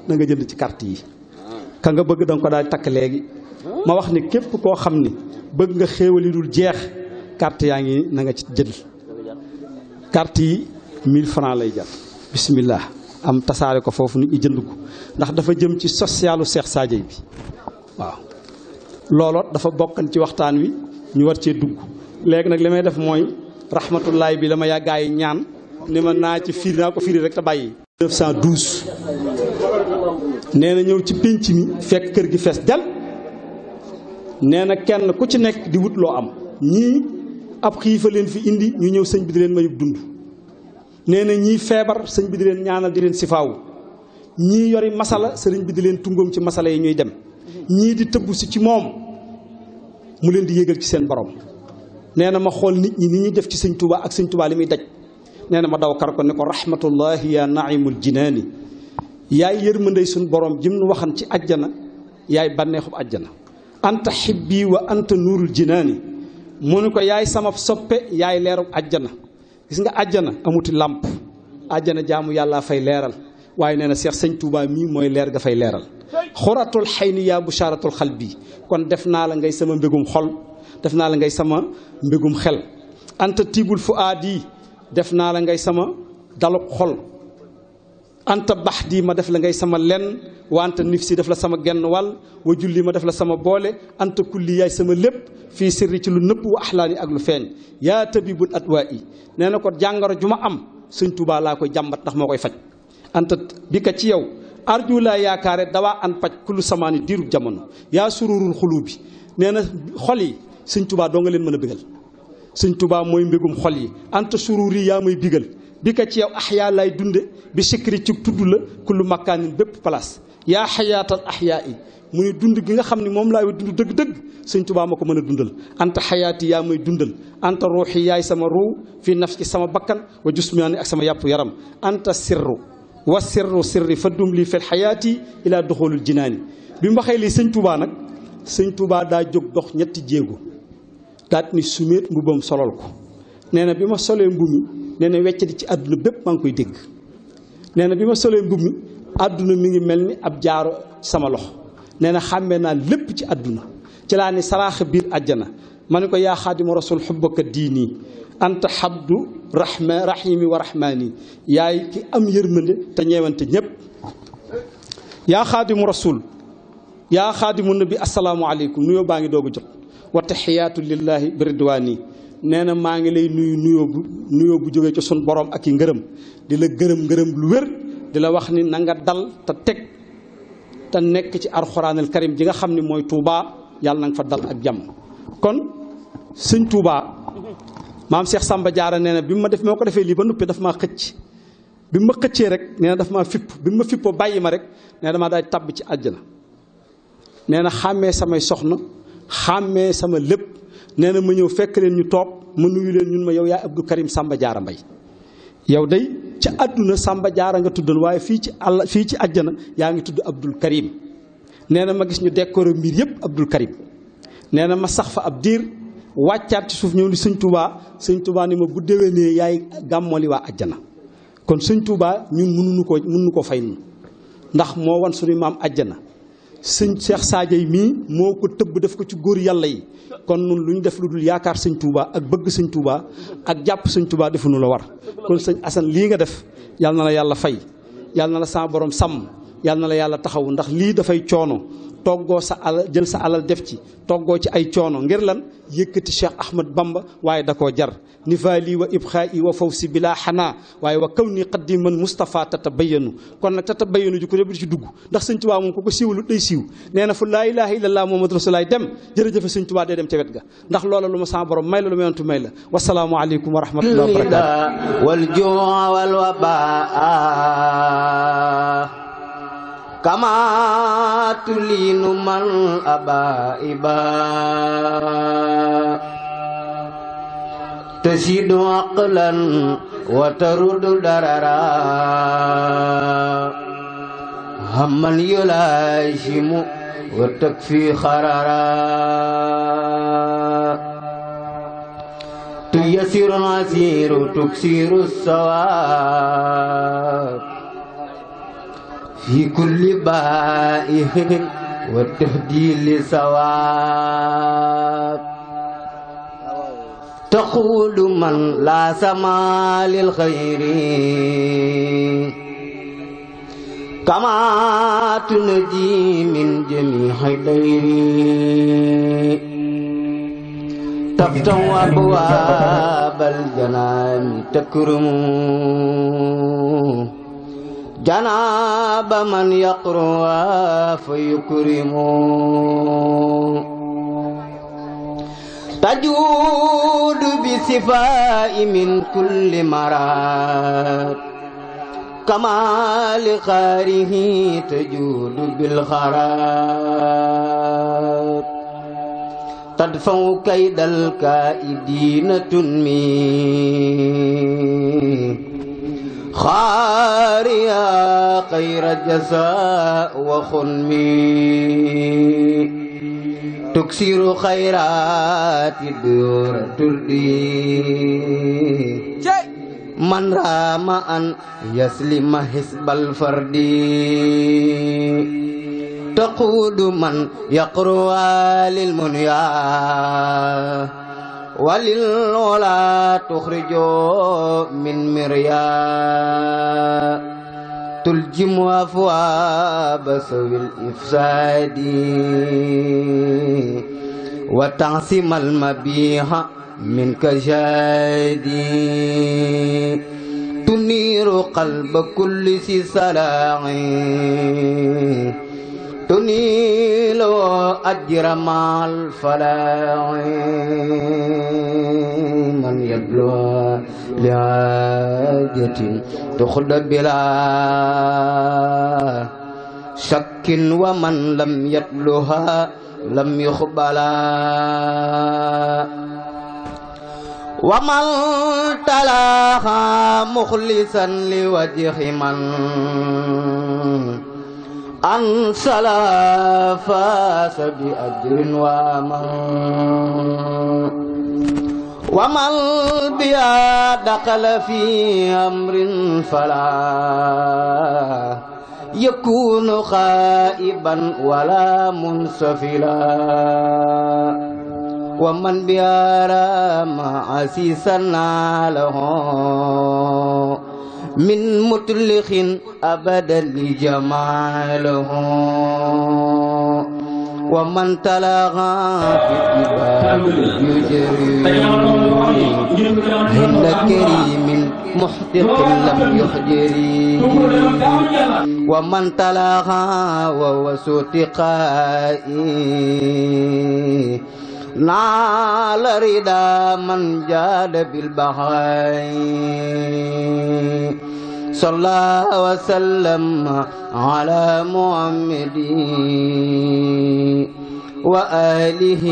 na nga jënd ci carte yi ka nga bëgg danga ko daal takk léegi ma wax ni képp koo xam ni bëgg nga xéewal yi dul jeex carte yaangi na nga ci jël carte 1000 francs lay jar bismillah am tasaare ko fofu ni jënd ko ndax dafa jëm ci socialu Cheikh sadiay bi waaw lolo dafa bokkan ci waxtaan wi ñu war ci dugg leg nak limay def moy rahmatullah bi lama ma yàggaay ñaan ni ma naa ci firna ko firi rek ta bayyi 912 neena ñew ci pinch mi fekk kër gi fess dal neena kenn ku ci nek di wut lo am ñi ab xiifa leen fi indi ñu ñëw sëñ bi di leen mayub dund nee na ñii feebar sëñ bi di leen ñaanal di leen sifaawu ñii yori masala sëriñ bi di leen tungoom ci masala yi ñuy dem ñii di tëbb si ci moom mu leen di yégal ci seen boroom nee na ma xool nit ñi ni ñuy def ci sëñ Tuubaa ak sëñ Tuubaa li muy daj nee na ma daw kar ko ne ko rahmatullahi yaa naimul jinaani yaay yërmandey suñ borom jim nu waxan ci ajjana yaay bànneexub ajjana anta xibbi wa anta nuurul jinaani munuko yaay sama soppe yaay leeru aljana gis nga aljana amuti làmp aljana jaamu yalla fay leral way neena cheikh seigne touba mi moy leer ga fay leral khuratul xay ya busharatul xal kon defna la ngay sama mbégum xol defna la ngay sama mbégum xel anta tibul fuadi defna la ngay sama dalu xol anta bax di ma def la ngay sama lenn wa anta nif si def la sama genn wàll wa julli ma def la sama boole anta kulli yaay sama lépp fii sirri ci lu nëpp wa axlaani ak lu feeñ yaa tabibul atwaa yi nee na ko jàngaro ju ma am sëñ Tuubaa laa koy jàmbat ndax moo koy faj anta bi ka ci yow arju laa yaakaare dawaa an paj kullu samaani diirub jamono yaa sururul xulu bi nee na xol yi sëñ tubaa doo nga leen mën a bégal sëñ Tuubaa mooy mbégum xol yi anta sururi yaa may bigal bi ka ci yow axyaa lay dunde bi sikkiri ci tudd la kullu makkaanin bépp place yaa xayaatal axyaa yi muy dund gi nga xam ne moom laay dund dëgg-dëgg sëñ tubaa ma ko mën a dundal anta xayaati yaa may dundal anta ruuxi yaay sama ruu fii naf ci sama bakkan wa jusmaani ak sama yàpp yaram anta sirru wa sirru sirri fa dum lii fel xayaati ilaa doxalul jinaani bi mu waxee lii sëñ tubaa nag sëñ tubaa daa jóg dox ñetti jéego daat ni sumeet mbubbam solol ko nee bima solo mbumi solee mbubb mi nee ci àdduna bépp mang koy deg nee bima solo mbumi aduna mi ngi melni ab jaaro sama lox loxo xambe na lépp ci aduna ci la ni saraaxa biir aljana ma ne ko yaa xaadima rasul hubbuka dini anta habdu rahma rahimi wa rahmani yaay ki am yërmande te ñewante ñep ya khadim rasul ya khadim nabi assalamu alaykum nuyo baangi dogu a jot wa tahiyatu lillahi bi ridwaani nee ma ngi lay nuyu nuyo nuyo bu joge ci sun borom ak i dila geureum geureum lu wér dila wax ni nanga dal ta tek ta nek ci alxuraanal karim gi nga xamni moy Touba yalla nang fa dal ak jam kon seigne Touba mam Cheikh Samba jaara nee bima ma def moko ko defee ba nuppi daf ma xecc bima ma rek nee daf ma fipp bima ma fippoo ma rek nee dama tab ci aljana nee xamé samay soxna xamé sama lepp nee na ma ñëw fekk leen ñu toog ma nuyu leen ñun ma yow yaa Abdou Karim Samba Diarra Mbaye yow day ca àdduna sàmba jaara nga tuddoon waaye fii ci àll fii ci àjjana yaa ngi tudd Abdul Karim nee na ma gis ñu décoré mbir yëpp Abdul Karim nee na ma sax fa ab diir wàccaat ci suuf ñëw ni sëñ Touba sëñ Touba ni ma bu déwénee yaay gàmmooli waa àjjana kon sëñ Touba ñun mënuñu ko mënuñu ko fay nun ndax moo wan suñu maam àjjana sëñ Cheikh Sadio mii moo ko tëbb def ko ci góor yàlla yi kon nun lu ñu def lu dul yaakaar sëñ Touba ak bëgg sëñ Touba ak jàpp sëñ Touba defuñu la war kon sëñ Assane lii nga def yàlla na la yàlla fay yàlla na la sa borom sàmm yàlla na la yàlla taxawu ndax lii dafay coono. toggoo sa alal jël sa alal def ci toggoo ci ay coono ngir lan yëkkati Cheikh ahmed Bamba waye dako jar nifali wa ibkha'i wa fawsi bila hana waye wa kawni qaddiman mustafa tatabayanu kon nak tatabayanu ji ko lépp ci dugg ndax seigne touba mom ku ko siiwalu day siiw nee fu la ilaha illallah Muhammad rasulullah dem jere jërëjëfe seigne touba day dem ci wet ga ndax loola luma sa borom may la lu yontu may la wa wasalaamu alaykum wa rahmatullahi wa barakatuh wal ju'a wal wabaa كما تلين من أبائبا تزيد عقلا وترد دررا هما يلازم وتكفي خررا تيسير العسير تكسير السواب في كل بائه والتفديل سواب تقول من لا سما للخير كما تنجي من جميع دير تفتح أبواب الجنان تكرم جناب من يقرأ فيكرم تجود بصفاء من كل مراد كما لخاره تجود بالخراب تدفع كيد الكائدين تنمي خاريا خير الجزاء وخنمي تكسر خيرات الدور تردي من رام أن يسلم حسب الفرد تقود من يقروا للمنيا وللولا تخرج من مريا تلجم أفواب سوي الإفساد وتعصم المبيح من كجادي تنير قلب كل سلاعي تنيلو تنيل أجرم الفلاح من يبلو لعاجة تخلد بلا شك ومن لم يتلها لم يخبلا ومن تلاها مخلصا لوجه من أن سلا فاس بأجر وأمر ومن بيا دخل في أمر فلا يكون خائبا ولا منسفلا ومن بيا رام عسيسا له من مطلق أبدا لجماله ومن تلاها في الجبال يجري عند كريم محدق لم يحجري ومن تلاها وهو سوء نالردا رضا من جاد بالبحي صلى الله وسلم على محمد وآله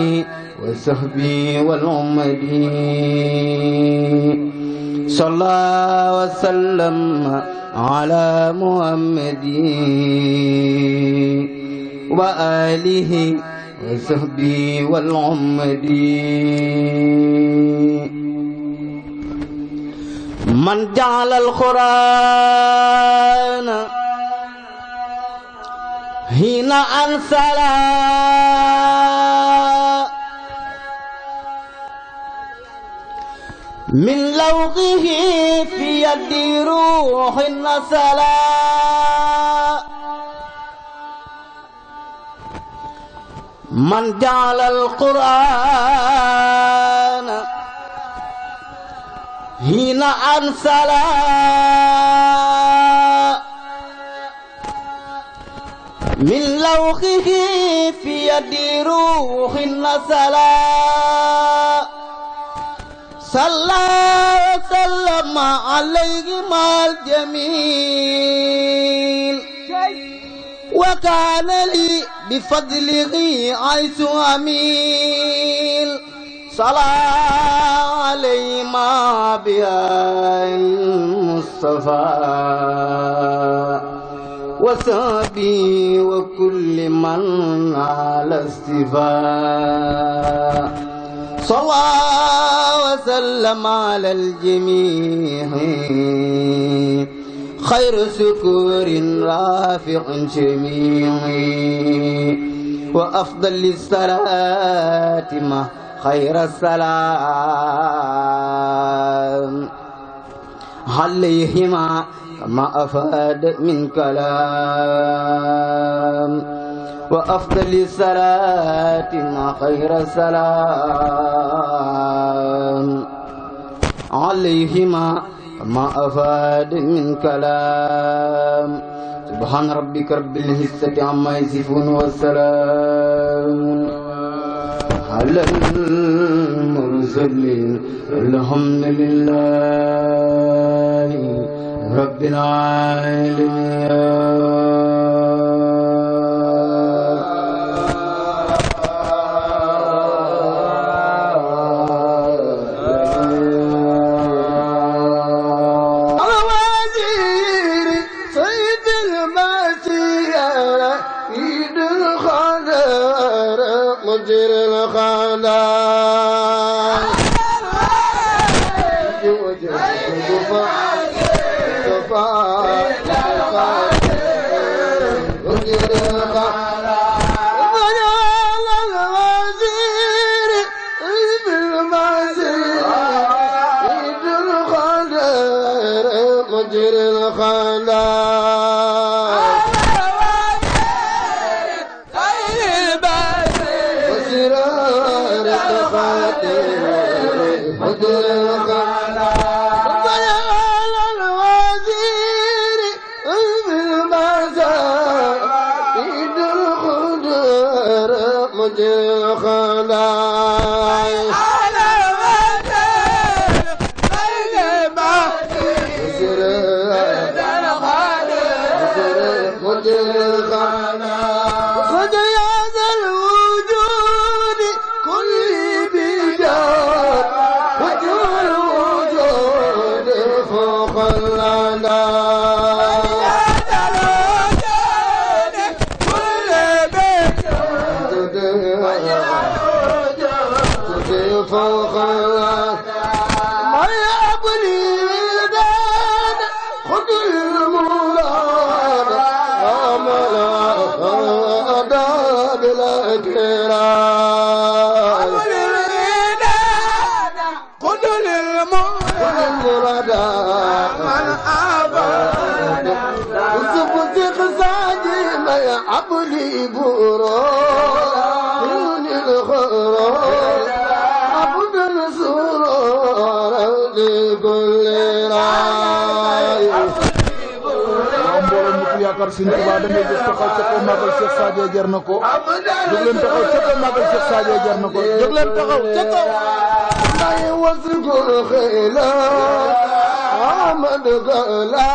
وصحبه والأمد صلى الله وسلم على محمد وآله وصحبه والعمري من جعل القرآن هنا أنسلا من لوقه في يد روح النسلا من جعل القرآن حين أنسلا من لوحه في يد روح نسلا صلى وسلم عليه مع الجميل وكان لي بفضله عيس أميل صلاة علي ما بها المصطفى وسابي وكل من على استفاء صلى وسلم على الجميع خير سكور رافع جميعي وأفضل الصلاة ما خير السلام عليهما ما أفاد من كلام وأفضل الصلاة ما خير السلام عليهما ما أفاد من كلام سبحان ربك رب العزة عما يصفون والسلام على المرسلين الحمد لله رب العالمين bila dera màggal suñu Tuubaa da ngay jóg taxaw ca kaw màggal Cheikh Sadio jar na ko jóg leen taxaw ca kaw màggal Cheikh Sadio jar na ko jóg leen taxaw ca kaw may wasgul xëyla amad gala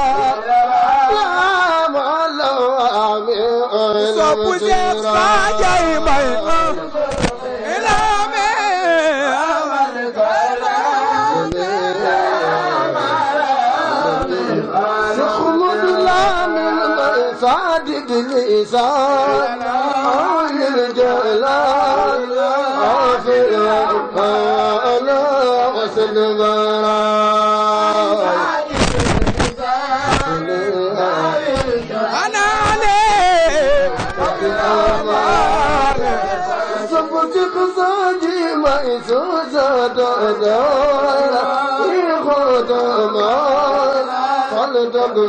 lama lawa mi soppu Cheikh Sadio may الإنسان عن الجلال عافية أنا حسن براي أنا عليك صفت قصادي ميسوسة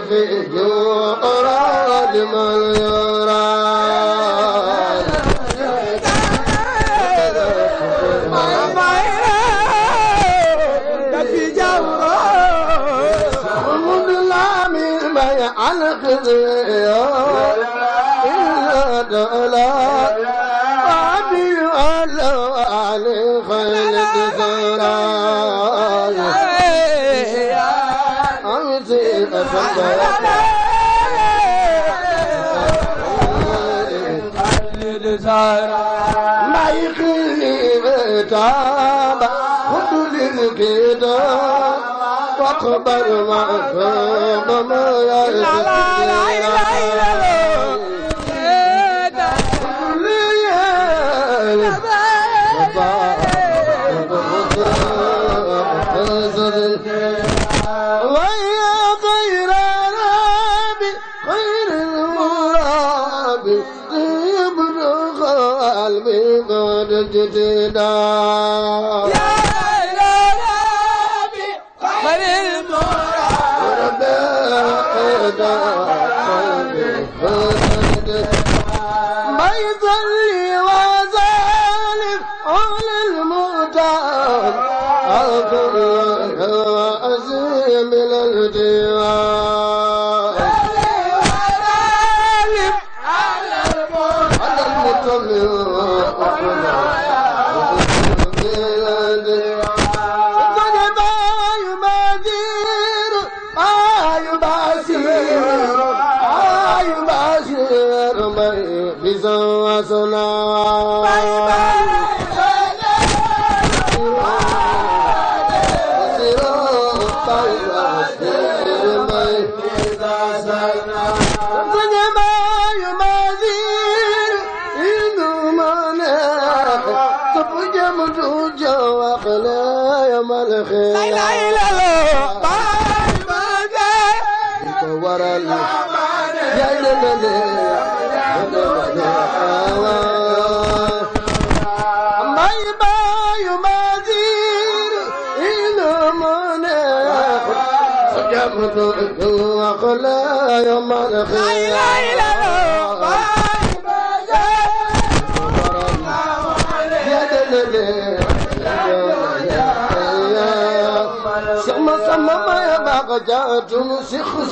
في جوع راد مليان أخبر ما فاضل يا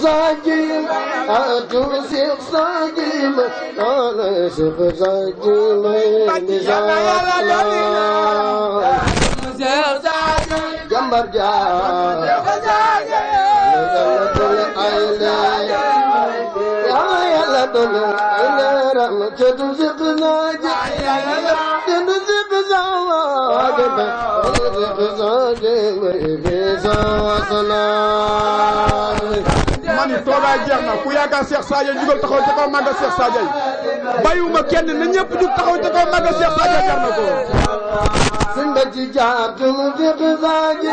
صاجيم أتوسي صاجيم أنا شف صاجيم جمبر جاء يا يا لدن إلى رمت تزقنا جاء تنزق زواجنا تنزق زواجنا toogaay jeex na ku yaakaar Cheikh Sadio jugal taxaw ca kaw màggal Cheikh Sadio bàyyiwuma kenn na ñëpp jug taxaw ca kaw màggal Cheikh Sadio jar na ko. sëñ bi ci jaatu fi xisaagi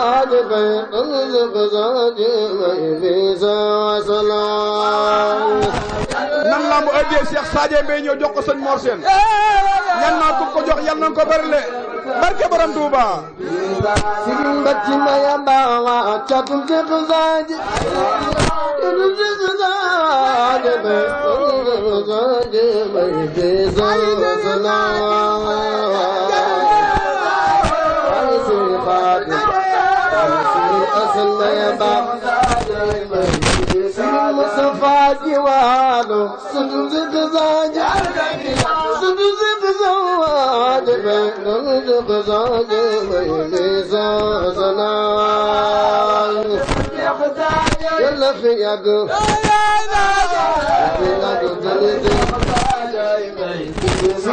بعد بيت الزبزاج ميزا وسلام nan laa mu ëddee Cheikh Sadio Mbaye ñëw jox ko sëñ Mor Sène eh, eh, eh, yan naa ko ko jox yan nañ ko bërile barke borom Touba sigin bacci maya bawa catum ketu zaaji zaaji gi waalo sunu zikr zaaje sunu zikr zaaje be no zikr zaaje be ni zaazana yalla fi yago yalla fi yago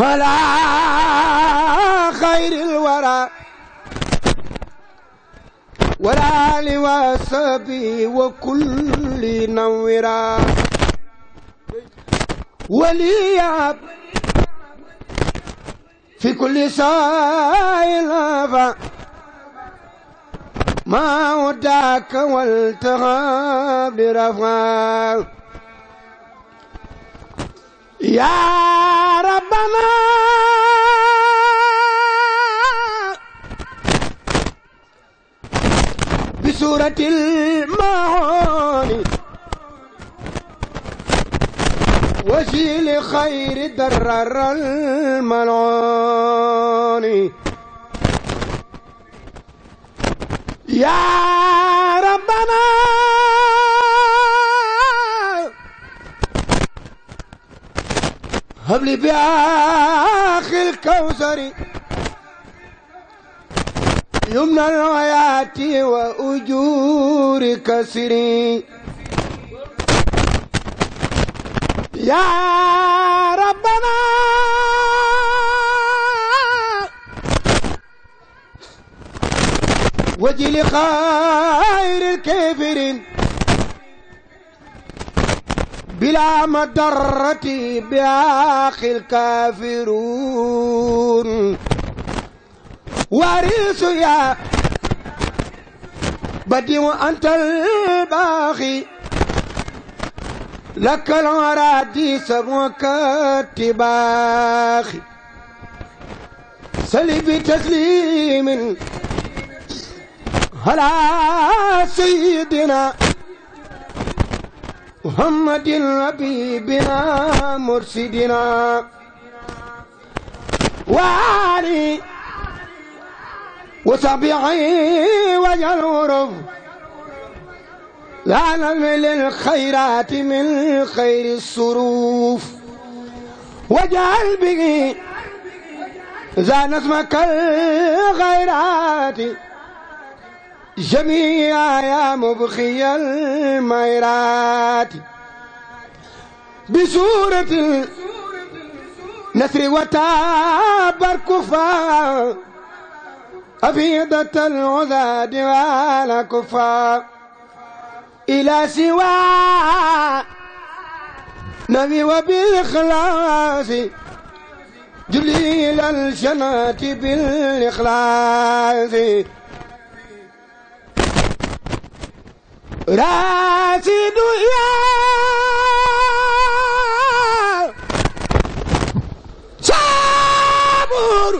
على خير الورى ولا لواسبي وكل نورا ولياب في كل سائل ما وداك والتغاب رفعه يا ربنا بسورة المعاني وجيل خير درر الملعاني يا ربنا هب لي اخ الكوثر يمنى الرايات وأجور كسري يا ربنا وجه لخير الكافرين بلا مدرة بآخ الكافرون وارث يا بدي وأنت الباخي لك الورادي سبوك تباخي سلي بتسليم هلا سيدنا محمد بنا مرشدنا وعلي وصبيعي وجلورف لا نمل الخيرات من خير الصروف وجعل به زان اسمك الخيرات جميعا يا مبخي الميرات بسورة النثر وتابر كفا أفيضة العذاد وعلى كفا إلى سوى نبي وبالخلاص جليل الجنة بالإخلاص راسد يا صابر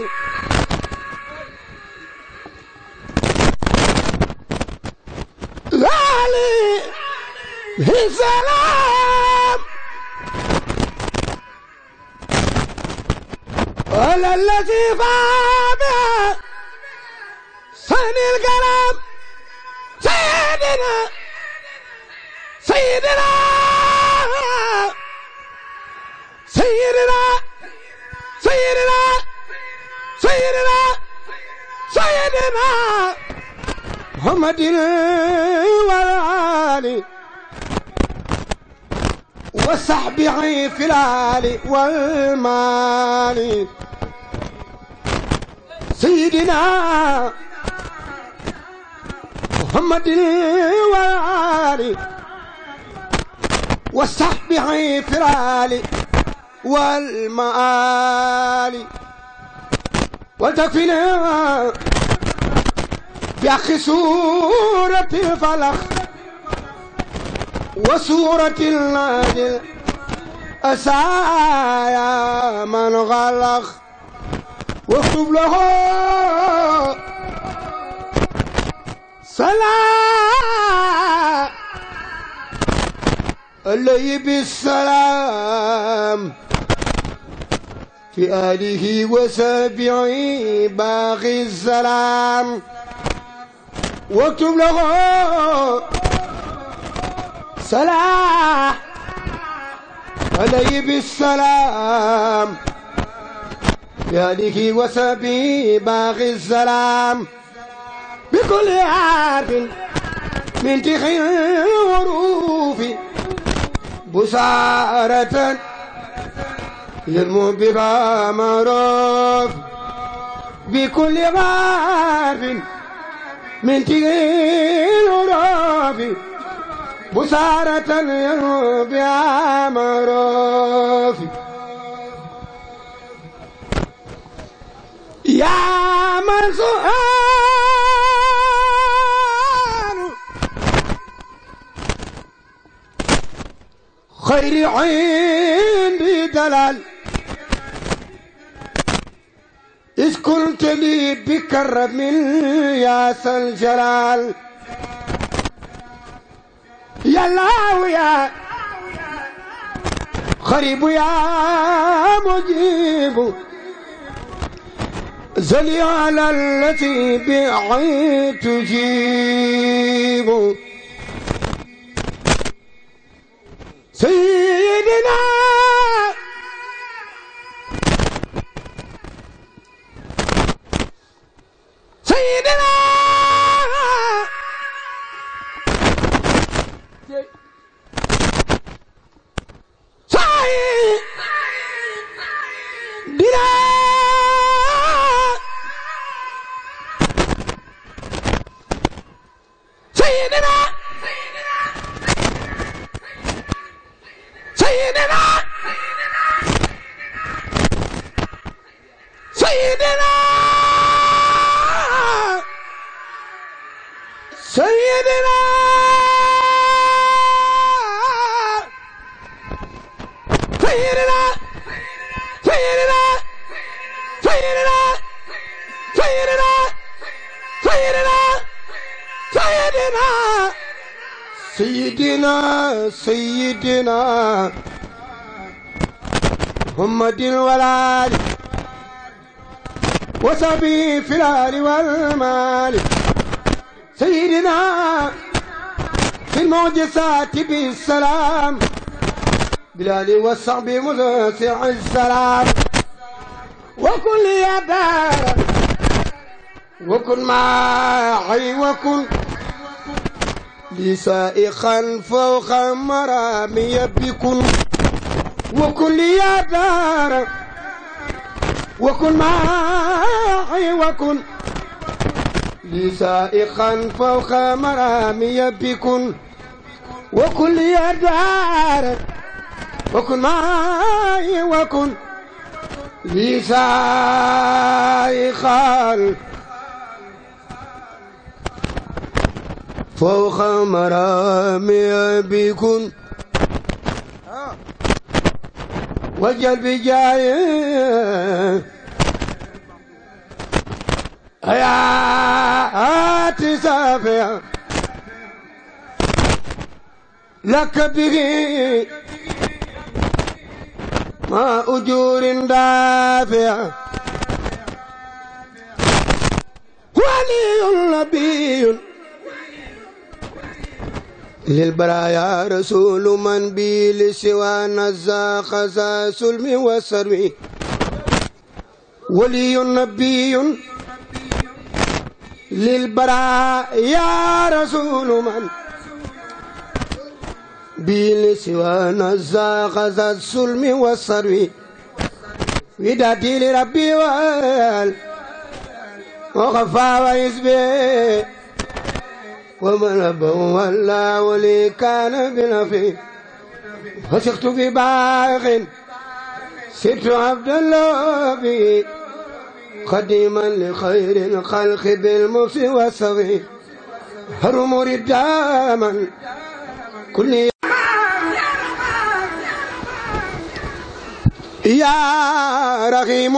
علي السلام ولا الذي فاهم سن الكلام سيدنا سيدنا سيدنا سيدنا سيدنا سيدنا محمد والآل وصحبي عيف الآل والمال سيدنا محمد والآل والسحب عفرالي والمآلي وتكفينا في أخي سورة الفلق وسورة الناجل أسايا من غلق واكتب له سلام اللي يبي السلام في آله وسبعه باغي السلام واكتب له سلام علي بالسلام يا لك وسبي باغي السلام بكل عارف من تخير وروفي بسارة للموب بلا معروف بكل غرف من تقيل غرافي بسارة للموب بلا معروف يا من سؤال خير عين بدلال إذ كنت لي بكرم من ياس الجلال يا الله يا يا مجيب زلي على التي بعيد تجيب سيدنا سيدنا سيدنا Sayonara! Sayonara! Sayonara! Sayonara! Sayonara! Sayonara! Sayonara! Sayonara! Sayonara! Sayyidina, Sayyidina, محمد الولاد وصحبه في الآل والمال سيدنا في المعجزات بالسلام بلال وصبي مزسع السلام وكل يا وكل وكن معي وكن لسائخا فوق مرامي بكل وكل يا دار وكن معي وكن لي فوق مرامي بكن وكل يا دار وكن معي وكن لي فوق مرامي بكن wajal bi jaaye hayaati saafiya laka bihi ma ujurin daafiya waliyun nabiyun للبرايا رسول من بي لسوى نزا خزا سلم وسروي ولي نبي للبرايا رسول من بيل سوى نزا خزا سلم وسروي ودادي لربي وال وخفا ويزبي ومن أبو ولا ولي كان بنفي فسخت في باغ سبت عبد الله بي قديما لخير الخلق بالمس والصغير هرم رداما كل يا رغيم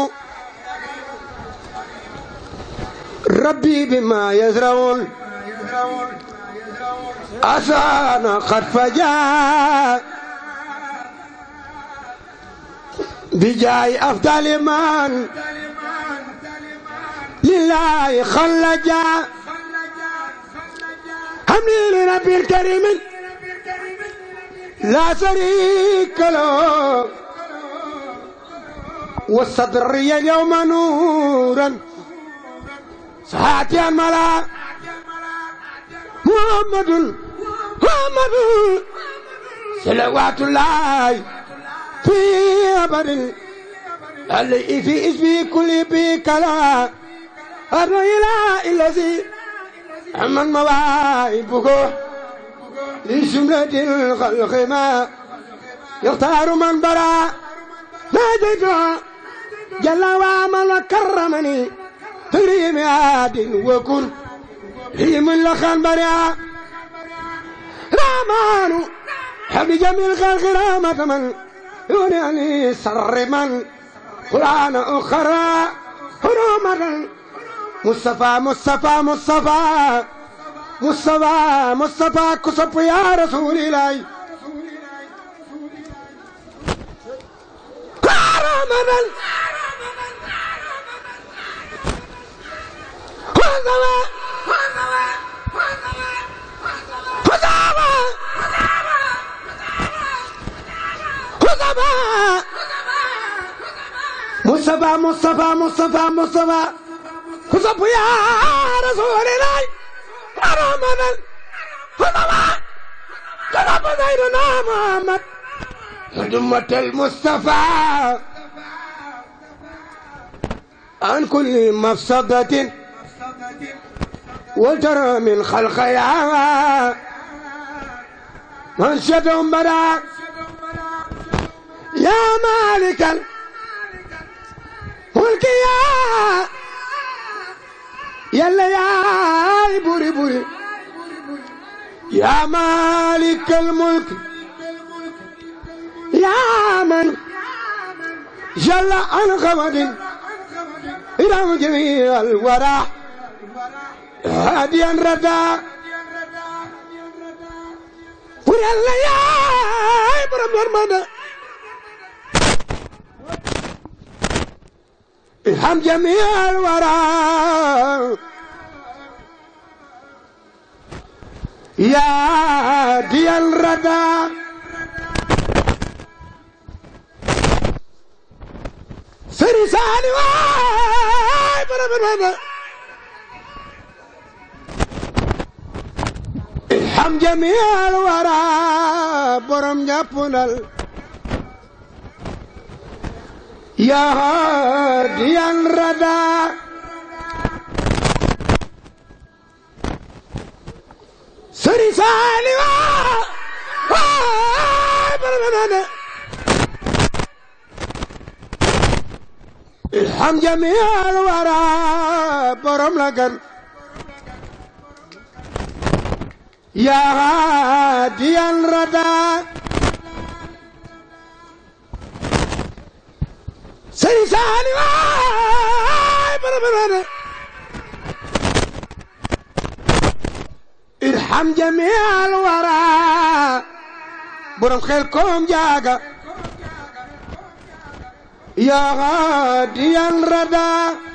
ربي بما يزرعون أسانا قد فجاء بجاي أفضل من لله خلجا حملي لربي الكريم لا شريك له والصدر اليوم نورا صحاتي الملأ محمد محمد صلوات الله في أبد اللي في اسمي كل بكلا الرجل الذي أمن مواهبه لجملة الخلق ما يختار من برا نادجا جل وعمل كرمني تريم عاد وكن ريم لخان بريا رامان حب جميل خلق رامة من يوني علي سر من قرآن أخرى هرومة مصطفى مصطفى مصطفى مصطفى مصطفى كسب يا رسول الله رمضان رمضان رمضان مصطفى مصطفى مصطفى مصطفى مصطفى يا رسول الله رحمنا مصطفى مصطفى سيدنا محمد جمة المصطفى عن كل مفسدة وترى من خلق يا منشدهم بلا يا مالك الملك يا يلا يا بوري بوري يا مالك الملك يا من جل عن غمد إلى جميع الورى هاديا ردا ويلا يا برم يرمنا ارحم جميع الورى يا دي الردى فرسان واي برم يرمنا am jamiyal wara borom jàppandal yaa diyan rada sëri saali waa waay borom nane am jamiyal wara borom la gan يا غادي الردى سيساني واي آه، ارحم جميع الورى برم خيركم جاقة يا غادي الردى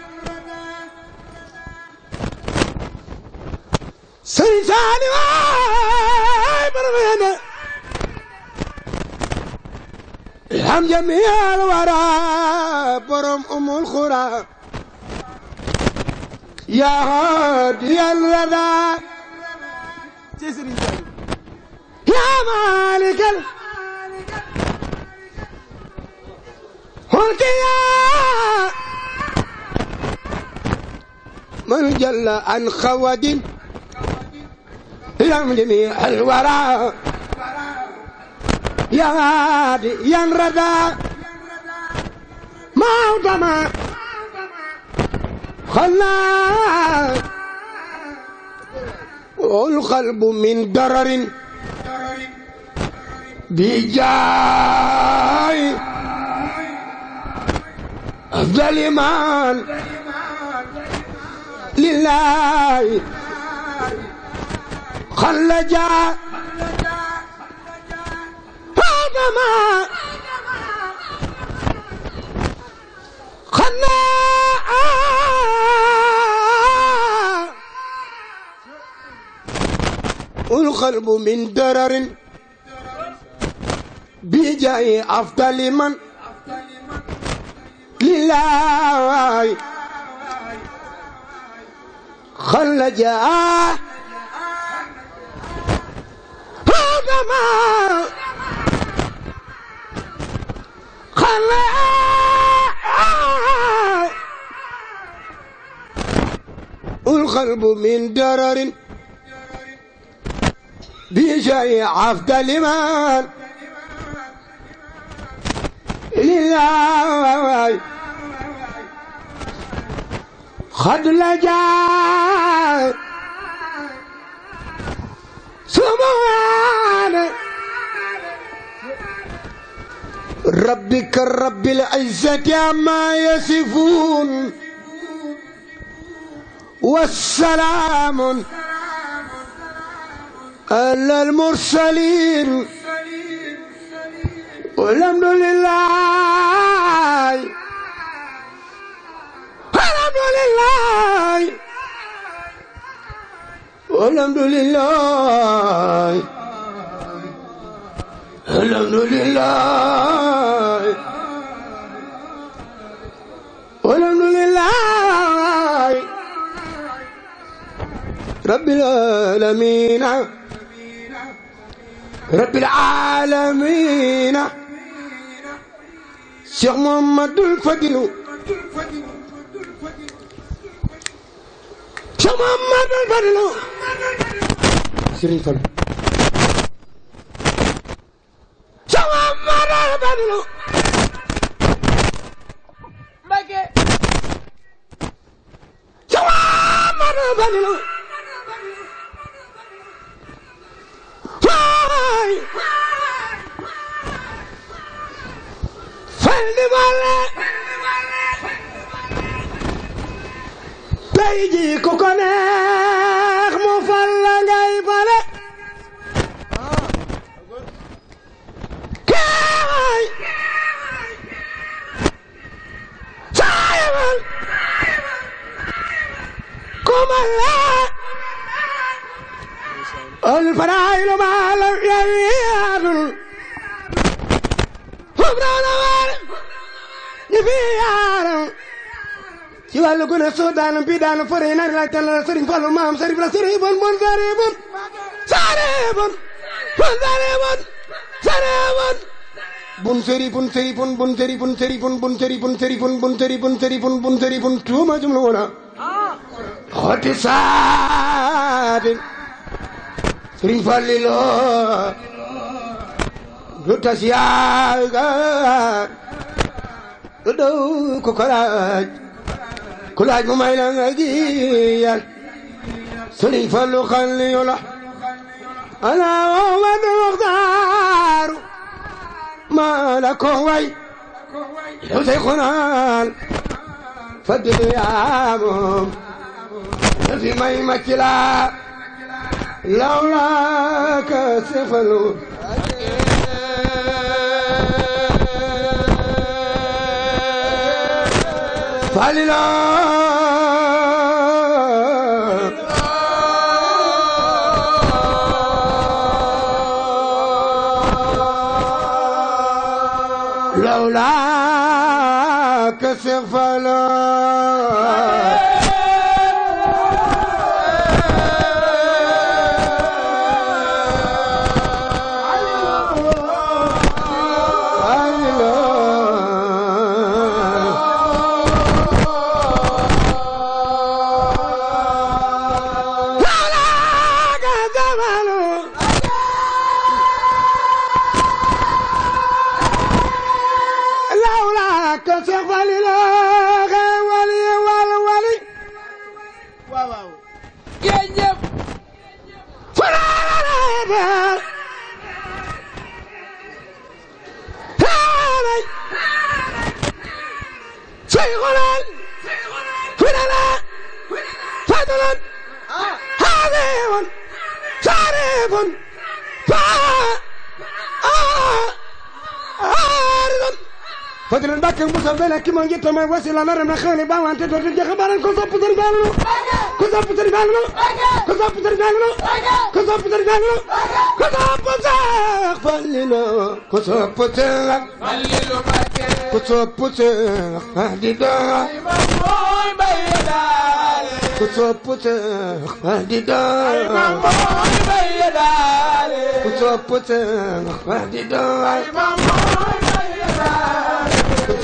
سلطاني واي برمينا الحم جميع الورى برم أم الخرى يا هادي الردى يا مالك ال يا من جل عن مالك لم جميع الورى يا هادي يا انردى ما ودما خلنا والقلب من درر بجاي الظلمان لله خلجا هذا ما خنا والقلب من درر بجاي أفضل من لله خلجا القدماء خلاء والقلب من درر بشيء عفد مال لله خد لجاء سبحان ربك رب العزة عما يصفون والسلام على المرسلين والحمد لله الحمد لله والحمد لله الحمد لله والحمد لله رب العالمين رب العالمين شيخ محمد الفضل Cheikh Mouhamadou Fadilou Serigne Fall Cheikh Mouhamadou Fadilou Mbacké Cheikh Mouhamadou Fadilou waay Fall di Fall tey jii ku ko neex mu fal la ngay fale keeway saayewal kumalla الفرايل ما لم يبيان غفران وارد يبيان ci wàllu gune soo daanam bi daanam fore yi nari sëriñ Fallu maam sarif la sëriñ bon bon sare bon sare bon bun sëri bun bun bun sëri bun sëri bun bun sëri bun bun bun sëri tuuma jum la woona saatin sëriñ Fallu lu tas yaaga ko ko كل هاج مميلا هديا سليف خلي يلح أنا وهو مختار ما لك هوي حسين خنال فدي فديامهم في ميمة لا لولاك سفلون falila فضل الباك المصابين كما جيت ما وصل انا من خاني با وانت ترجع خبرن كل صف ترجعنا كل صف ترجعنا كل صف ترجعنا كل صف ترجعنا كل صف فلنا كل صف فلنا كل صف اهدنا كل صف اهدنا كل صف اهدنا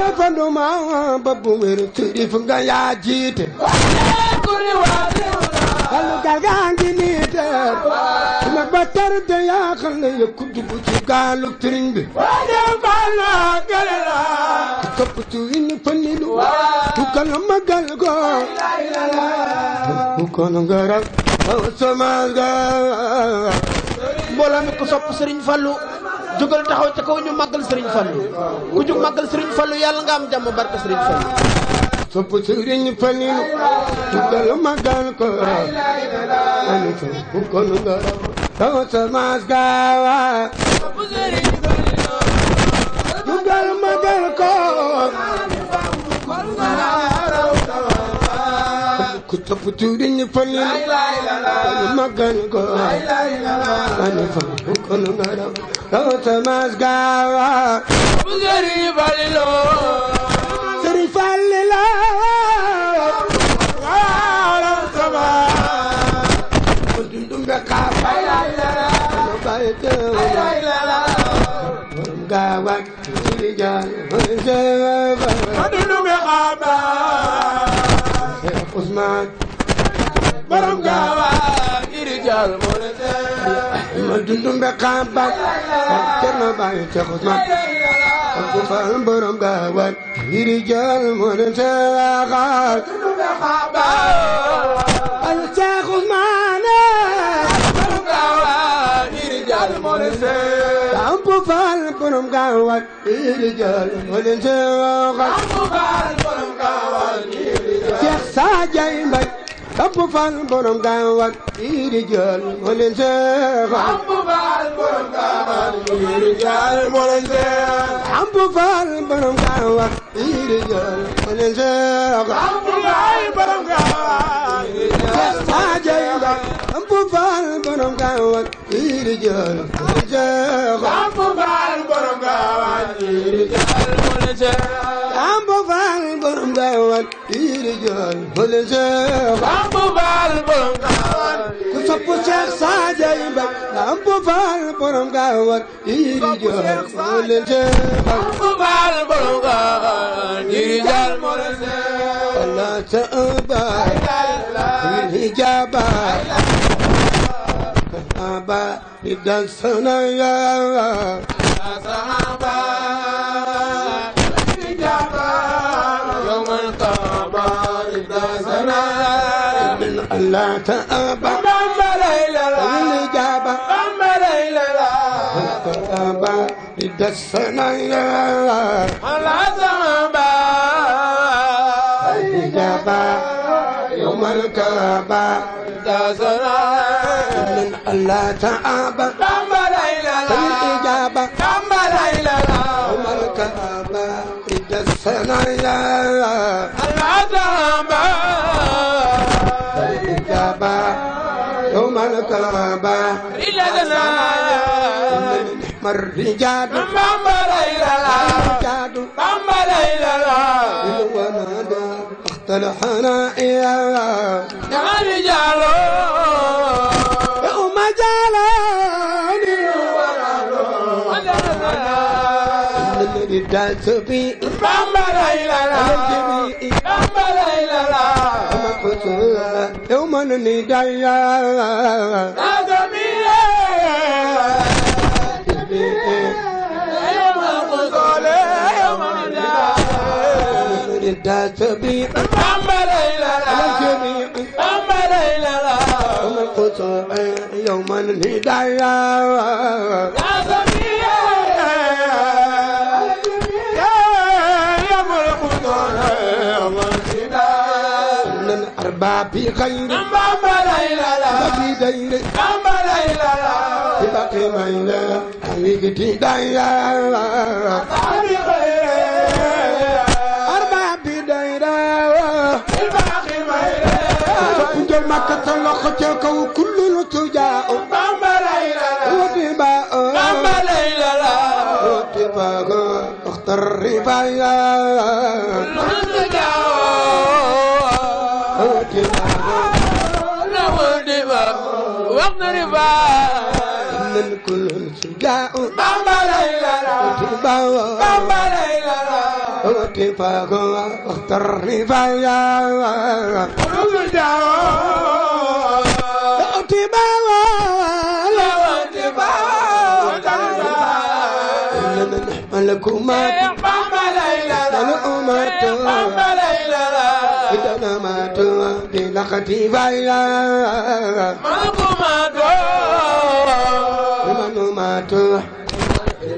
waaye fanduma ba bu wér sirif nga yaa jiite allu galgaa ngi nii teer su ma ba tar de yaa xam ne yëkk dugg ci gaalu sëriñ bi waaye baal naa gale laa këpp ci inni fannilu tukkala ma gal ko tukkala nga rag sama nga mbooloo mi ko sopp sëriñ Fallu jógal taxaw ca kaw ñu màggal sëriñ Fallu ku jug màggal Fallu yàlla ngaam am jàmm barke sëriñ Fallu sopp sëriñ Fallu jugal màggal ko ku topp tuuti ñu fali la ñu màggal ko ñu fal ko nu nga daw rawata mas gaawa bu sëriñ fali la sëriñ fali la waaw sama ku dundum be kaa fay ñu bàyyi teew gaawa ci jaar ma dundum be kaa Ousmane borom gaawaan irijaal murtee ma dundum be xaabal ak cerno bàyyi ca Ousmane ak faal borom gaawaan irijaal murtee xaal dundum be xaabal al ca Ousmane borom gaawaan irijaal murtee borom gaawal bii di jël moo leen seen waxal. Abdou Fall borom gaawal bii di jël. Cheikh Sadiaye Mbaye. Abdou Fall borom gaawal bii di jël moo leen seen waxal. Abdou Fall borom gaawal bii di jël moo leen seen waxal. Abdou Fall borom gaawal bii di jël moo leen seen waxal. Abdou Fall borom gaawal bii di jël. Cheikh Sadiaye Mbaye. borom gaawaan kii di jël mu ne jeexal. Lampu Faal borom gaawaan kii di jël mu ne jeexal. Lampu Faal borom gaawaan kii di jël mu ne jeexal. Lampu Faal borom gaawaan ku sopp Seex Sadio Mbaye. Lampu Faal borom gaawaan kii di jël mu ne jeexal. Lampu Faal borom gaawaan kii di jël mu ne jeexal. Allah ta'ala. Al-Hijaab. idan sunan ya لا تأبى أما ليلى الإجابة أما ليلى تأبى ضد الصنايا لا تأبى الإجابة يوم الكعبة ضد الله تعابى رب ليلى بالإجابة رب ليلى هم الكرامة إذا الثنايا الله تعابى بالإجابة هم الكرامة إلى الثنايا نعم الرجال رب ليلى الرجال رب ليلى لا اختل حنائيا يا رجال Subi يومنا ندعي تبي أما ليلة أما ليلة أما القصة يوما الهداية يا سمية ba bi xayri Bamba laylala bagi dayre Bamba laylala i baqi mayna awigiti dayala bi xayre arba bi dayra i baqi mayna sokunjo makka ta loxo ca kaw kullul tujaa Bamba laylala watiba Bamba laylala watiba اختر ربايا من كل شجاع بابا ليلى بابا ليلى واتفاق واختر رفايا قلوب الدعوة لكما بابا ليلى لكما بابا ليلى إذا ما توقي لختي بايا ما كما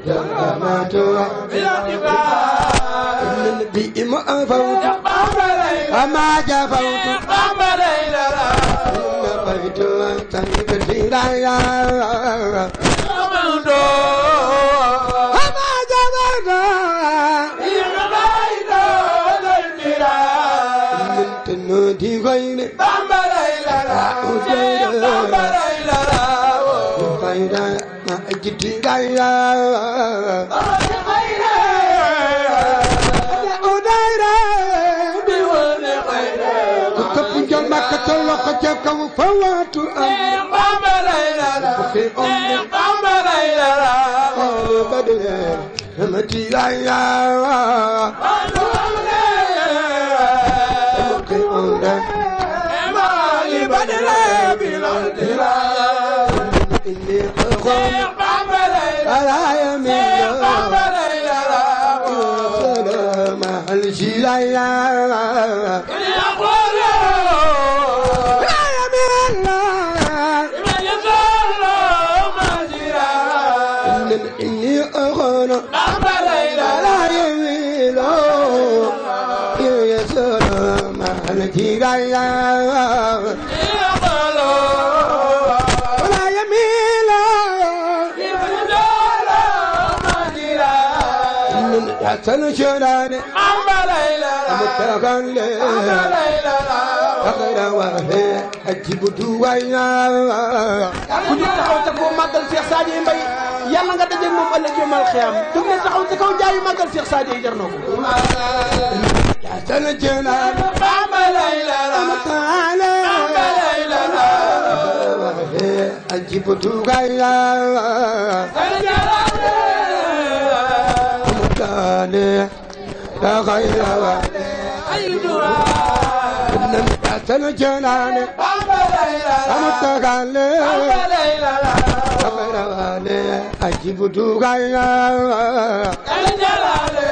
جرمتها بالاتباع البئم أفوت وما جفوت قبل إلى بيت تنبتي لا يا جدي غايا ودايرة كتب جل مكة الوقت كم فوات أم ليلة في أم ليلة بدل همتي غايا تنشران أما ليلة متفق لي أما ليلة أخيرا وهي أجيب دوينا كنت تحاول تكون مدل في أخساني بي يلا nga dajé mom ëlëk yomal xiyam du ngeen taxaw ci kaw jaayu magal cheikh sadi jar nako ya tan jena baba layla ta'ala baba layla ajib tu gaya tan jena والي لا غير والي أي دعاء إن مئة الجنان المتغالي غير والي أجيب دعايا الجلالي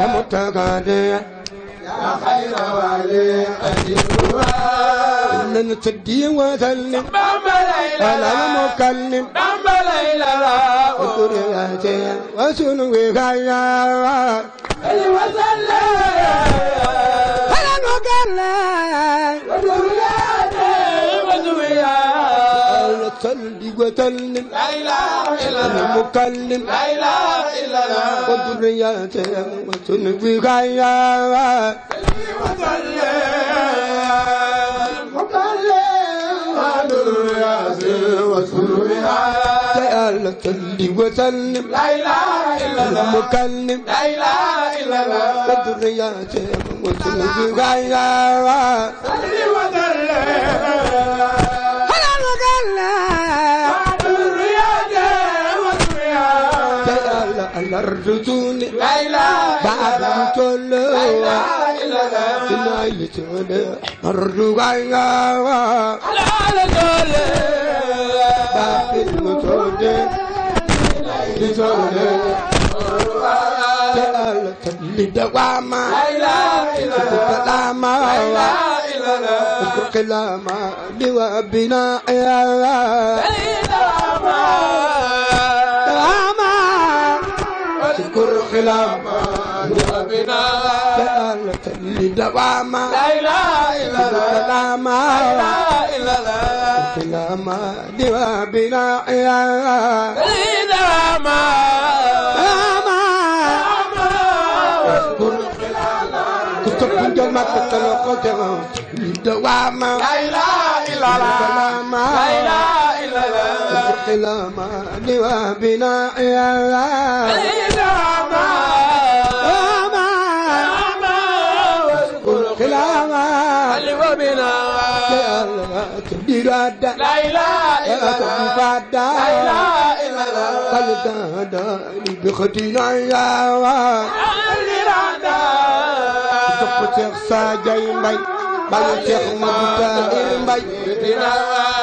المتغالي يا خير والي أجيب دعايا على تدي وسلم على المكلم اذكر ياتي وسنوي خيا وسلم على المكلم صلي وسلم لا اله الا الله المكلم لا اله الا الله وذريته وسنوي خيا صلي وسلم تعال صلي وسلم لا اله الا الله المكلم لا اله الا الله صدر يا شيخ وسلم صلي وسلم إلى الرجول بعد الجل إلى الجل الرجال على الجل باب الجل الجل لدواما لدواما لدواما لوابنا يا لما وبنا لأنك لدواما لا إله إلا الله لا إله إلا الله لما دوابنا إلا لدواما كتب جمع كتلوك جمع لدواما لا إله إلا الله لا إله إلا الله لما دوابنا إلا لدواما فادا لا إله إلا الله فادا لا إله إلا الله فلدانا بختنا يا وعلرانا سوف تخسى جاي مي بل شيخ مختار مي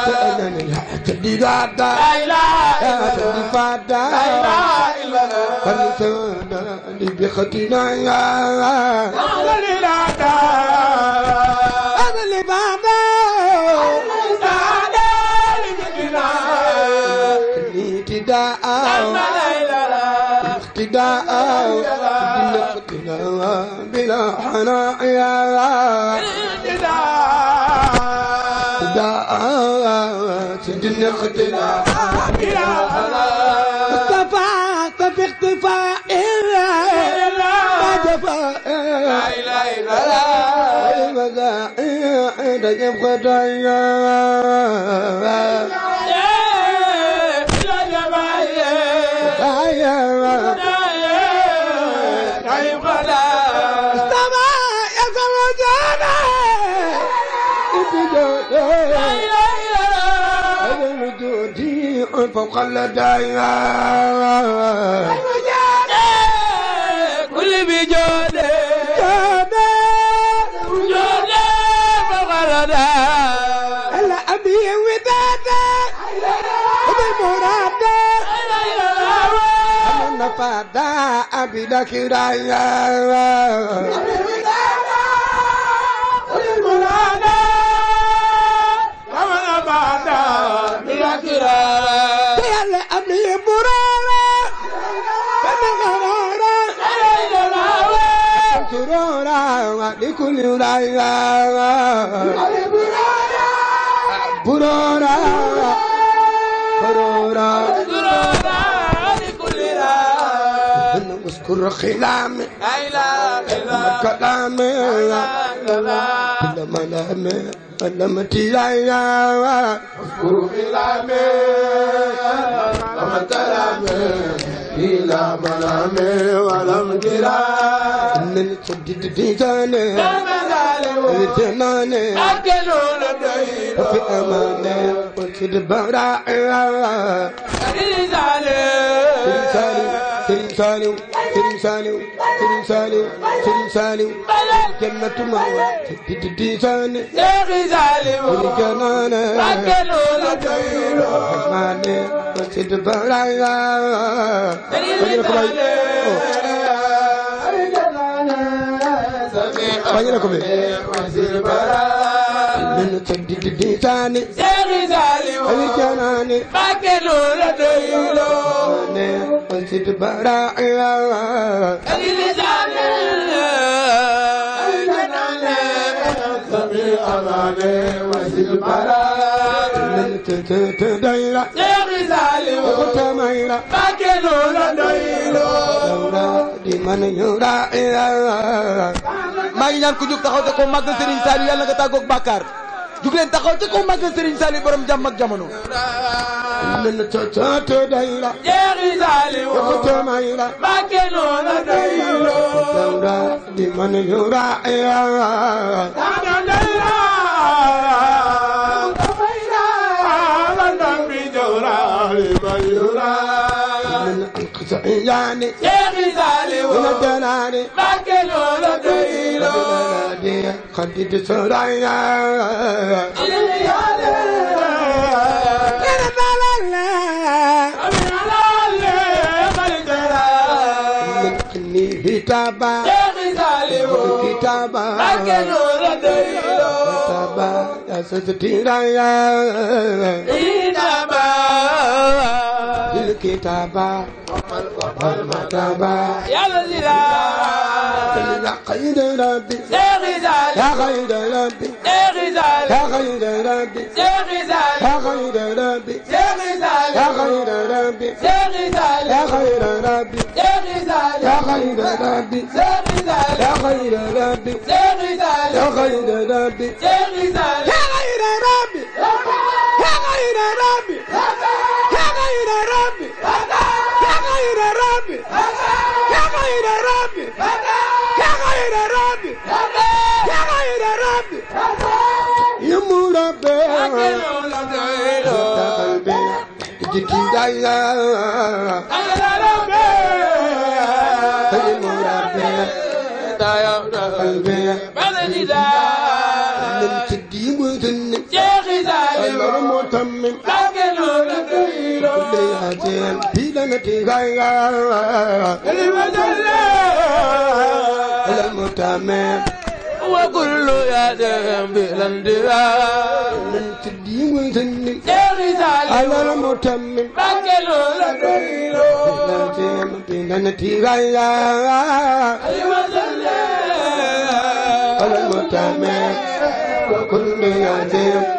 تأنا نلحتدي غادا لا إله إلا الله فادا لا إله إلا الله فلدانا بختنا يا وعلرانا Ya Ya Ya Ya Ya Ya Ya Ya Ya Ya I'm gonna die. فوق لدينا كل بجود جود جود فغردا الا ابي ودادا ابي مرادا نفادا ابي دكرايا Kira لكل رايا برورا برورا برورا لكل رايا نذكر خلام لا اله الا الله كلام لا اله الا الله قدمت لنا اذكر كلامي لم كلامي إلى منامي ولم كلا من قدد ديكاني جناني أكلون دعينا في أماني وكد براعي سريزالي سريزالي سريزالي Saaliw Sëriñ Saaliw Sëriñ Saaliw jannatu ma ti ti saane Seexi Saaliw ni janaane rakkelu la doylo maane masjid baraya Sëriñ Saaliw Bañu na ko bi nanu tëdd di diitaani seeru saaliw ay janaani Mbàkke loola doyloo ne xasid baraa'iya kadil saaliw ay janaani sami amaane wasid baraa'iya nanu tëdd doyla seeru saaliw ay tamayla Mbàkke loola doyloo di man ñu raa'iya maa ngi ñaan ku jóg taxaw te ko màggal Serigne Saliou yàlla nga tàggoog bàkkaar دوغلن تاخو تي كو ماغ سيرين سالي بروم جام ماك جامونو لا تا تا تا دايلا يا ريزالي و تا مايلا ما كانو لا دايلا دا دي من يورا يا دا دايلا يا ريزالي و تا مايلا ما كانو لا دايلا خدي خدي سرايا كتابا كتابا كتابا يا ستيرايا كتابا الكتاب والمتابة يا الذي لا قيد ربي يا غزال يا قيد ربي يا غزال يا قيد ربي يا غزال يا قيد ربي يا غزال يا قيد ربي يا غزال يا قيد ربي يا غزال يا قيد ربي يا غزال يا قيد ربي يا غزال يا قيد ربي يا غزال يا قيد ربي يا قيد ربي جيتي دايا انا ربي تيمو ربي دايا ربي بدني دا نمتدي مدن شيخي زاي المتمم لكن ربي كل هاتين بلمتي غايا المدلل المتمم وكل يا دم بالاندواء من تدين سني على المتم بكلو لدويلو ننتي غايا على المتم وكل يا دم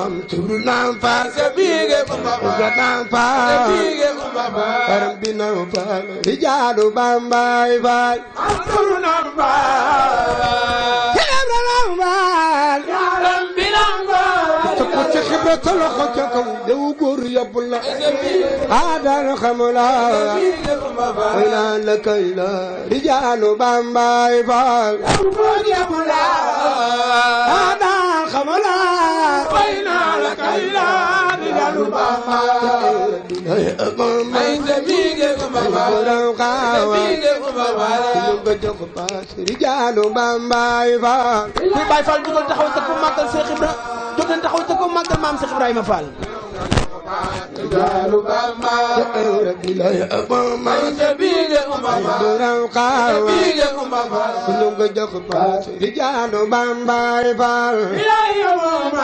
bam turunam fal sabige bamba turunam fal sabige bamba param binam fal rijalu bambay fal turunam fal sabige bamba la ca loxo ca kaw dew góor yóbb dalu bama ay ngebige ko bama ngebige ko bama ko joko pass rijalu bambay fall ku bay fall dugal taxaw sa ko màggal Cheikh Ibra ko màggal maam Cheikh رجال بما رب لا يأمم من سبيل أمم برنقا سبيل أمم كلهم قد يخبات رجال بما رفال لا يأمم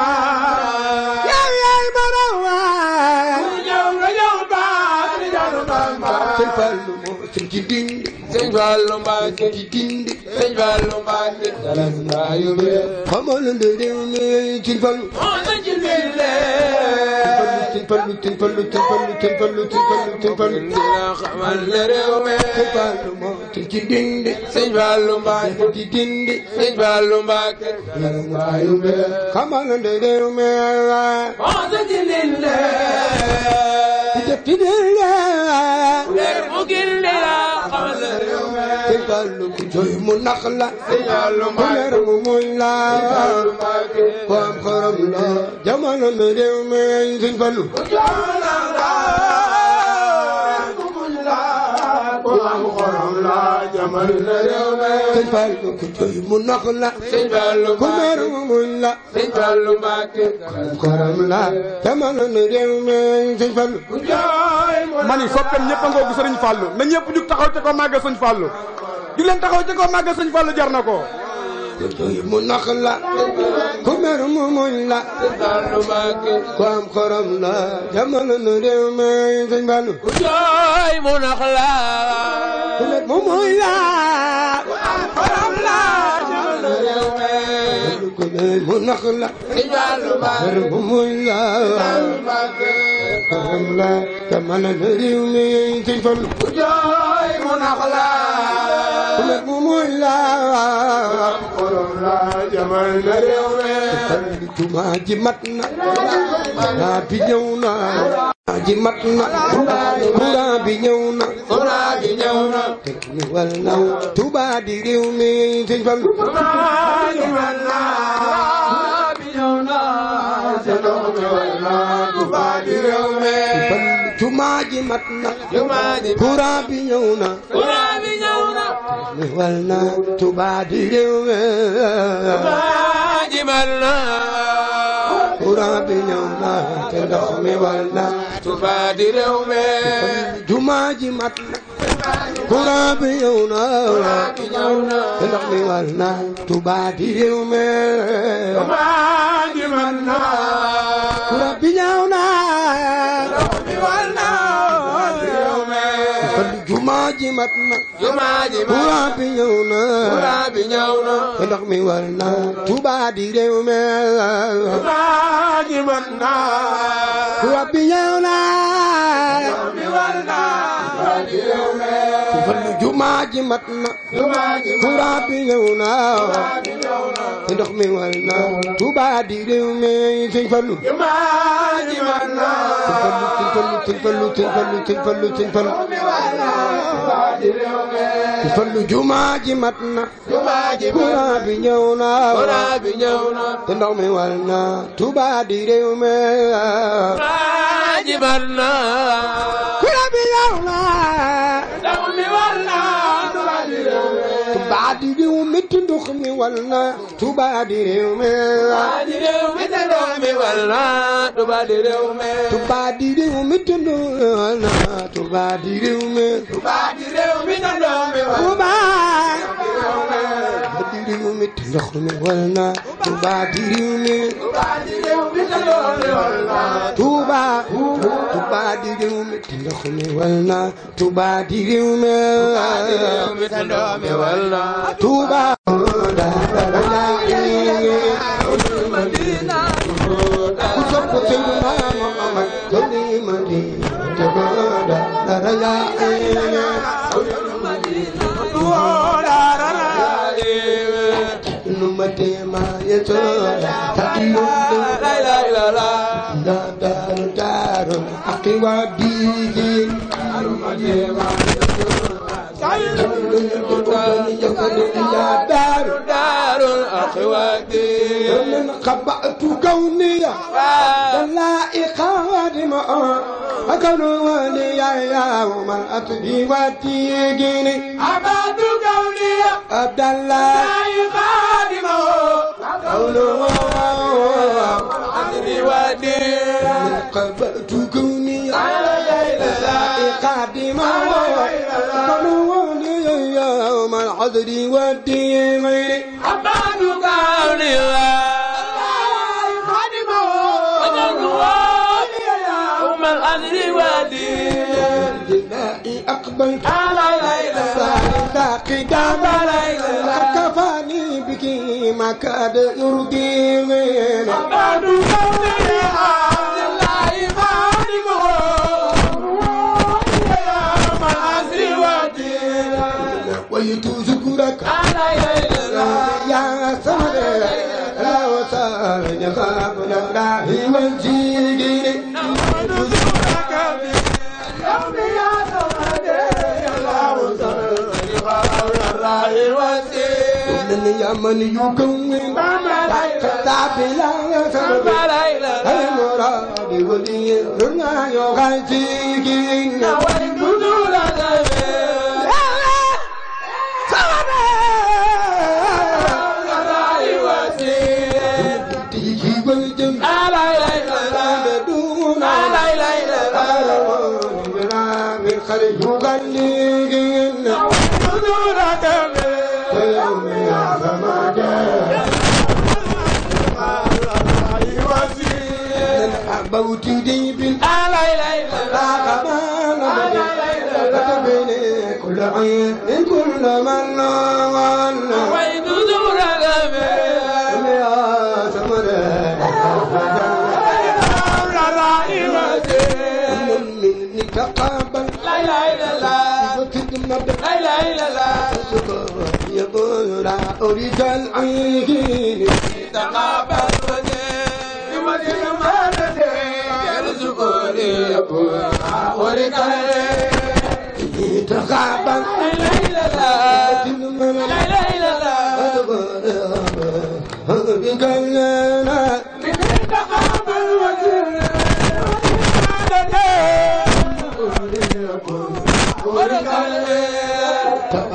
يا يا مروا رجال رجال بما رجال بما تفلم تجدين sëñ Fallou Mbacké ki gindi sëñ Fallou Mbacké dara saa yu bëre xamal na de réew mi ci Fallou na ci biir lee Fallou tin Fallou tin Fallou tin Fallou tin Fallou tin Fallou dina xamal na réew mi sëñ Fallou moo ci dindi sëñ Fallou Mbacké ci dindi sëñ Fallou Mbacké dara saa yu bëre xamal na de réew mi na ci biir lee ci dindi lee mu gindi la te Fallou ku jooy mu nax la ku mer mu muñ la ku am xorom la jamono mi réew mi sëñ Fallou ku jooy la ku muñ la ku am xorom la jàmmal na réew mi. sëñ Fallou ku jooy mu noq la. sëñ Fallou Mbacke ku mer muñ la. sëñ Fallou Mbacke karam karam la jàmmal na réew mi sëñ Fallou. ku jooy mu man yi soppeem ñëpp a ngoogu sëriñ Fallou na ñëpp jug taxaw ca ko màggal sëñ Fallou. di leen taxaw ca ko màggal sëñ Fallou jar na ko. kuy mu nax la ku mer mu muñ la ku am xorom la jamono nu réew mi sëñ Balu ku jooy mu nax la ku mer mu muñ la ku am xorom la jamono réew mi ku mer mu nax la sëñ Balu ku mer mu muñ la xaram la te mën a réew mi sëñ Fall ku jooy mu nax la ku mer mu muñ la xorom la jamal na réew mi jumaa ji mat na jumaa bi ñëw na jumaa ji mat na jumaa bi ñëw na jumaa bi ñëw na teg ni wal naw Tuubaa di réew mi sëñ Fall ñëw na sa doom ñëwal na Tuubaa di réew mi jumaa ji mat na jumaa ji courant bi ñëw na courant bi ñëw na ñëwal na Tuubaa di réew mi jumaa ji mat na courant bi na te ndox na Tuubaa di na courant bi na jumaa ji mat na. jumaa ji mat na courant bi ñëw na. courant bi ñëw na. ndox mi war na. Tuubaa di réew mi. jumaa ji mat na. courant bi ñëw na. ndox mi war na. jumaa ji mat na courant bi ñëw na ndox mi wal na Tuubaa di réew mi Sëñ Fallu jumaa ji mat na Sëñ Fallu Sëñ Fallu Sëñ Fallu Sëñ Fallu Sëñ Fallu jumaa ji mat na courant bi ñëw na te ndox mi wal na Tuubaa di réew mi jumaa ji mat na bi yàlla. ndox mi walla. Touba di réew mi. Touba di réew mi te ndox mi walla. Touba di réew mi. Touba di réew mi te ndox mi walla. Touba di réew mi. Touba di réew mi te ndox mi walla. Touba di réew mi. Touba di réew mi te ndox mi walla. Touba. di réew mi te ndox mi wal na Touba di réew mi Touba Touba di réew mi te ndox mi wal na Touba di réew mi Touba ku sopp Seydina Muhammad jëli Madina لا لا لا يا دار دار أخواتي من قبأت كوني لا إقادم أكون وليا يوم أتبي وتيجيني عبد كوني عبد الله لا إقادم أكون وليا أتبي كوني لا إقادم Adri wati mayre abanu kaanila hanimo adanwa liya umal adri wati jinai aqbal ala layla kafani biki makad urdi mayre abanu kaanila الله والجيل من يمن يكون تاب لا يسمى المراد ودي نرنا يغاجي نوالي بدون ملك بلغين نور دمي يا سماك حبوت ديب لا لا لا كمان بتبني كل عين كل من وين دور الغم يا سمره تقام ilaha illallah la ilaha illallah يقول أريد العين تقابل وجهي وجه ما يرزقني يقول أريد تقابل لا إله إلا الله لا إله إلا الله تقابل وجهي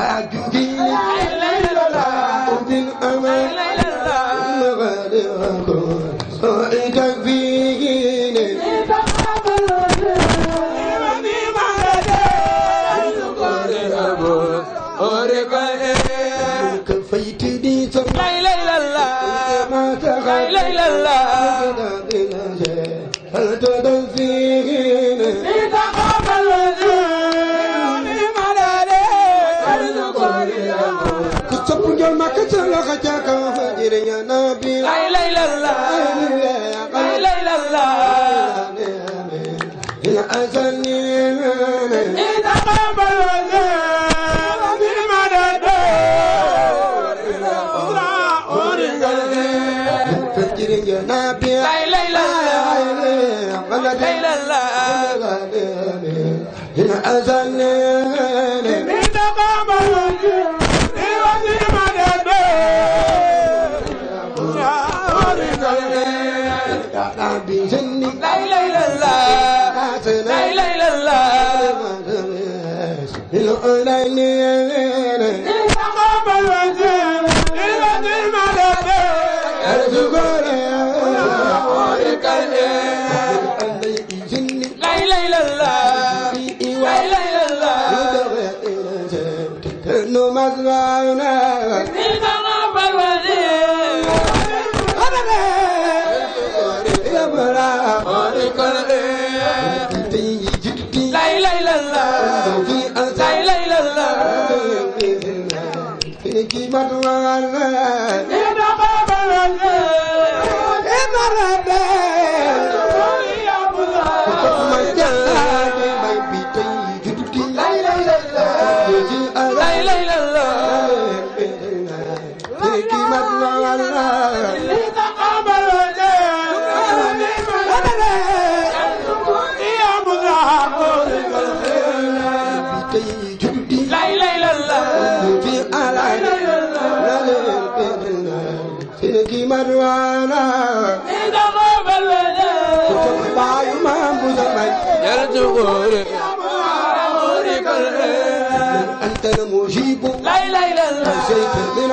I do حسن إذا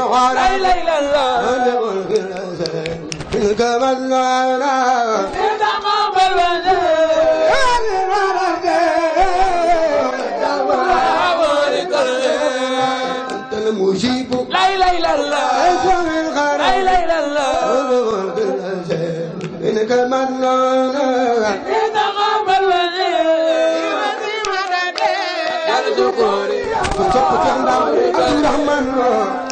الغرام ليلى الله تلك مزرعنا تقام أنت المجيب لا إله إلا الله أسوأ الغرام لا إله إلا الله إنك منعنا تقام الوزير يا رزقوري يا رحمن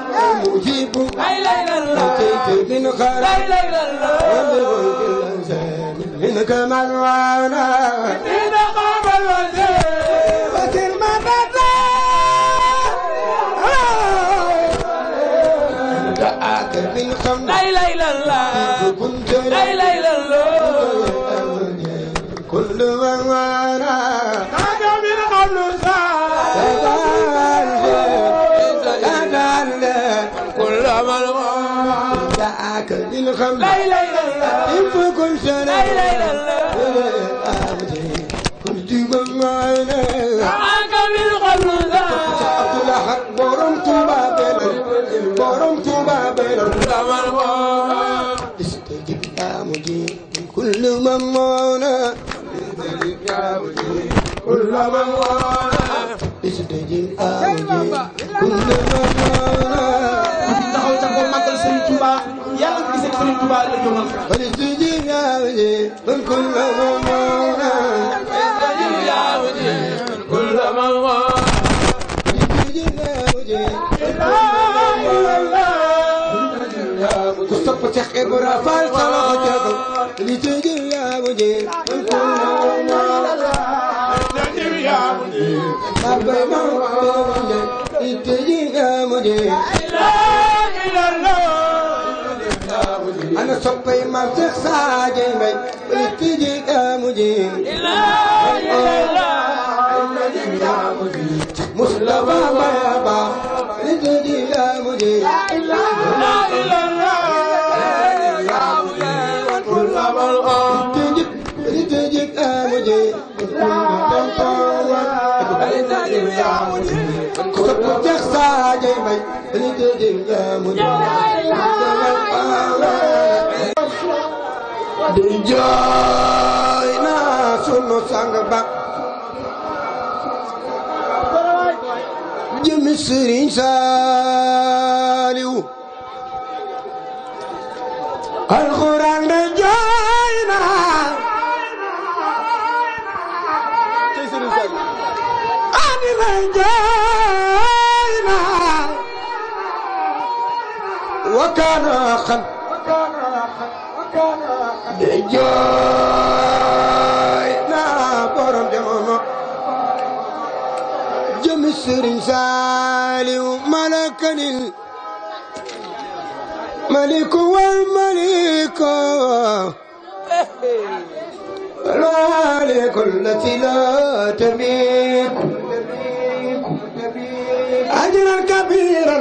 أجيب لا إله إلا الله أتيت منك لا إله إلا الله وبالغيب الإنسان منك منوانا كل من وانا Yeah. soppay maam Seex Sadio Mbay bay tijji jaamu ji Mustafa Mbay ba li tijji jaamu ji Seex Sadio Mbay li tijji jaamu ji duñ jooy naa sunu sang ba saaliw alxuraan de jooy ani lay jooy naa wakkaana xam di jooy naa borom jamono jëmi sëriñ saaliw malakanil maliku wal maliko مالك التي لا تبيك أجرا كبيرا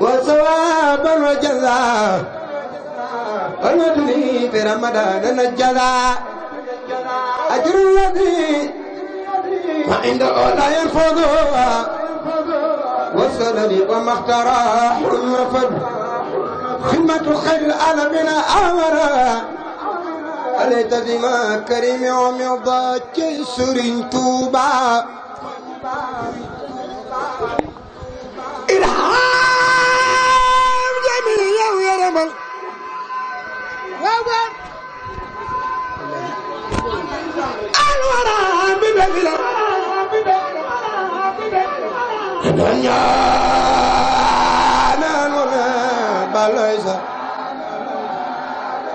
وثوابا وجزاء والمدني في رمضان نجدا أجر الذي وعنده لا ينفض والسلل وما اخترى حلم فد خدمة خير العالمين أمرا عليت دماء كريم يوم يضاك سر توبا إرحام جميع يا رمال أكبر الورى ببلغ دنيا نانونا بالويزا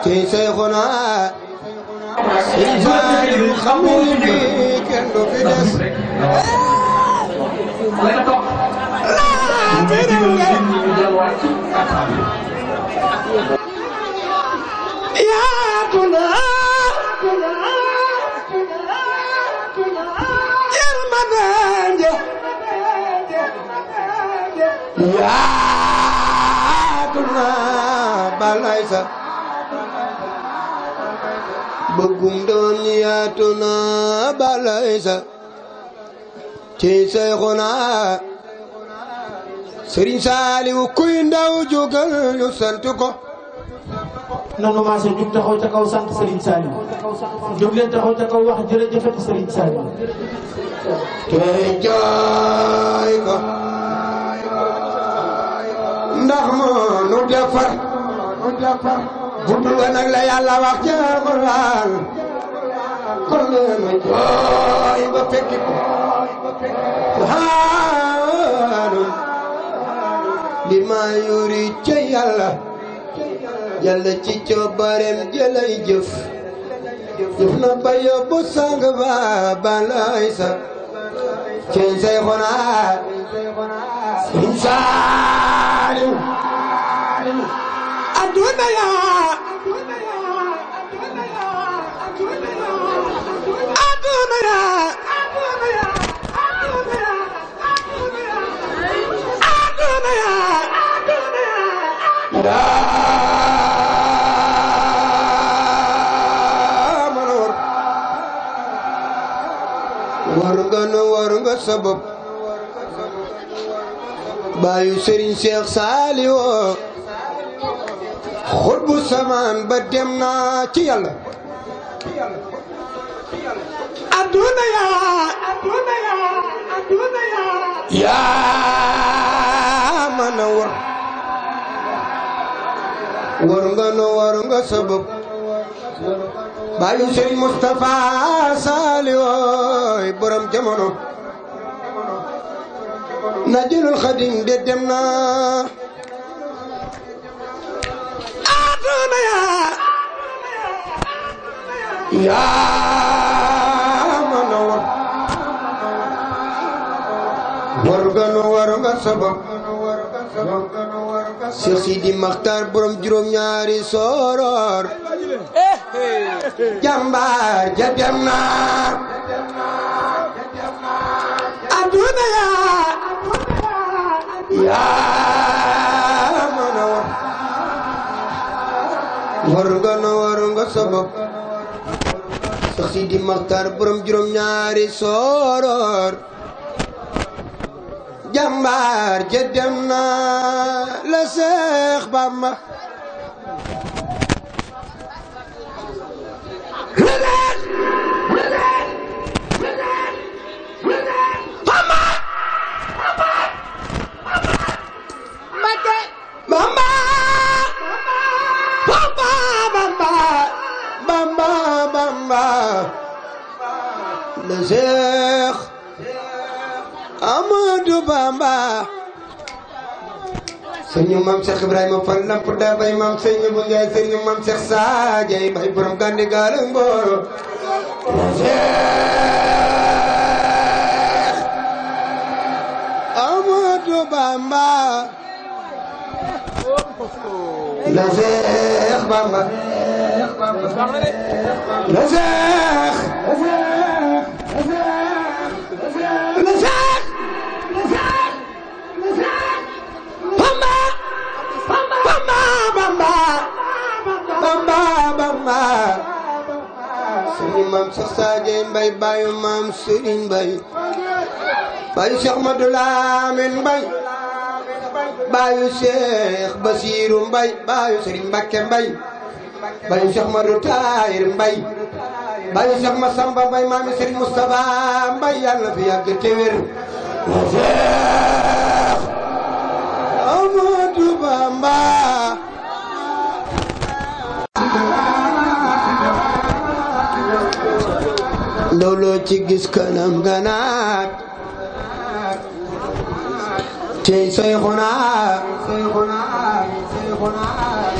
تي سيخنا سيخنا خمول بي كندو في دس لا بنوغا bëggum doon yaatu na balaysa ci Seexuna Sëriñ Saaliw kuy ndaw jógal ñu sant nanu maa si jug taxaw kaw sant Serigne Saliou jug leen taxaw kaw wax jërëjëfati Serigne Saliou. te jooy ko ndax moo nu defar bu dul woon la yàlla wax ca Alxuraan kon leenu jooy ba fekki ko subhaanu li ma ca yàlla yàlla ci coobareem jëlay jëf jëf na ba yóbbu sang ba balay sa say xonaat sëriñ Saaliw adduna yaa yaa nga nu war nga sa bopp baayu sëriñ Cheikh samaan ba dem naa ci yàlla adduna yaa yaa adduna yaa yaa mën a war war nga nu war nga sa baayu sëriñ Moustapha Saliou borom jamono na jëlul xadim de dem na aatana yaa yaa mana war war ganu war nga sabab Cheikh Sidi Makhtar borom juróom-ñaari sooroor jàmbaar ja dem na aduna yaa mën a war war nga na war nga sabab Cheikh Sidi Makhtar borom juróom-ñaari sooroor jàmbaar ja dem na la Seex Bamba Bamba Bamba Bamba Bamba Amadou Bamba suñu maam Cheikh Ibrahima Fall lamp daa bay maam sëñ bu Njaay sëriñ maam Cheikh Saajay bay borom gàndi gaale ngoro Bamba la Cheikh Bamba borom baaba maar sëriñ maam sa saajay mbay baayu maam sëriñ mbay baayu Seex Madu Laamin mbay baayu Seex Basiiru mbay baayu sëriñ Mbakke mbay baayu Seex Madu Taayir mbay baayu Seex Masamba mbay maami sëriñ Mustafa mbay yàlla na fi yàgg te wér Seex Amadu Bamba looloo ci gis kanam ganaat tey sooy xonaa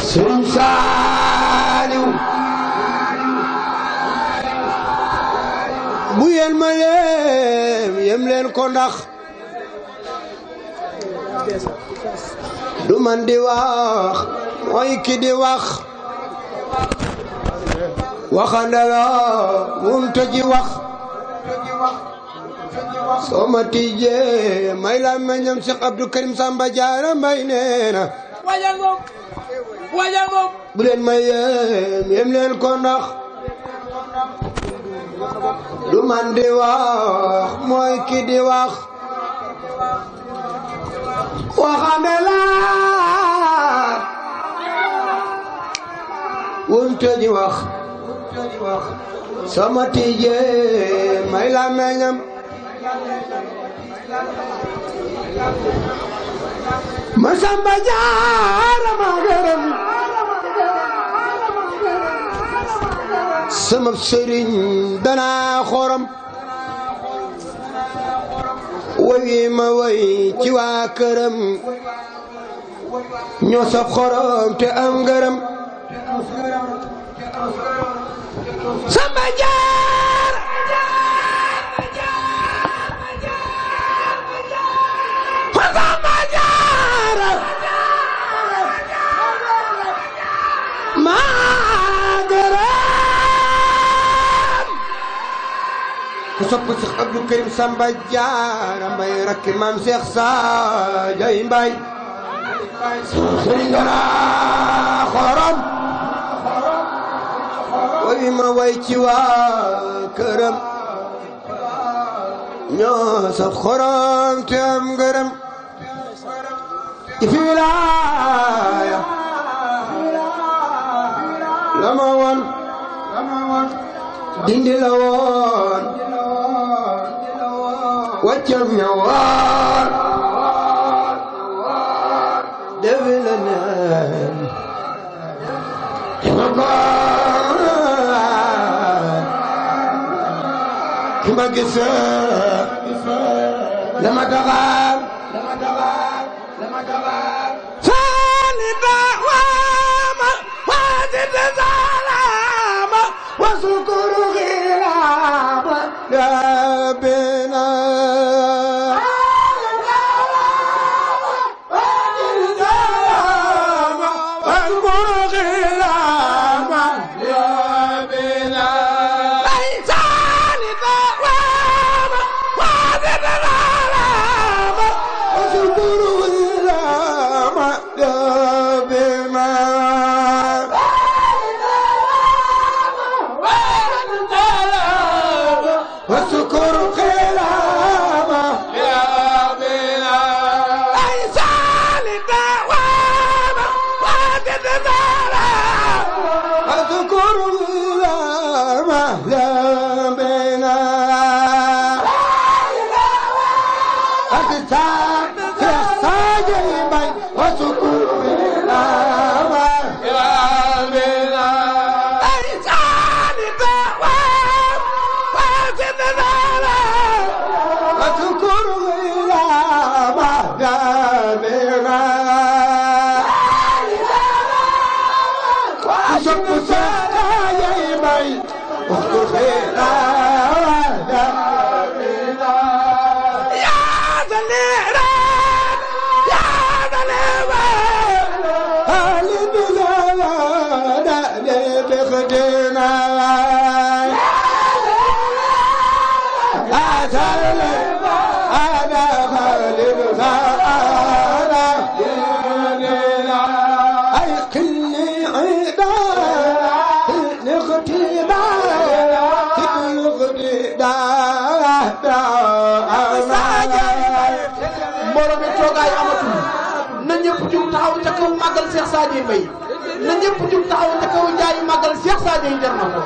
sëriñ Saaliw bu ma yem yem leen ko ndax du man di wax mooy ki di wax waxana la munta wax soo ma tijjee may la ma ñam Cheikh Abdou Karim Samba Diarra may nee na bu leen may yem ko ndax lu man di wax mooy ki di wax waxana wunte di wax sama tijee may la meñam ma samba jaara ma gërëm sama sëriñ danaa xorom woy ma woy ci waa këram ñoo sa xorom te am gërëm Samba Jaar Samba Jaar maagaram ku sopp Seex Abdou Karim Samba Jaar mbay rakki maam Seex Saa Jaay Mbay sëriñana xorom way ma way ci waa këram ñoo saf xorom te am gërëm fi wilaaya la ma woon dindi la woon wàccam ña woon ma gisaa la ma daxaar saani daawaama waa jidda saalaama wa sukuru xiiraama Cheikh Sadio Mbaye na ñëpp jug taxaw te kaw jaayu màggal Cheikh Sadio jar na ko.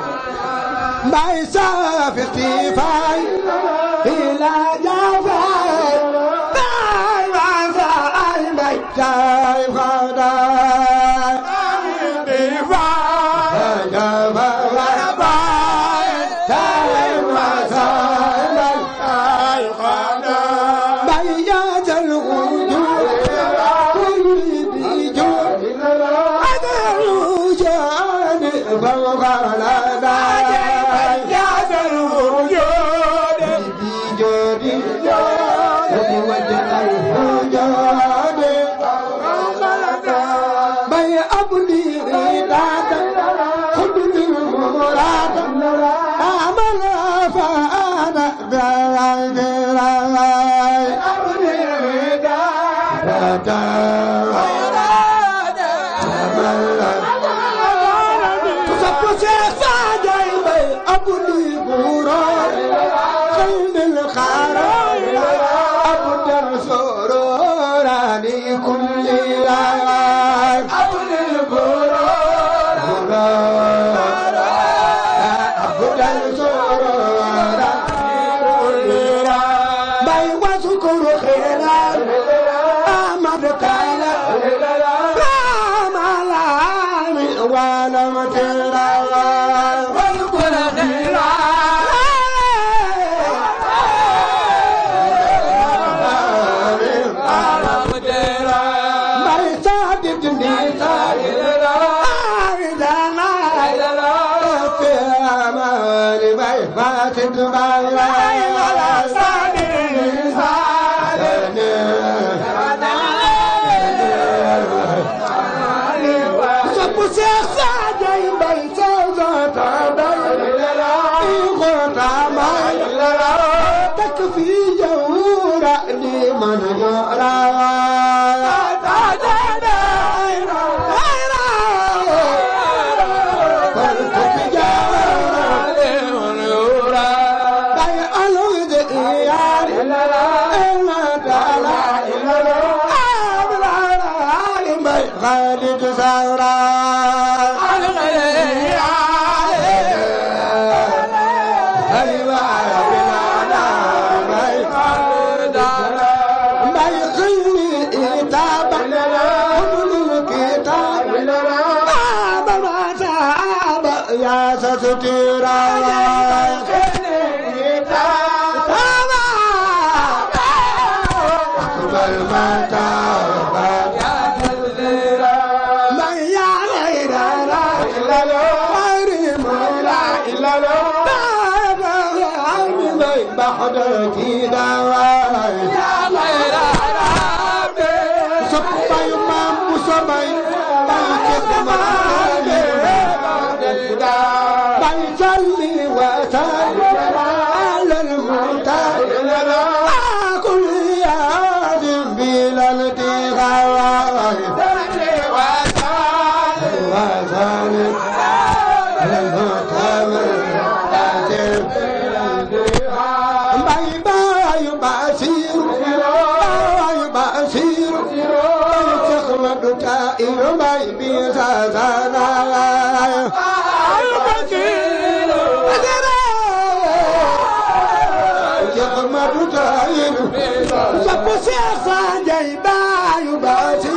وشيخ صدي باي وباتي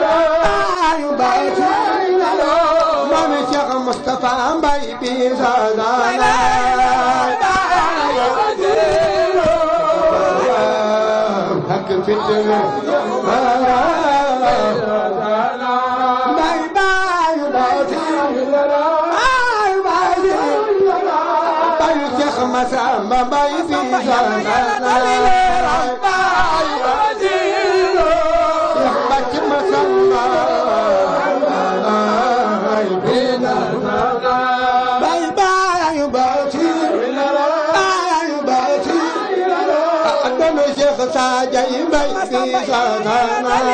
باي آه، وباتي مامي شيخ مصطفى باي بيزادانا حق في الدنيا مسام ما يفيد jay bay fi saxaanaay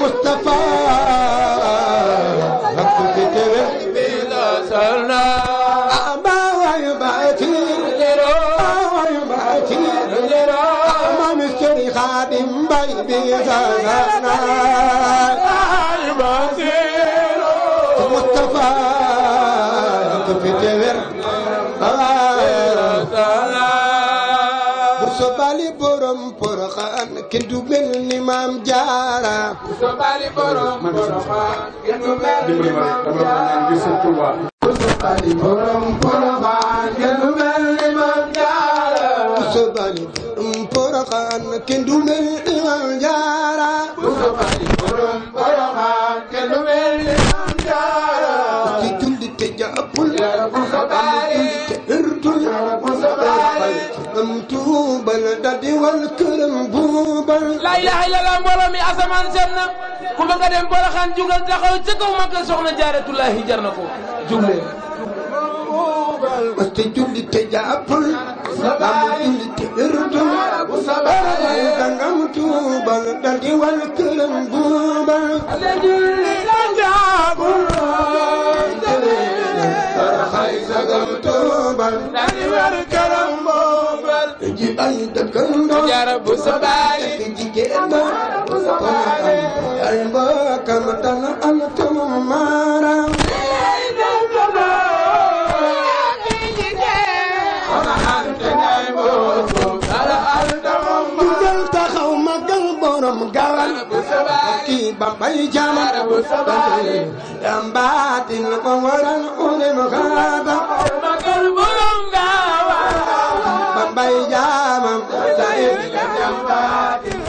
Mustafa ku soppali borom Porokhane kenn du mel ni Maam Jaara ku soppali borom Porokhane kenn du mel ni Maam Jaara ku soppali borom Porokhane kenn du mel ni Maam Jaara ku soppali borom Porokhane kenn du mel ni Maam Jaara ci julli te jàppul ku soppali wal këram buubal laa ilaaha illallaah mbooloo mi asamaan seet ku bëgg a dem boroxaan jugal taxaw ca kaw soxna Jaaratullaahi jar na ko jugleen te julli te jàppul salaam julli te wérdul baraay dangam tuubal dal di wal këram buubal ay dëkkandoo jara bu sa baay ak jigéen ba ay mbokkam dana am tama maaram bambay jaman bambay dambatin ko waran ulim gaba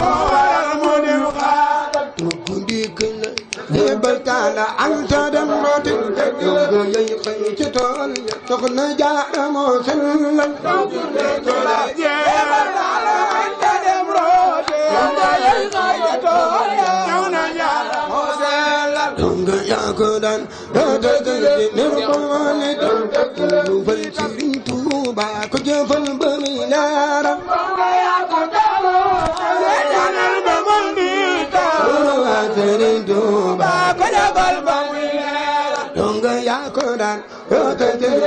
moo waral moo di lu xaaral. kooku dikk na. léebal taala am sa dem rooti. yow yooyu xëy ci tool ya. soxna jaara moo sellal. kooku dikk na léebal taala am sa dem rooti. yow yooyu xëy ci tool ya. soxna jaara moo sellal. donc yaa ko daan. doo dëgg la ne ko wane. doo dëgg la lu fal Sëriñ Tuubaa ko jëfal ba muy naaram.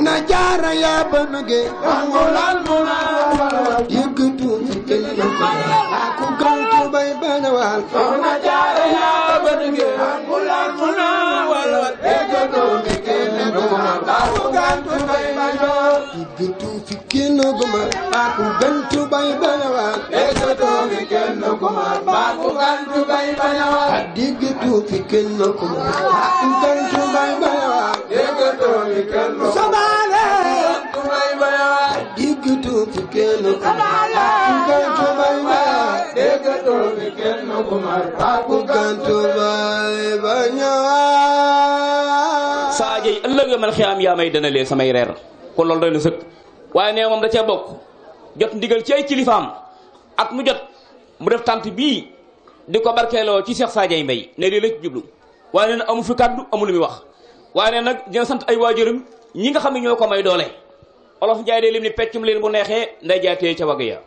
soxna jaara yaa ba nuge angolal munawala yëkkatu mi kenn aku gantu bay banawal soxna jaara yaa ba nuge angolal munawala yëkkatu mi kenn aku gantu bay banawal yëkkatu fi kenn guma aku gantu bay banawal yëkkatu mi kenn guma aku gantu bay banawal yëkkatu fi kenn guma aku gantu bay banawal yëkkatu mi kenn guma kenn ku mar man xiyaam yaa may danalee samay reer kon loolu doy na sëkk waaye nee moom da cee bokk jot ndigal ci ay kilifaam ak mu jot mu def tànt bii di ko barkeeloo ci Cheikh Sadio Mbaye ne lii la waaye nee na amu fi kàddu amu lu wax waaye nee nag dina sant ay waajuram ñi nga xam ne ñoo ko may doole olof njaay dee lim ni peccum liir bu neexee nday jaay téye ca wagg ya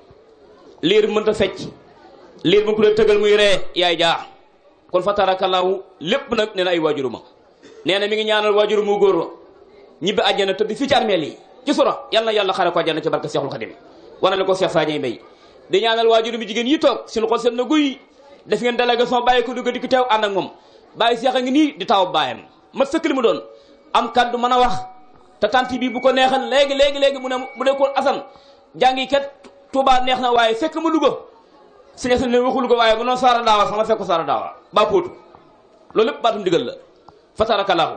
liir bi mënta fecc liir bu ko dee tëgal muy ree yaay jaa kon fa tarakallaahu lépp nag nee na ay waajuruma nee na mi ngi ñaanal waajuru mu góor ñibbi àjjana tëdd fii ci armeel yi ci sura yal na yàlla xare ko àjjana ci barke Seexul Xadim wana la ko Seex Sañay Mbay di ñaanal waajuru mi jigéen yi toog suñu xol seen na guy def ngeen délégation bàyyi ko dugg di ko teew ànd ak moom bàyyi seex a di taw baayam ma sëkk li mu doon am kàddu mën a wax te tanti bi bu ko neexan léegi léegi léegi mu ne mu nekkoon asan jàngi kat Touba neex na waaye fekk ma Louga sëñ Asan ne waxul ko waaye bu noon saara daawa sama fekk ko saara daawa ba póotu loolu lépp baatum digal la fatarakalaahu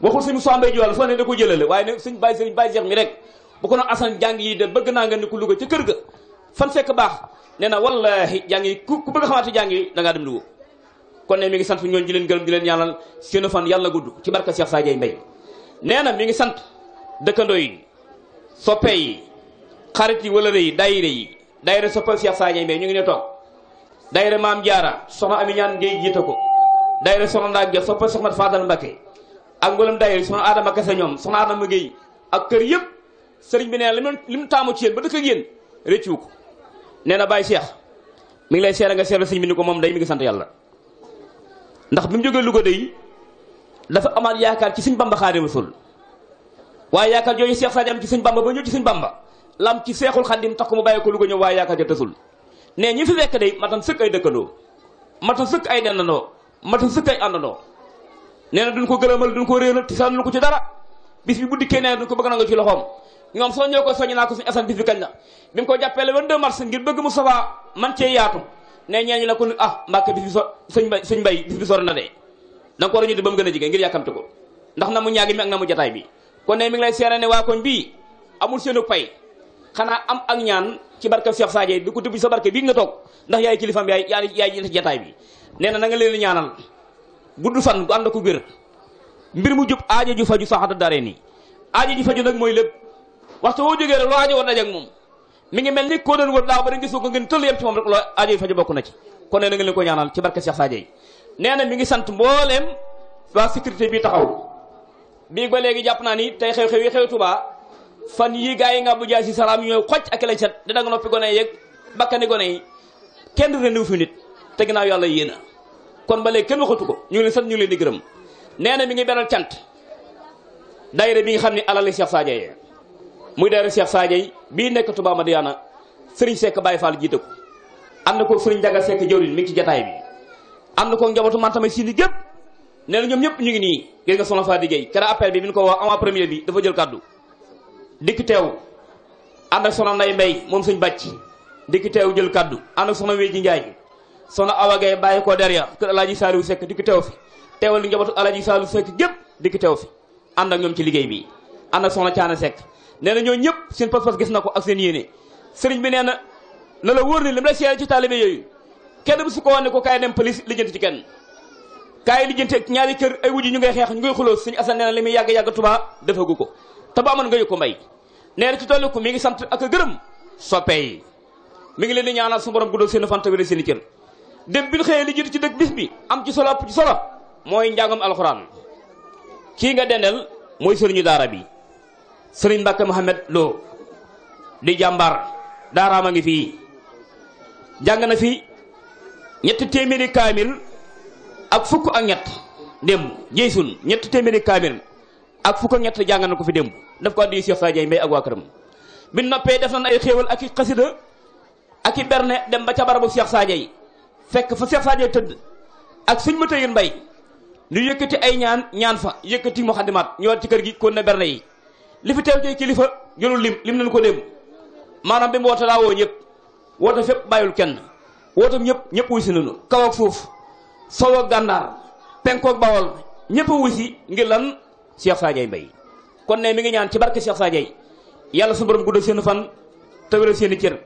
waxul suñu sombee jiwàll fa ne da ko jëlale waaye ne suñ bàyyi sëñ bàyyi seex mi rek yi de bëgg naa nga ni ko Louga ca kër ga fan fekk baax nee na wallahi jàngi ku ku bëgg a xamante jàng yi da dem Louga kon ne mi ngi sant ñoon di leen gërëm di leen ñaanal seenu fan yàlla gudd ci barka Cheikh Sa Dieye Mbaye nee na ngi sant dëkkandoo yi soppe yi xarit yi wala day daayira yi daayira soppal Cheikh Sadio Mbaye ñu ngi ne toog daayira maam jaara soxna Ami Ñaan ngay jiite ko daayira soxna Ndaa Gueye soppal soxna Fadal Mbakke ak ngóolam daayira soxna Adama Kese ñoom soxna Adama Gueye ak kër yëpp sëriñ bi nee na li mu taamu ci yéen ba dëkk ak yéen rëccu ko nee na Baye Cheikh mi ngi lay seere nga seere sëriñ bi ni ko moom day mi ngi sant yàlla ndax bi mu jógee Louga day dafa amaat yaakaar ci Sëriñ Bamba Xaadimu Rasuul waaye yaakaar jooju Cheikh Sadio am ci sëñ Bamba ba ñëw ci sëñ Bamba lam ci seexul xandim takk mu bàyyi ko Louga ñëw waaye yaakaar ja tasul ne ñi fi fekk day matan sëkk ay dëkkandoo matan sëkk ay dendandoo matan sëkk ay àndandoo nee na duñ ko gërëmal duñ ko réeral ti sànnu ko ci dara bis bi bu dikkee nee na duñ ko bëgg nangu ci loxoom ñoom soo ñëw ko soññ naa ko suñu asan bis bi kañ la bi ko jàppee le 22 mars ngir bëgg mu safa man cee yaatu ne ñeeñu ne ko ah mbàkke bis bi so sëñ bay sëñ bay bis na de da nga ko war a ndax na mu ñaagi mi ak na mu jataay bi kon ne mi ngi lay séréné ne koñ amul seenu pay xana am ak ñaan ci barke Cheikh Sadio di ko tubbi sa barke bi nga tok ndax yaay kilifa yaay yaay yaay jataay bi nee na nga leen ñaanal guddu fan gu and ko bir mbir mu jup aajo ju faju saxada dare ni aajo ju faju nak moy lepp waxtu wo jógee rek lo aajo war dajak mom mi ngi melni ko doon wër ba ngi ko ngeen teul ci mom rek lo aajo faju bokku na ci kon na nga leen ko ñaanal ci barke Cheikh mi ngi sant mbollem wa sécurité bi taxaw bii ba léegi jàpp naa ni tey xew-xew yi xew Tuubaa fan yi gaa yi nga bu jaay si salaam ñooy xoj ak la set dina nga noppi gone yeeg bakkani gone yi kenn du ne fi nit te ginnaaw yàlla yéena kon ba léegi kenn waxatu ko ñu ngi leen sant ñu leen di gërëm nee na mi ngi beral cant daayira bi nga xam ne alale seex Sadia yi muy daayira Cheikh Sadia yi bii nekk tubaa Touba Madiyana Serigne Seck Baye Fall jiite ko na ko Serigne Ndiaga Seck jawriñ mi ngi ci jataay bi ànd ko nee na ñoom ñëpp ñu ngi nii gis nga soxna Fatou Gueye kera appel bi bi ñu ko wax avant premier bi dafa jël kaddu dikki teew ànd ak soxna Nday Mbay moom suñ bàcc dikki teew jël kaddu ànd ak soxna Wéji Njaay soxna Awa Gueye bàyyi ko derrière kër Alaaji Saliou Seck dikki teew fi teewal li njabootu Alaaji Saliou Seck gépp dikki teew fi ànd ak ñoom ci liggéey bi ànd ak soxna Caana Seck nee na ñooñu ñëpp seen pas-pas gis na ko ak seen yéene sëriñ bi nee na la la wóor la seere ci taalibe yooyu ko wane ko gaa yi lijjanti ak ñaari kër ay wujj ñu ngay xeex ñu ngay xuloo sëñ Asan nee na li muy yàgg yàgg Touba defagu ko te ba amoon nga yëg ko mbay nee na ci tollu ko mi ngi sant ak gërëm soppe yi mi ngi leen di ñaana su borom guddal seen fan te wéral seen i cër dem bi ñu xëyee li ci dëkk bis bi am ci solo ëpp ci solo mooy njàngam alxuraan kii nga dendal mooy sëriñu daara bi sëriñ Mbàkke Mohamed Lo di jàmbar jàmbaar a ngi fii jàng na fi ñetti téeméeri kaamil ak fukk ak ñett démb jeysun ñett téeméeri kaamil ak fukk ak ñett jàng na ko fi démb def ko addi Cheikh Sadio Mbaye ak waa këram bi noppee def nañ ay xéewal ak i xasida ak i berne dem ba ca barabu Cheikh Sadio fekk fa Cheikh Sadio tëdd ak suñ ma tëyun mbay lu yëkkati ay ñaan ñaan fa yëkkati mu xadimaat ñoo ci kër gi kon na berne yi li fi teew ci kilifa jëlul lim lim nañ ko démb maanaam bi mu woote laa woo ñëpp woote fépp bàyyul kenn woote ñëpp ñëpp wuy si nañu kaw sowoog gànnaar penkoog bawol ñëpp wu si ngir lan Cheikh Sadiaye Mbaye kon ne mi ngi ñaan ci barke Cheikh Sadiaye yàlla su borom guddal seen fan te wéral seen i cër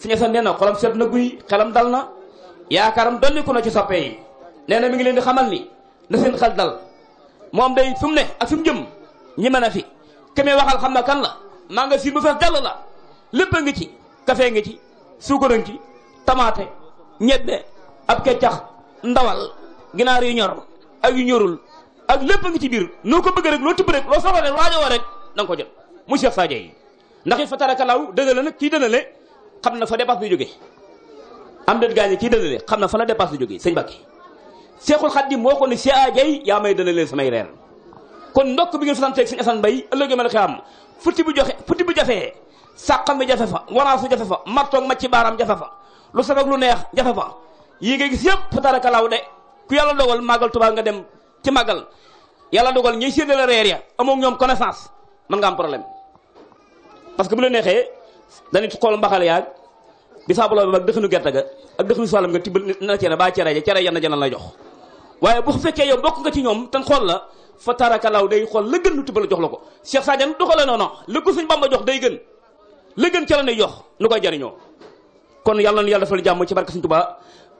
suñu sax nee na seet na guy xelam dal na yaakaaram dolliku na ci soppe yi nee mi ngi leen di xamal ni na seen xel dal moom day fi mu ne ak fi mu jëm ñi mën a fi keme waxal xam na kan la maa nga si bu fees dell la lépp a ngi ci kafe ngi ci suukar a ngi ci tamaate ñebbe ab keccax ndawal ginaar yu ñor ak yu ñorul ak lépp a ngi ci biir noo ko bëgg rek loo tibb rek loo soxla rek waajowoo rek da ko jot mu Cheikh Sadio yi ndax it fa tarakalaaw dëgg la nag kii dënale xam na fa dépasse bi jógee am déet gaañe kii dënale xam na fa la dépasse bi jógee sëñ Mbàkke Seexul Xaddim moo ko ne Sadio yaa may dënalee samay reer kon ndokk bi ngeen fa santeeg sëñ Asan Mbay ëllëgee mel xiyaam futti bu joxe futti bu jafee sàqam bi jafe fa waraasu jafe fa martoog ma ci jafe fa lu sabag lu neex jafe fa yi nga gis yëpp taraka law de ku yàlla dogal màggal Tuubaa nga dem ci màggal yàlla dogal ñuy séddale reer ya amoo ñoom connaissance mën nga am problème parce que bu la neexee dañuy xool mbaxal yaag bi saabuloo bi ak dëxanu gerte ga ak dëxanu salam nga tibbal na cere ba cere ja cere yan ja la jox waaye bu fekkee yow bokk nga ci ñoom te xool la fa tarakalaw day xool la gën lu tibbal jox la ko Cheikh Sadiane doxale noonu la ko suñ Bamba jox day gën la gën ca la ne jox nu koy jariñoo kon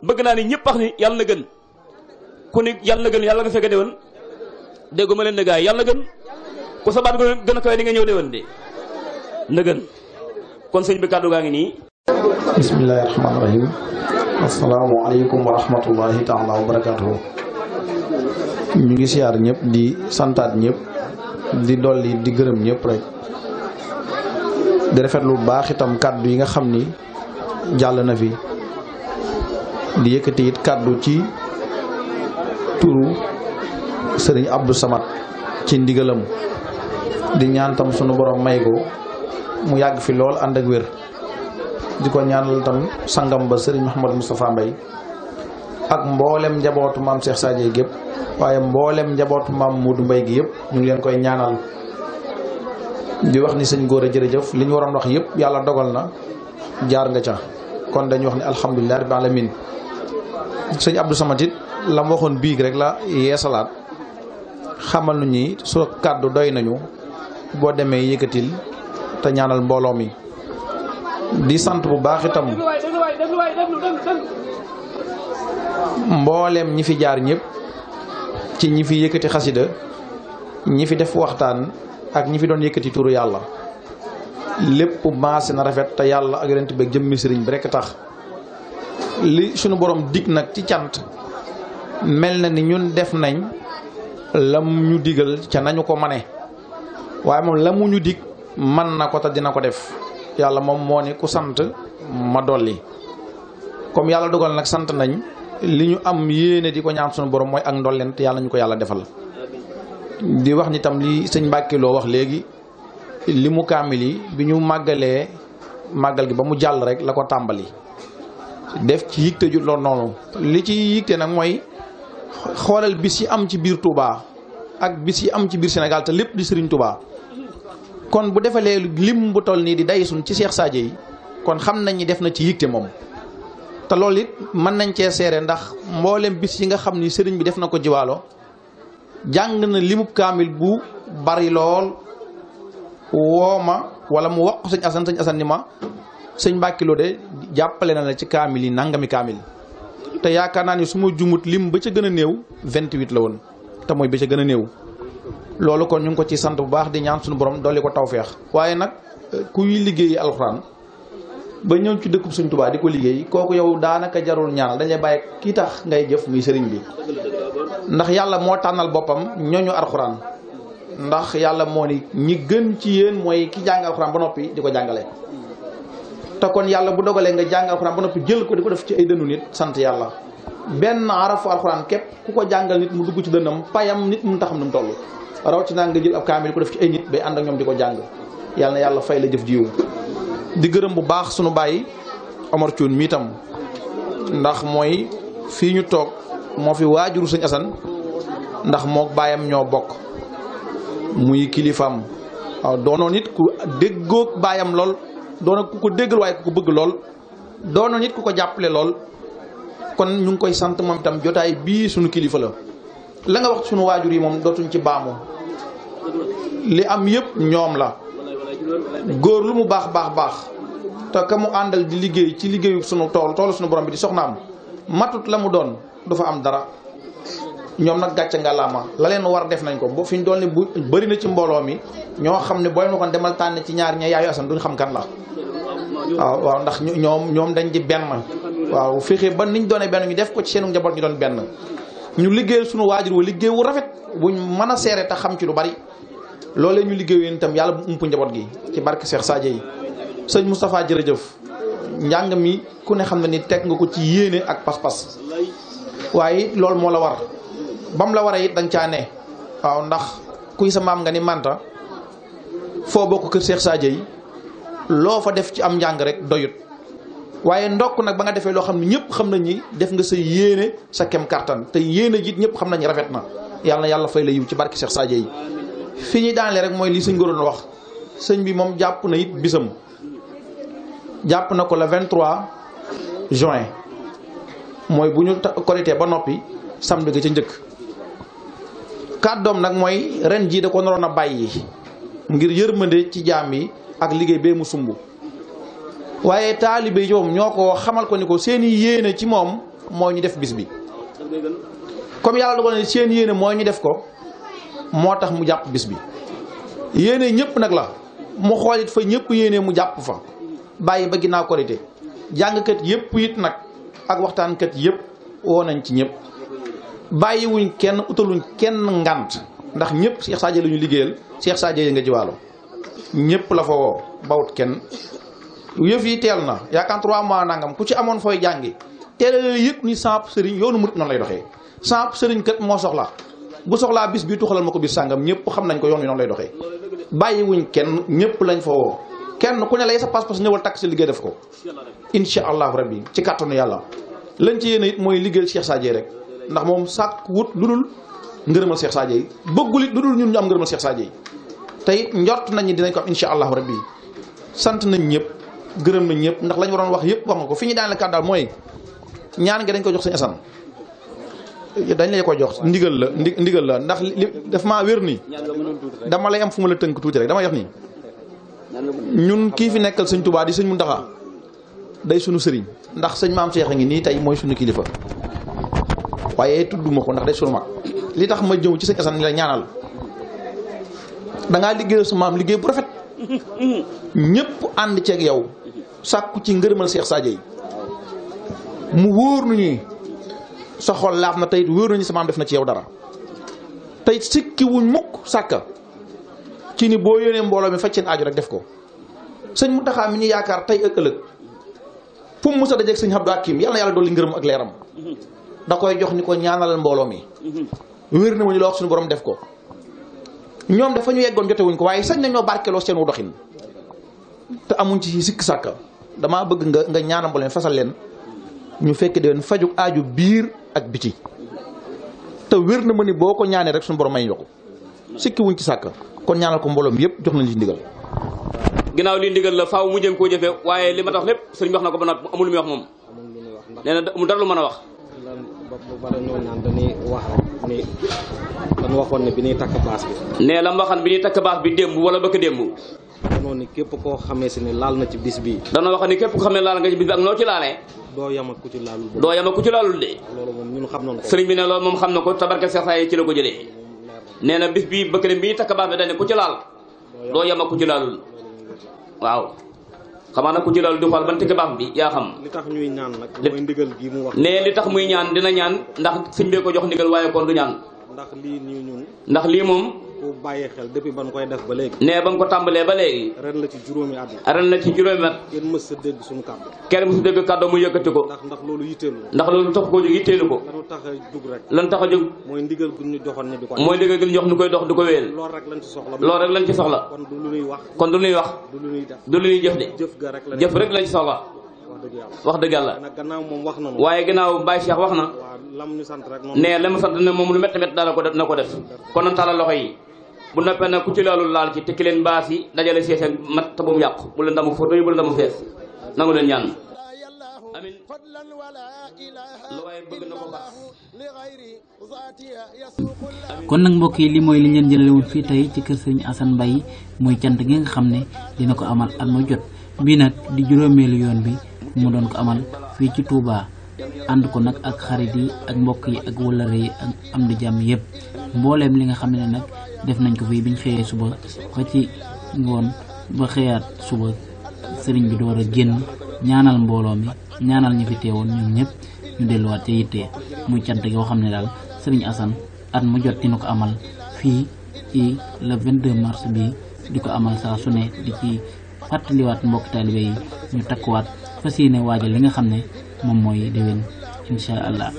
bëgg naa ni ñëpp wax ni yàlla na gën ku ni yàlla na gën yàlla nga fekk déwén dégguma leen ne gaay yàlla na gën ku sa baat gën a kawe di nga ñëw déwén de na gën kon sëñ bi kàddu gaa ngi nii bismillahi rahmaani rahim wa rahmatullahi taala wa ñu ngi siyaar ñëpp di santaat ñëpp di dolli di gërëm ñëpp rek di rafetlu baax itam kàddu yi nga xam ni na fi di yëkëti it kaddu ci turu serigne Abdou Samad ci ndigalam di ñaan tam suñu borom may ko mu yàgg fi lool and ak wër diko ñaanal tam sangam ba serigne mohammed mustapha mbay ak mbollem njabootu mam Cheikh sadie gep waye mbollem njabootu mam Modou mbay gi yëpp ñu leen koy ñaanal di wax ni serigne góor a wax yëpp yalla dogal na jaar nga ca kon wax ni alhamdullilah rabbil alamin sëñ Abdou Samad it la bi biig rek la yeesalaat xamal nu ñi su kaddu doy nañu bo démé yëkëtil ta ñaanal mbolo mi di sant bu baax itam mbollem ñi fi jaar ñëpp ci ñi fi yëkëti xassida ñi fi def waxtaan ak ñi fi doon yëkëti turu yalla lepp maase rafet ta yalla ak yëneent jëmmi sëriñ bi rek tax li sunu boroom dig nag ci cant mel na ni ñun def nañ la ñu digal ca nañu ko mane waaye moom la mu ñu dig man na ko te dina ko def yàlla moom moo ni ku sant ma dolli comme yàlla dogal nag sant nañ li ñu am yéene di ko ñaan sunu borom mooy ak ndollent yàlla ñu ko yàlla defal di wax ni tam li sëñ Mbàkke loo wax léegi li mu kaamil yi bi ñu màggalee màggal gi ba mu jàll rek la ko tàmbali def ci yigte ju lool noonu li ci yigte nag mooy xoolal bis yi am ci biir Touba ak bis yi am ci biir Sénégal te lépp di Serigne Touba kon bu defalee li bu toll nii di day ci seex Sadio yi kon xam nañ ni def na ci yigte moom te loolu it mën nañ cee seere ndax mboolem bis yi nga xam ni sëriñ bi def na ko jiwaalo jàng na limub kaamil bu bari lool woo ma wala mu wax sëñ Assane sëñ Assane ni ma sëñ mbacke Lo de jappale na la ci kamil nangami kamil te yaakaar ni sumu jumut lim ba ci gëna a 28 la won te moy ba ci gëna a néew kon ñu ko ci sante bu baax di ñaan suñu borom doli ko waye nak ku kuy liggey alcorane ba ñew ci dëkkub suñ tubaa di ko koku kooku yow daanaka jarul ñaanal dañ lay baye ki tax ngay jëf muy sëriñ bi ndax yalla mo tanal bopam ñoñu alcorane ndax yalla mo ni ñi gën ci yeen moy ki jàng alcorane ba nopi di ko ta kon yalla bu dogale nga jang alquran bu nopi jël ko di def ci ay deñu nit sante yalla ben arafu alquran kep ku jangal nit mu dugg ci deñam payam nit mu taxam num tollu raw ci nang nga jël ab kamil ko def ci ay nit bay and ak ñom di jang yalla yalla fay la jëf jiwu di gëreem bu baax suñu bayyi Omar Thioune mi tam ndax moy fii ñu fi wajuru señ Assane ndax mok bayam ño bok muy kilifam waaw nit ku deggok bayam lol doona ku ko déggal waaye ku ko bëgg lool doona nit ku ko jàppale lool kon ñu ngi koy sant moom itam jotaay bii suñu kilifa la la nga wax suñu waajur yi moom dootuñ ci baamu li am yëpp ñoom la góor lu mu baax baax baax te ka mu àndal di liggéey ci liggéeyu sunu tool toolu suñu borom bi di soxnaam matut la mu doon du fa am dara ñoom nag gàcce ngalaama la leen war def nañ ko boo fi ñu doon ne bu bëri na ci mbooloo mi ñoo xam ne booy ma kon demal tànn ci ñaar ña yaayu asan duñ xam kan la waaw waaw ndax ñoom ñoom dañ di benn waaw fexe ba niñ doone benn ñu def ko ci seenu njaboot ñu doon benn ñu liggéeyal suñu waajur wa liggéey wu rafet buñ mën a seere te xam ci lu bari loolee ñu liggéey yéen itam yàlla bu ump njaboot gi ci barke Cheikh Sadio yi sëñ mustafaa jërëjëf njàng mi ku ne xam ne nit teg nga ko ci yéene ak pas waaye loolu moo la war bam la war a it danga caa ne waaw ndax kuy sa maam nga ni manta foo bokk kër Cheikh Sadio yi loo fa def ci am njàng rek doyut waaye ndokk nag ba nga defee loo xam ne ñëpp xam nañ ni def nga sa yéene sa kem kattan te yéene ji ñëpp xam nañu rafet na yàlla yàlla fay la yiw ci barke Cheikh Sadio yi. fi ñuy daanee rek mooy lii sëñ bi doon wax sëñ bi moom jàpp na it bisam jàpp na ko le 23 juin mooy bu ñu korité ba noppi samedi ga ca njëkk. kàddoom nag mooy ren jii da ko naroon a bàyyi ngir yërmande ci jaam yi ak liggéey bee mu sumb waaye taalibe yi moom ñoo ko xamal ko ni ko seen yéene ci moom moo ñu def bis bi comme yàlla dogal na seen yéene moo ñu def ko moo tax mu jàpp bis bi yéene ñëpp nag la mu xoolit fa ñëpp yéene mu jàpp fa bàyyi ba ginnaaw korité jàngkat yëpp it nag ak waxtaankat yëpp woo nañ ci ñëpp bàyyiwuñ kenn utaluñ kenn ngant ndax ñëpp Cheikh Sadio la ñu liggéeyal Cheikh Sadio yi nga jiwaalo ñëpp la fa woo bawut kenn yëf yi teel na yaakaar trois mois nangam ku ci amoon fooy jàngi teelal yëpp ni samp sëriñ yoonu murit noonu lay doxee samp sëriñ kat moo soxla bu soxlaa bis bii tuxalal ma ko bis sàngam ñëpp xam nañ ko yoon wi noonu lay doxee bàyyiwuñ kenn ñëpp lañ fa woo kenn ku ne lay sa pas-pas ñëwal takk si liggéey def ko incha allahu rabbi ci kàttanu yàlla lañ ci yéene it mooy liggéeyal Cheikh Sadio rek ndax mom sak wut lulul dul Cheikh sadiay beugulit lulul ñun ñu am ngërëmal Cheikh sadiay tay ñort nañ ni dinañ ko am insha rabbi sant nañ ñep gërëm nañ ñep ndax lañ waron wax yëpp wax nga ko fi kaddal moy ñaan nga dañ ko jox sëñ Assane dañ lay ko jox ndigal la ndigal la ndax daf ma wër ni dama lay am fu ma la tënk tuuti rek dama wax ni ñun ki fi nekkal sëñ Touba di sëñ Mountakha day sunu sëriñ ndax sëñ maam Cheikh a ngi nii tey sunu kilifa waye tuduma ko ndax day sunu mak li tax ma jëw ci sëñ Assane la ñaanal da nga liggéey su maam liggéey bu rafet ñepp and ci ak yow sakku ci ngeureumal Cheikh Sadio yi mu wóor ñi sa xol laaf na tey wóor ñi sa maam def na ci yow dara tayit sikki wuñ mukk sakka ci ni bo yone mbolo mi faj aaju rek def ko sëñ Mountakha mi ñi yaakar tay ak fu mu sa dajek dajeeg Abdou Hakim yalla yalla yàlla dolli ngërëm ak leeram da koy jox ni ko ñaanalal mbooloo mi mhm. wér na ma ñu la wax suñu borom def ko ñoom dafa ñu yeggoon jotewuñ ko waaye sañ nañoo barkeloo seen wu doxin te amuñ ci sik sàkka Dama bëgg nga nga ñaanal mbooloo mi fasal leen ñu fekk déwén faju aaju biir ak biti te wér na ma ni boo ko ñaanee rek suñu borom may ñu ko sikki wuñ ci sàkk kon ñaanal ko mbooloom yëpp jox nañ ci ndigal ginnaaw lii ndigal la faaw mu jëm koo jëfee waaye li ma tax lépp sëriñ wax na ba noppi amul mi wax moom nee mu dara lu wax bopp ba ñëw naan dañuy wax na dañu waxoon ne bi ñuy takk baas bi. nee la mu bi ñuy takk baas bi démb wala bëgg démb. danoo ni képp koo xamee si ne laal na ci bis bii. danoo wax ne képp ko xam ne laal nga ci bis bi ak noo ci laalee. doo yem ci laalul de. doo ku ci laalul de. loolu moom ñun xam nañ bi ne loolu moom xam na ko tabarka Seex Saay ci la ko jëlee. nee na bis bii bëgg na bi ñuy takk baas bi dañ ne ku ci laal. doo yem ak ku ci laalul waaw. xamaa na ku ci laal di xool ban tëgg baax bi yaa xam. li tax ñuy ñaan nag mooy ndigal gi mu wax. ne li tax muy ñaan dina ñaan ndax suñ bee ko jox ndigal waaye kon du ñaan. ndax lii nii ñun. ndax lii moom. ko bàyyee xel depuis ba mu koy def ba léegi. nee ba mu ko tàmbalee ba léegi. ren la ci juróomi at. la ci kenn mës a dégg suñu a dégg kàddu mu yëkkati ko. ndax loolu yitteelu ko. jóg yitteelu ko. lanu tax a tax a jóg. mooy ndigal gi ñu jox ñu koy dox di ko wéyal. loolu rek lañ ci ci soxla. kon du lu wax. du lu ñuy wax. de. jëf ga rek lañ jëf rek soxla. wax dëgg yàlla waaye gannaaw Baye Cheikh wax na ne la mu sant ne moom lu métti métti daal ko def na ko def kon nag tàllal loxo yi bu noppé nag ku ci lolou laal ci tekki len baasi dajale seeseen mat ta bu mu yàqu bu len damu foto yi bu len damu fess nangu len ñaan amin fadlan wala bëgg na ko baax li yasuqul kon nak mbokk yi li moy li ngeen jëlale wul fi tay ci kër sëriñ Assane Mbaye moy cant gi nga xam dina ko amal ak mu jot bi nak di juromel yoon bi mu don ko amal fi ci Touba and ko nak ak xarit yi ak mbokk yi ak wulare yi ak am di jàmm yëpp mbollem li nga xam nak def nañ ko fi biñ xëyee suba ko ci ngon ba xeyat suba sëriñ bi doora genn ñaanal mbolo mi ñaanal ñi fi teewoon ñun ñëpp ñu delluwaat ca yittee muy cant gi xam ne daal sëriñ asan at mu jot dina ko amal fi ci le 22 mars bi diko amal sa suné di ci fàttaliwaat mbok talibé yi ñu takku fas fasiyene waajal li nga xam ne moy mooy déwén incha allah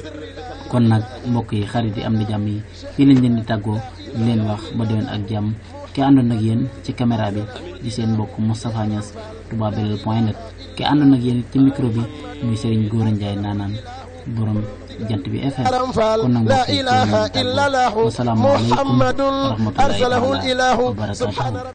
kon nak mbok yi xarit yi am na jàmm yi fi lañ leen di taggo leen wax ba déwén ak jàmm ki àndoon ak yéen ci caméra bi di seen mbokk Moustapha Niass Toubabelél point net ki àndoon ak yéen ci micro bi muy Serigne Gora Ndiaye naanaan borom jant bi FM kon nag mbokk yi tey ñu ngi tàggoo wa rahmatulahi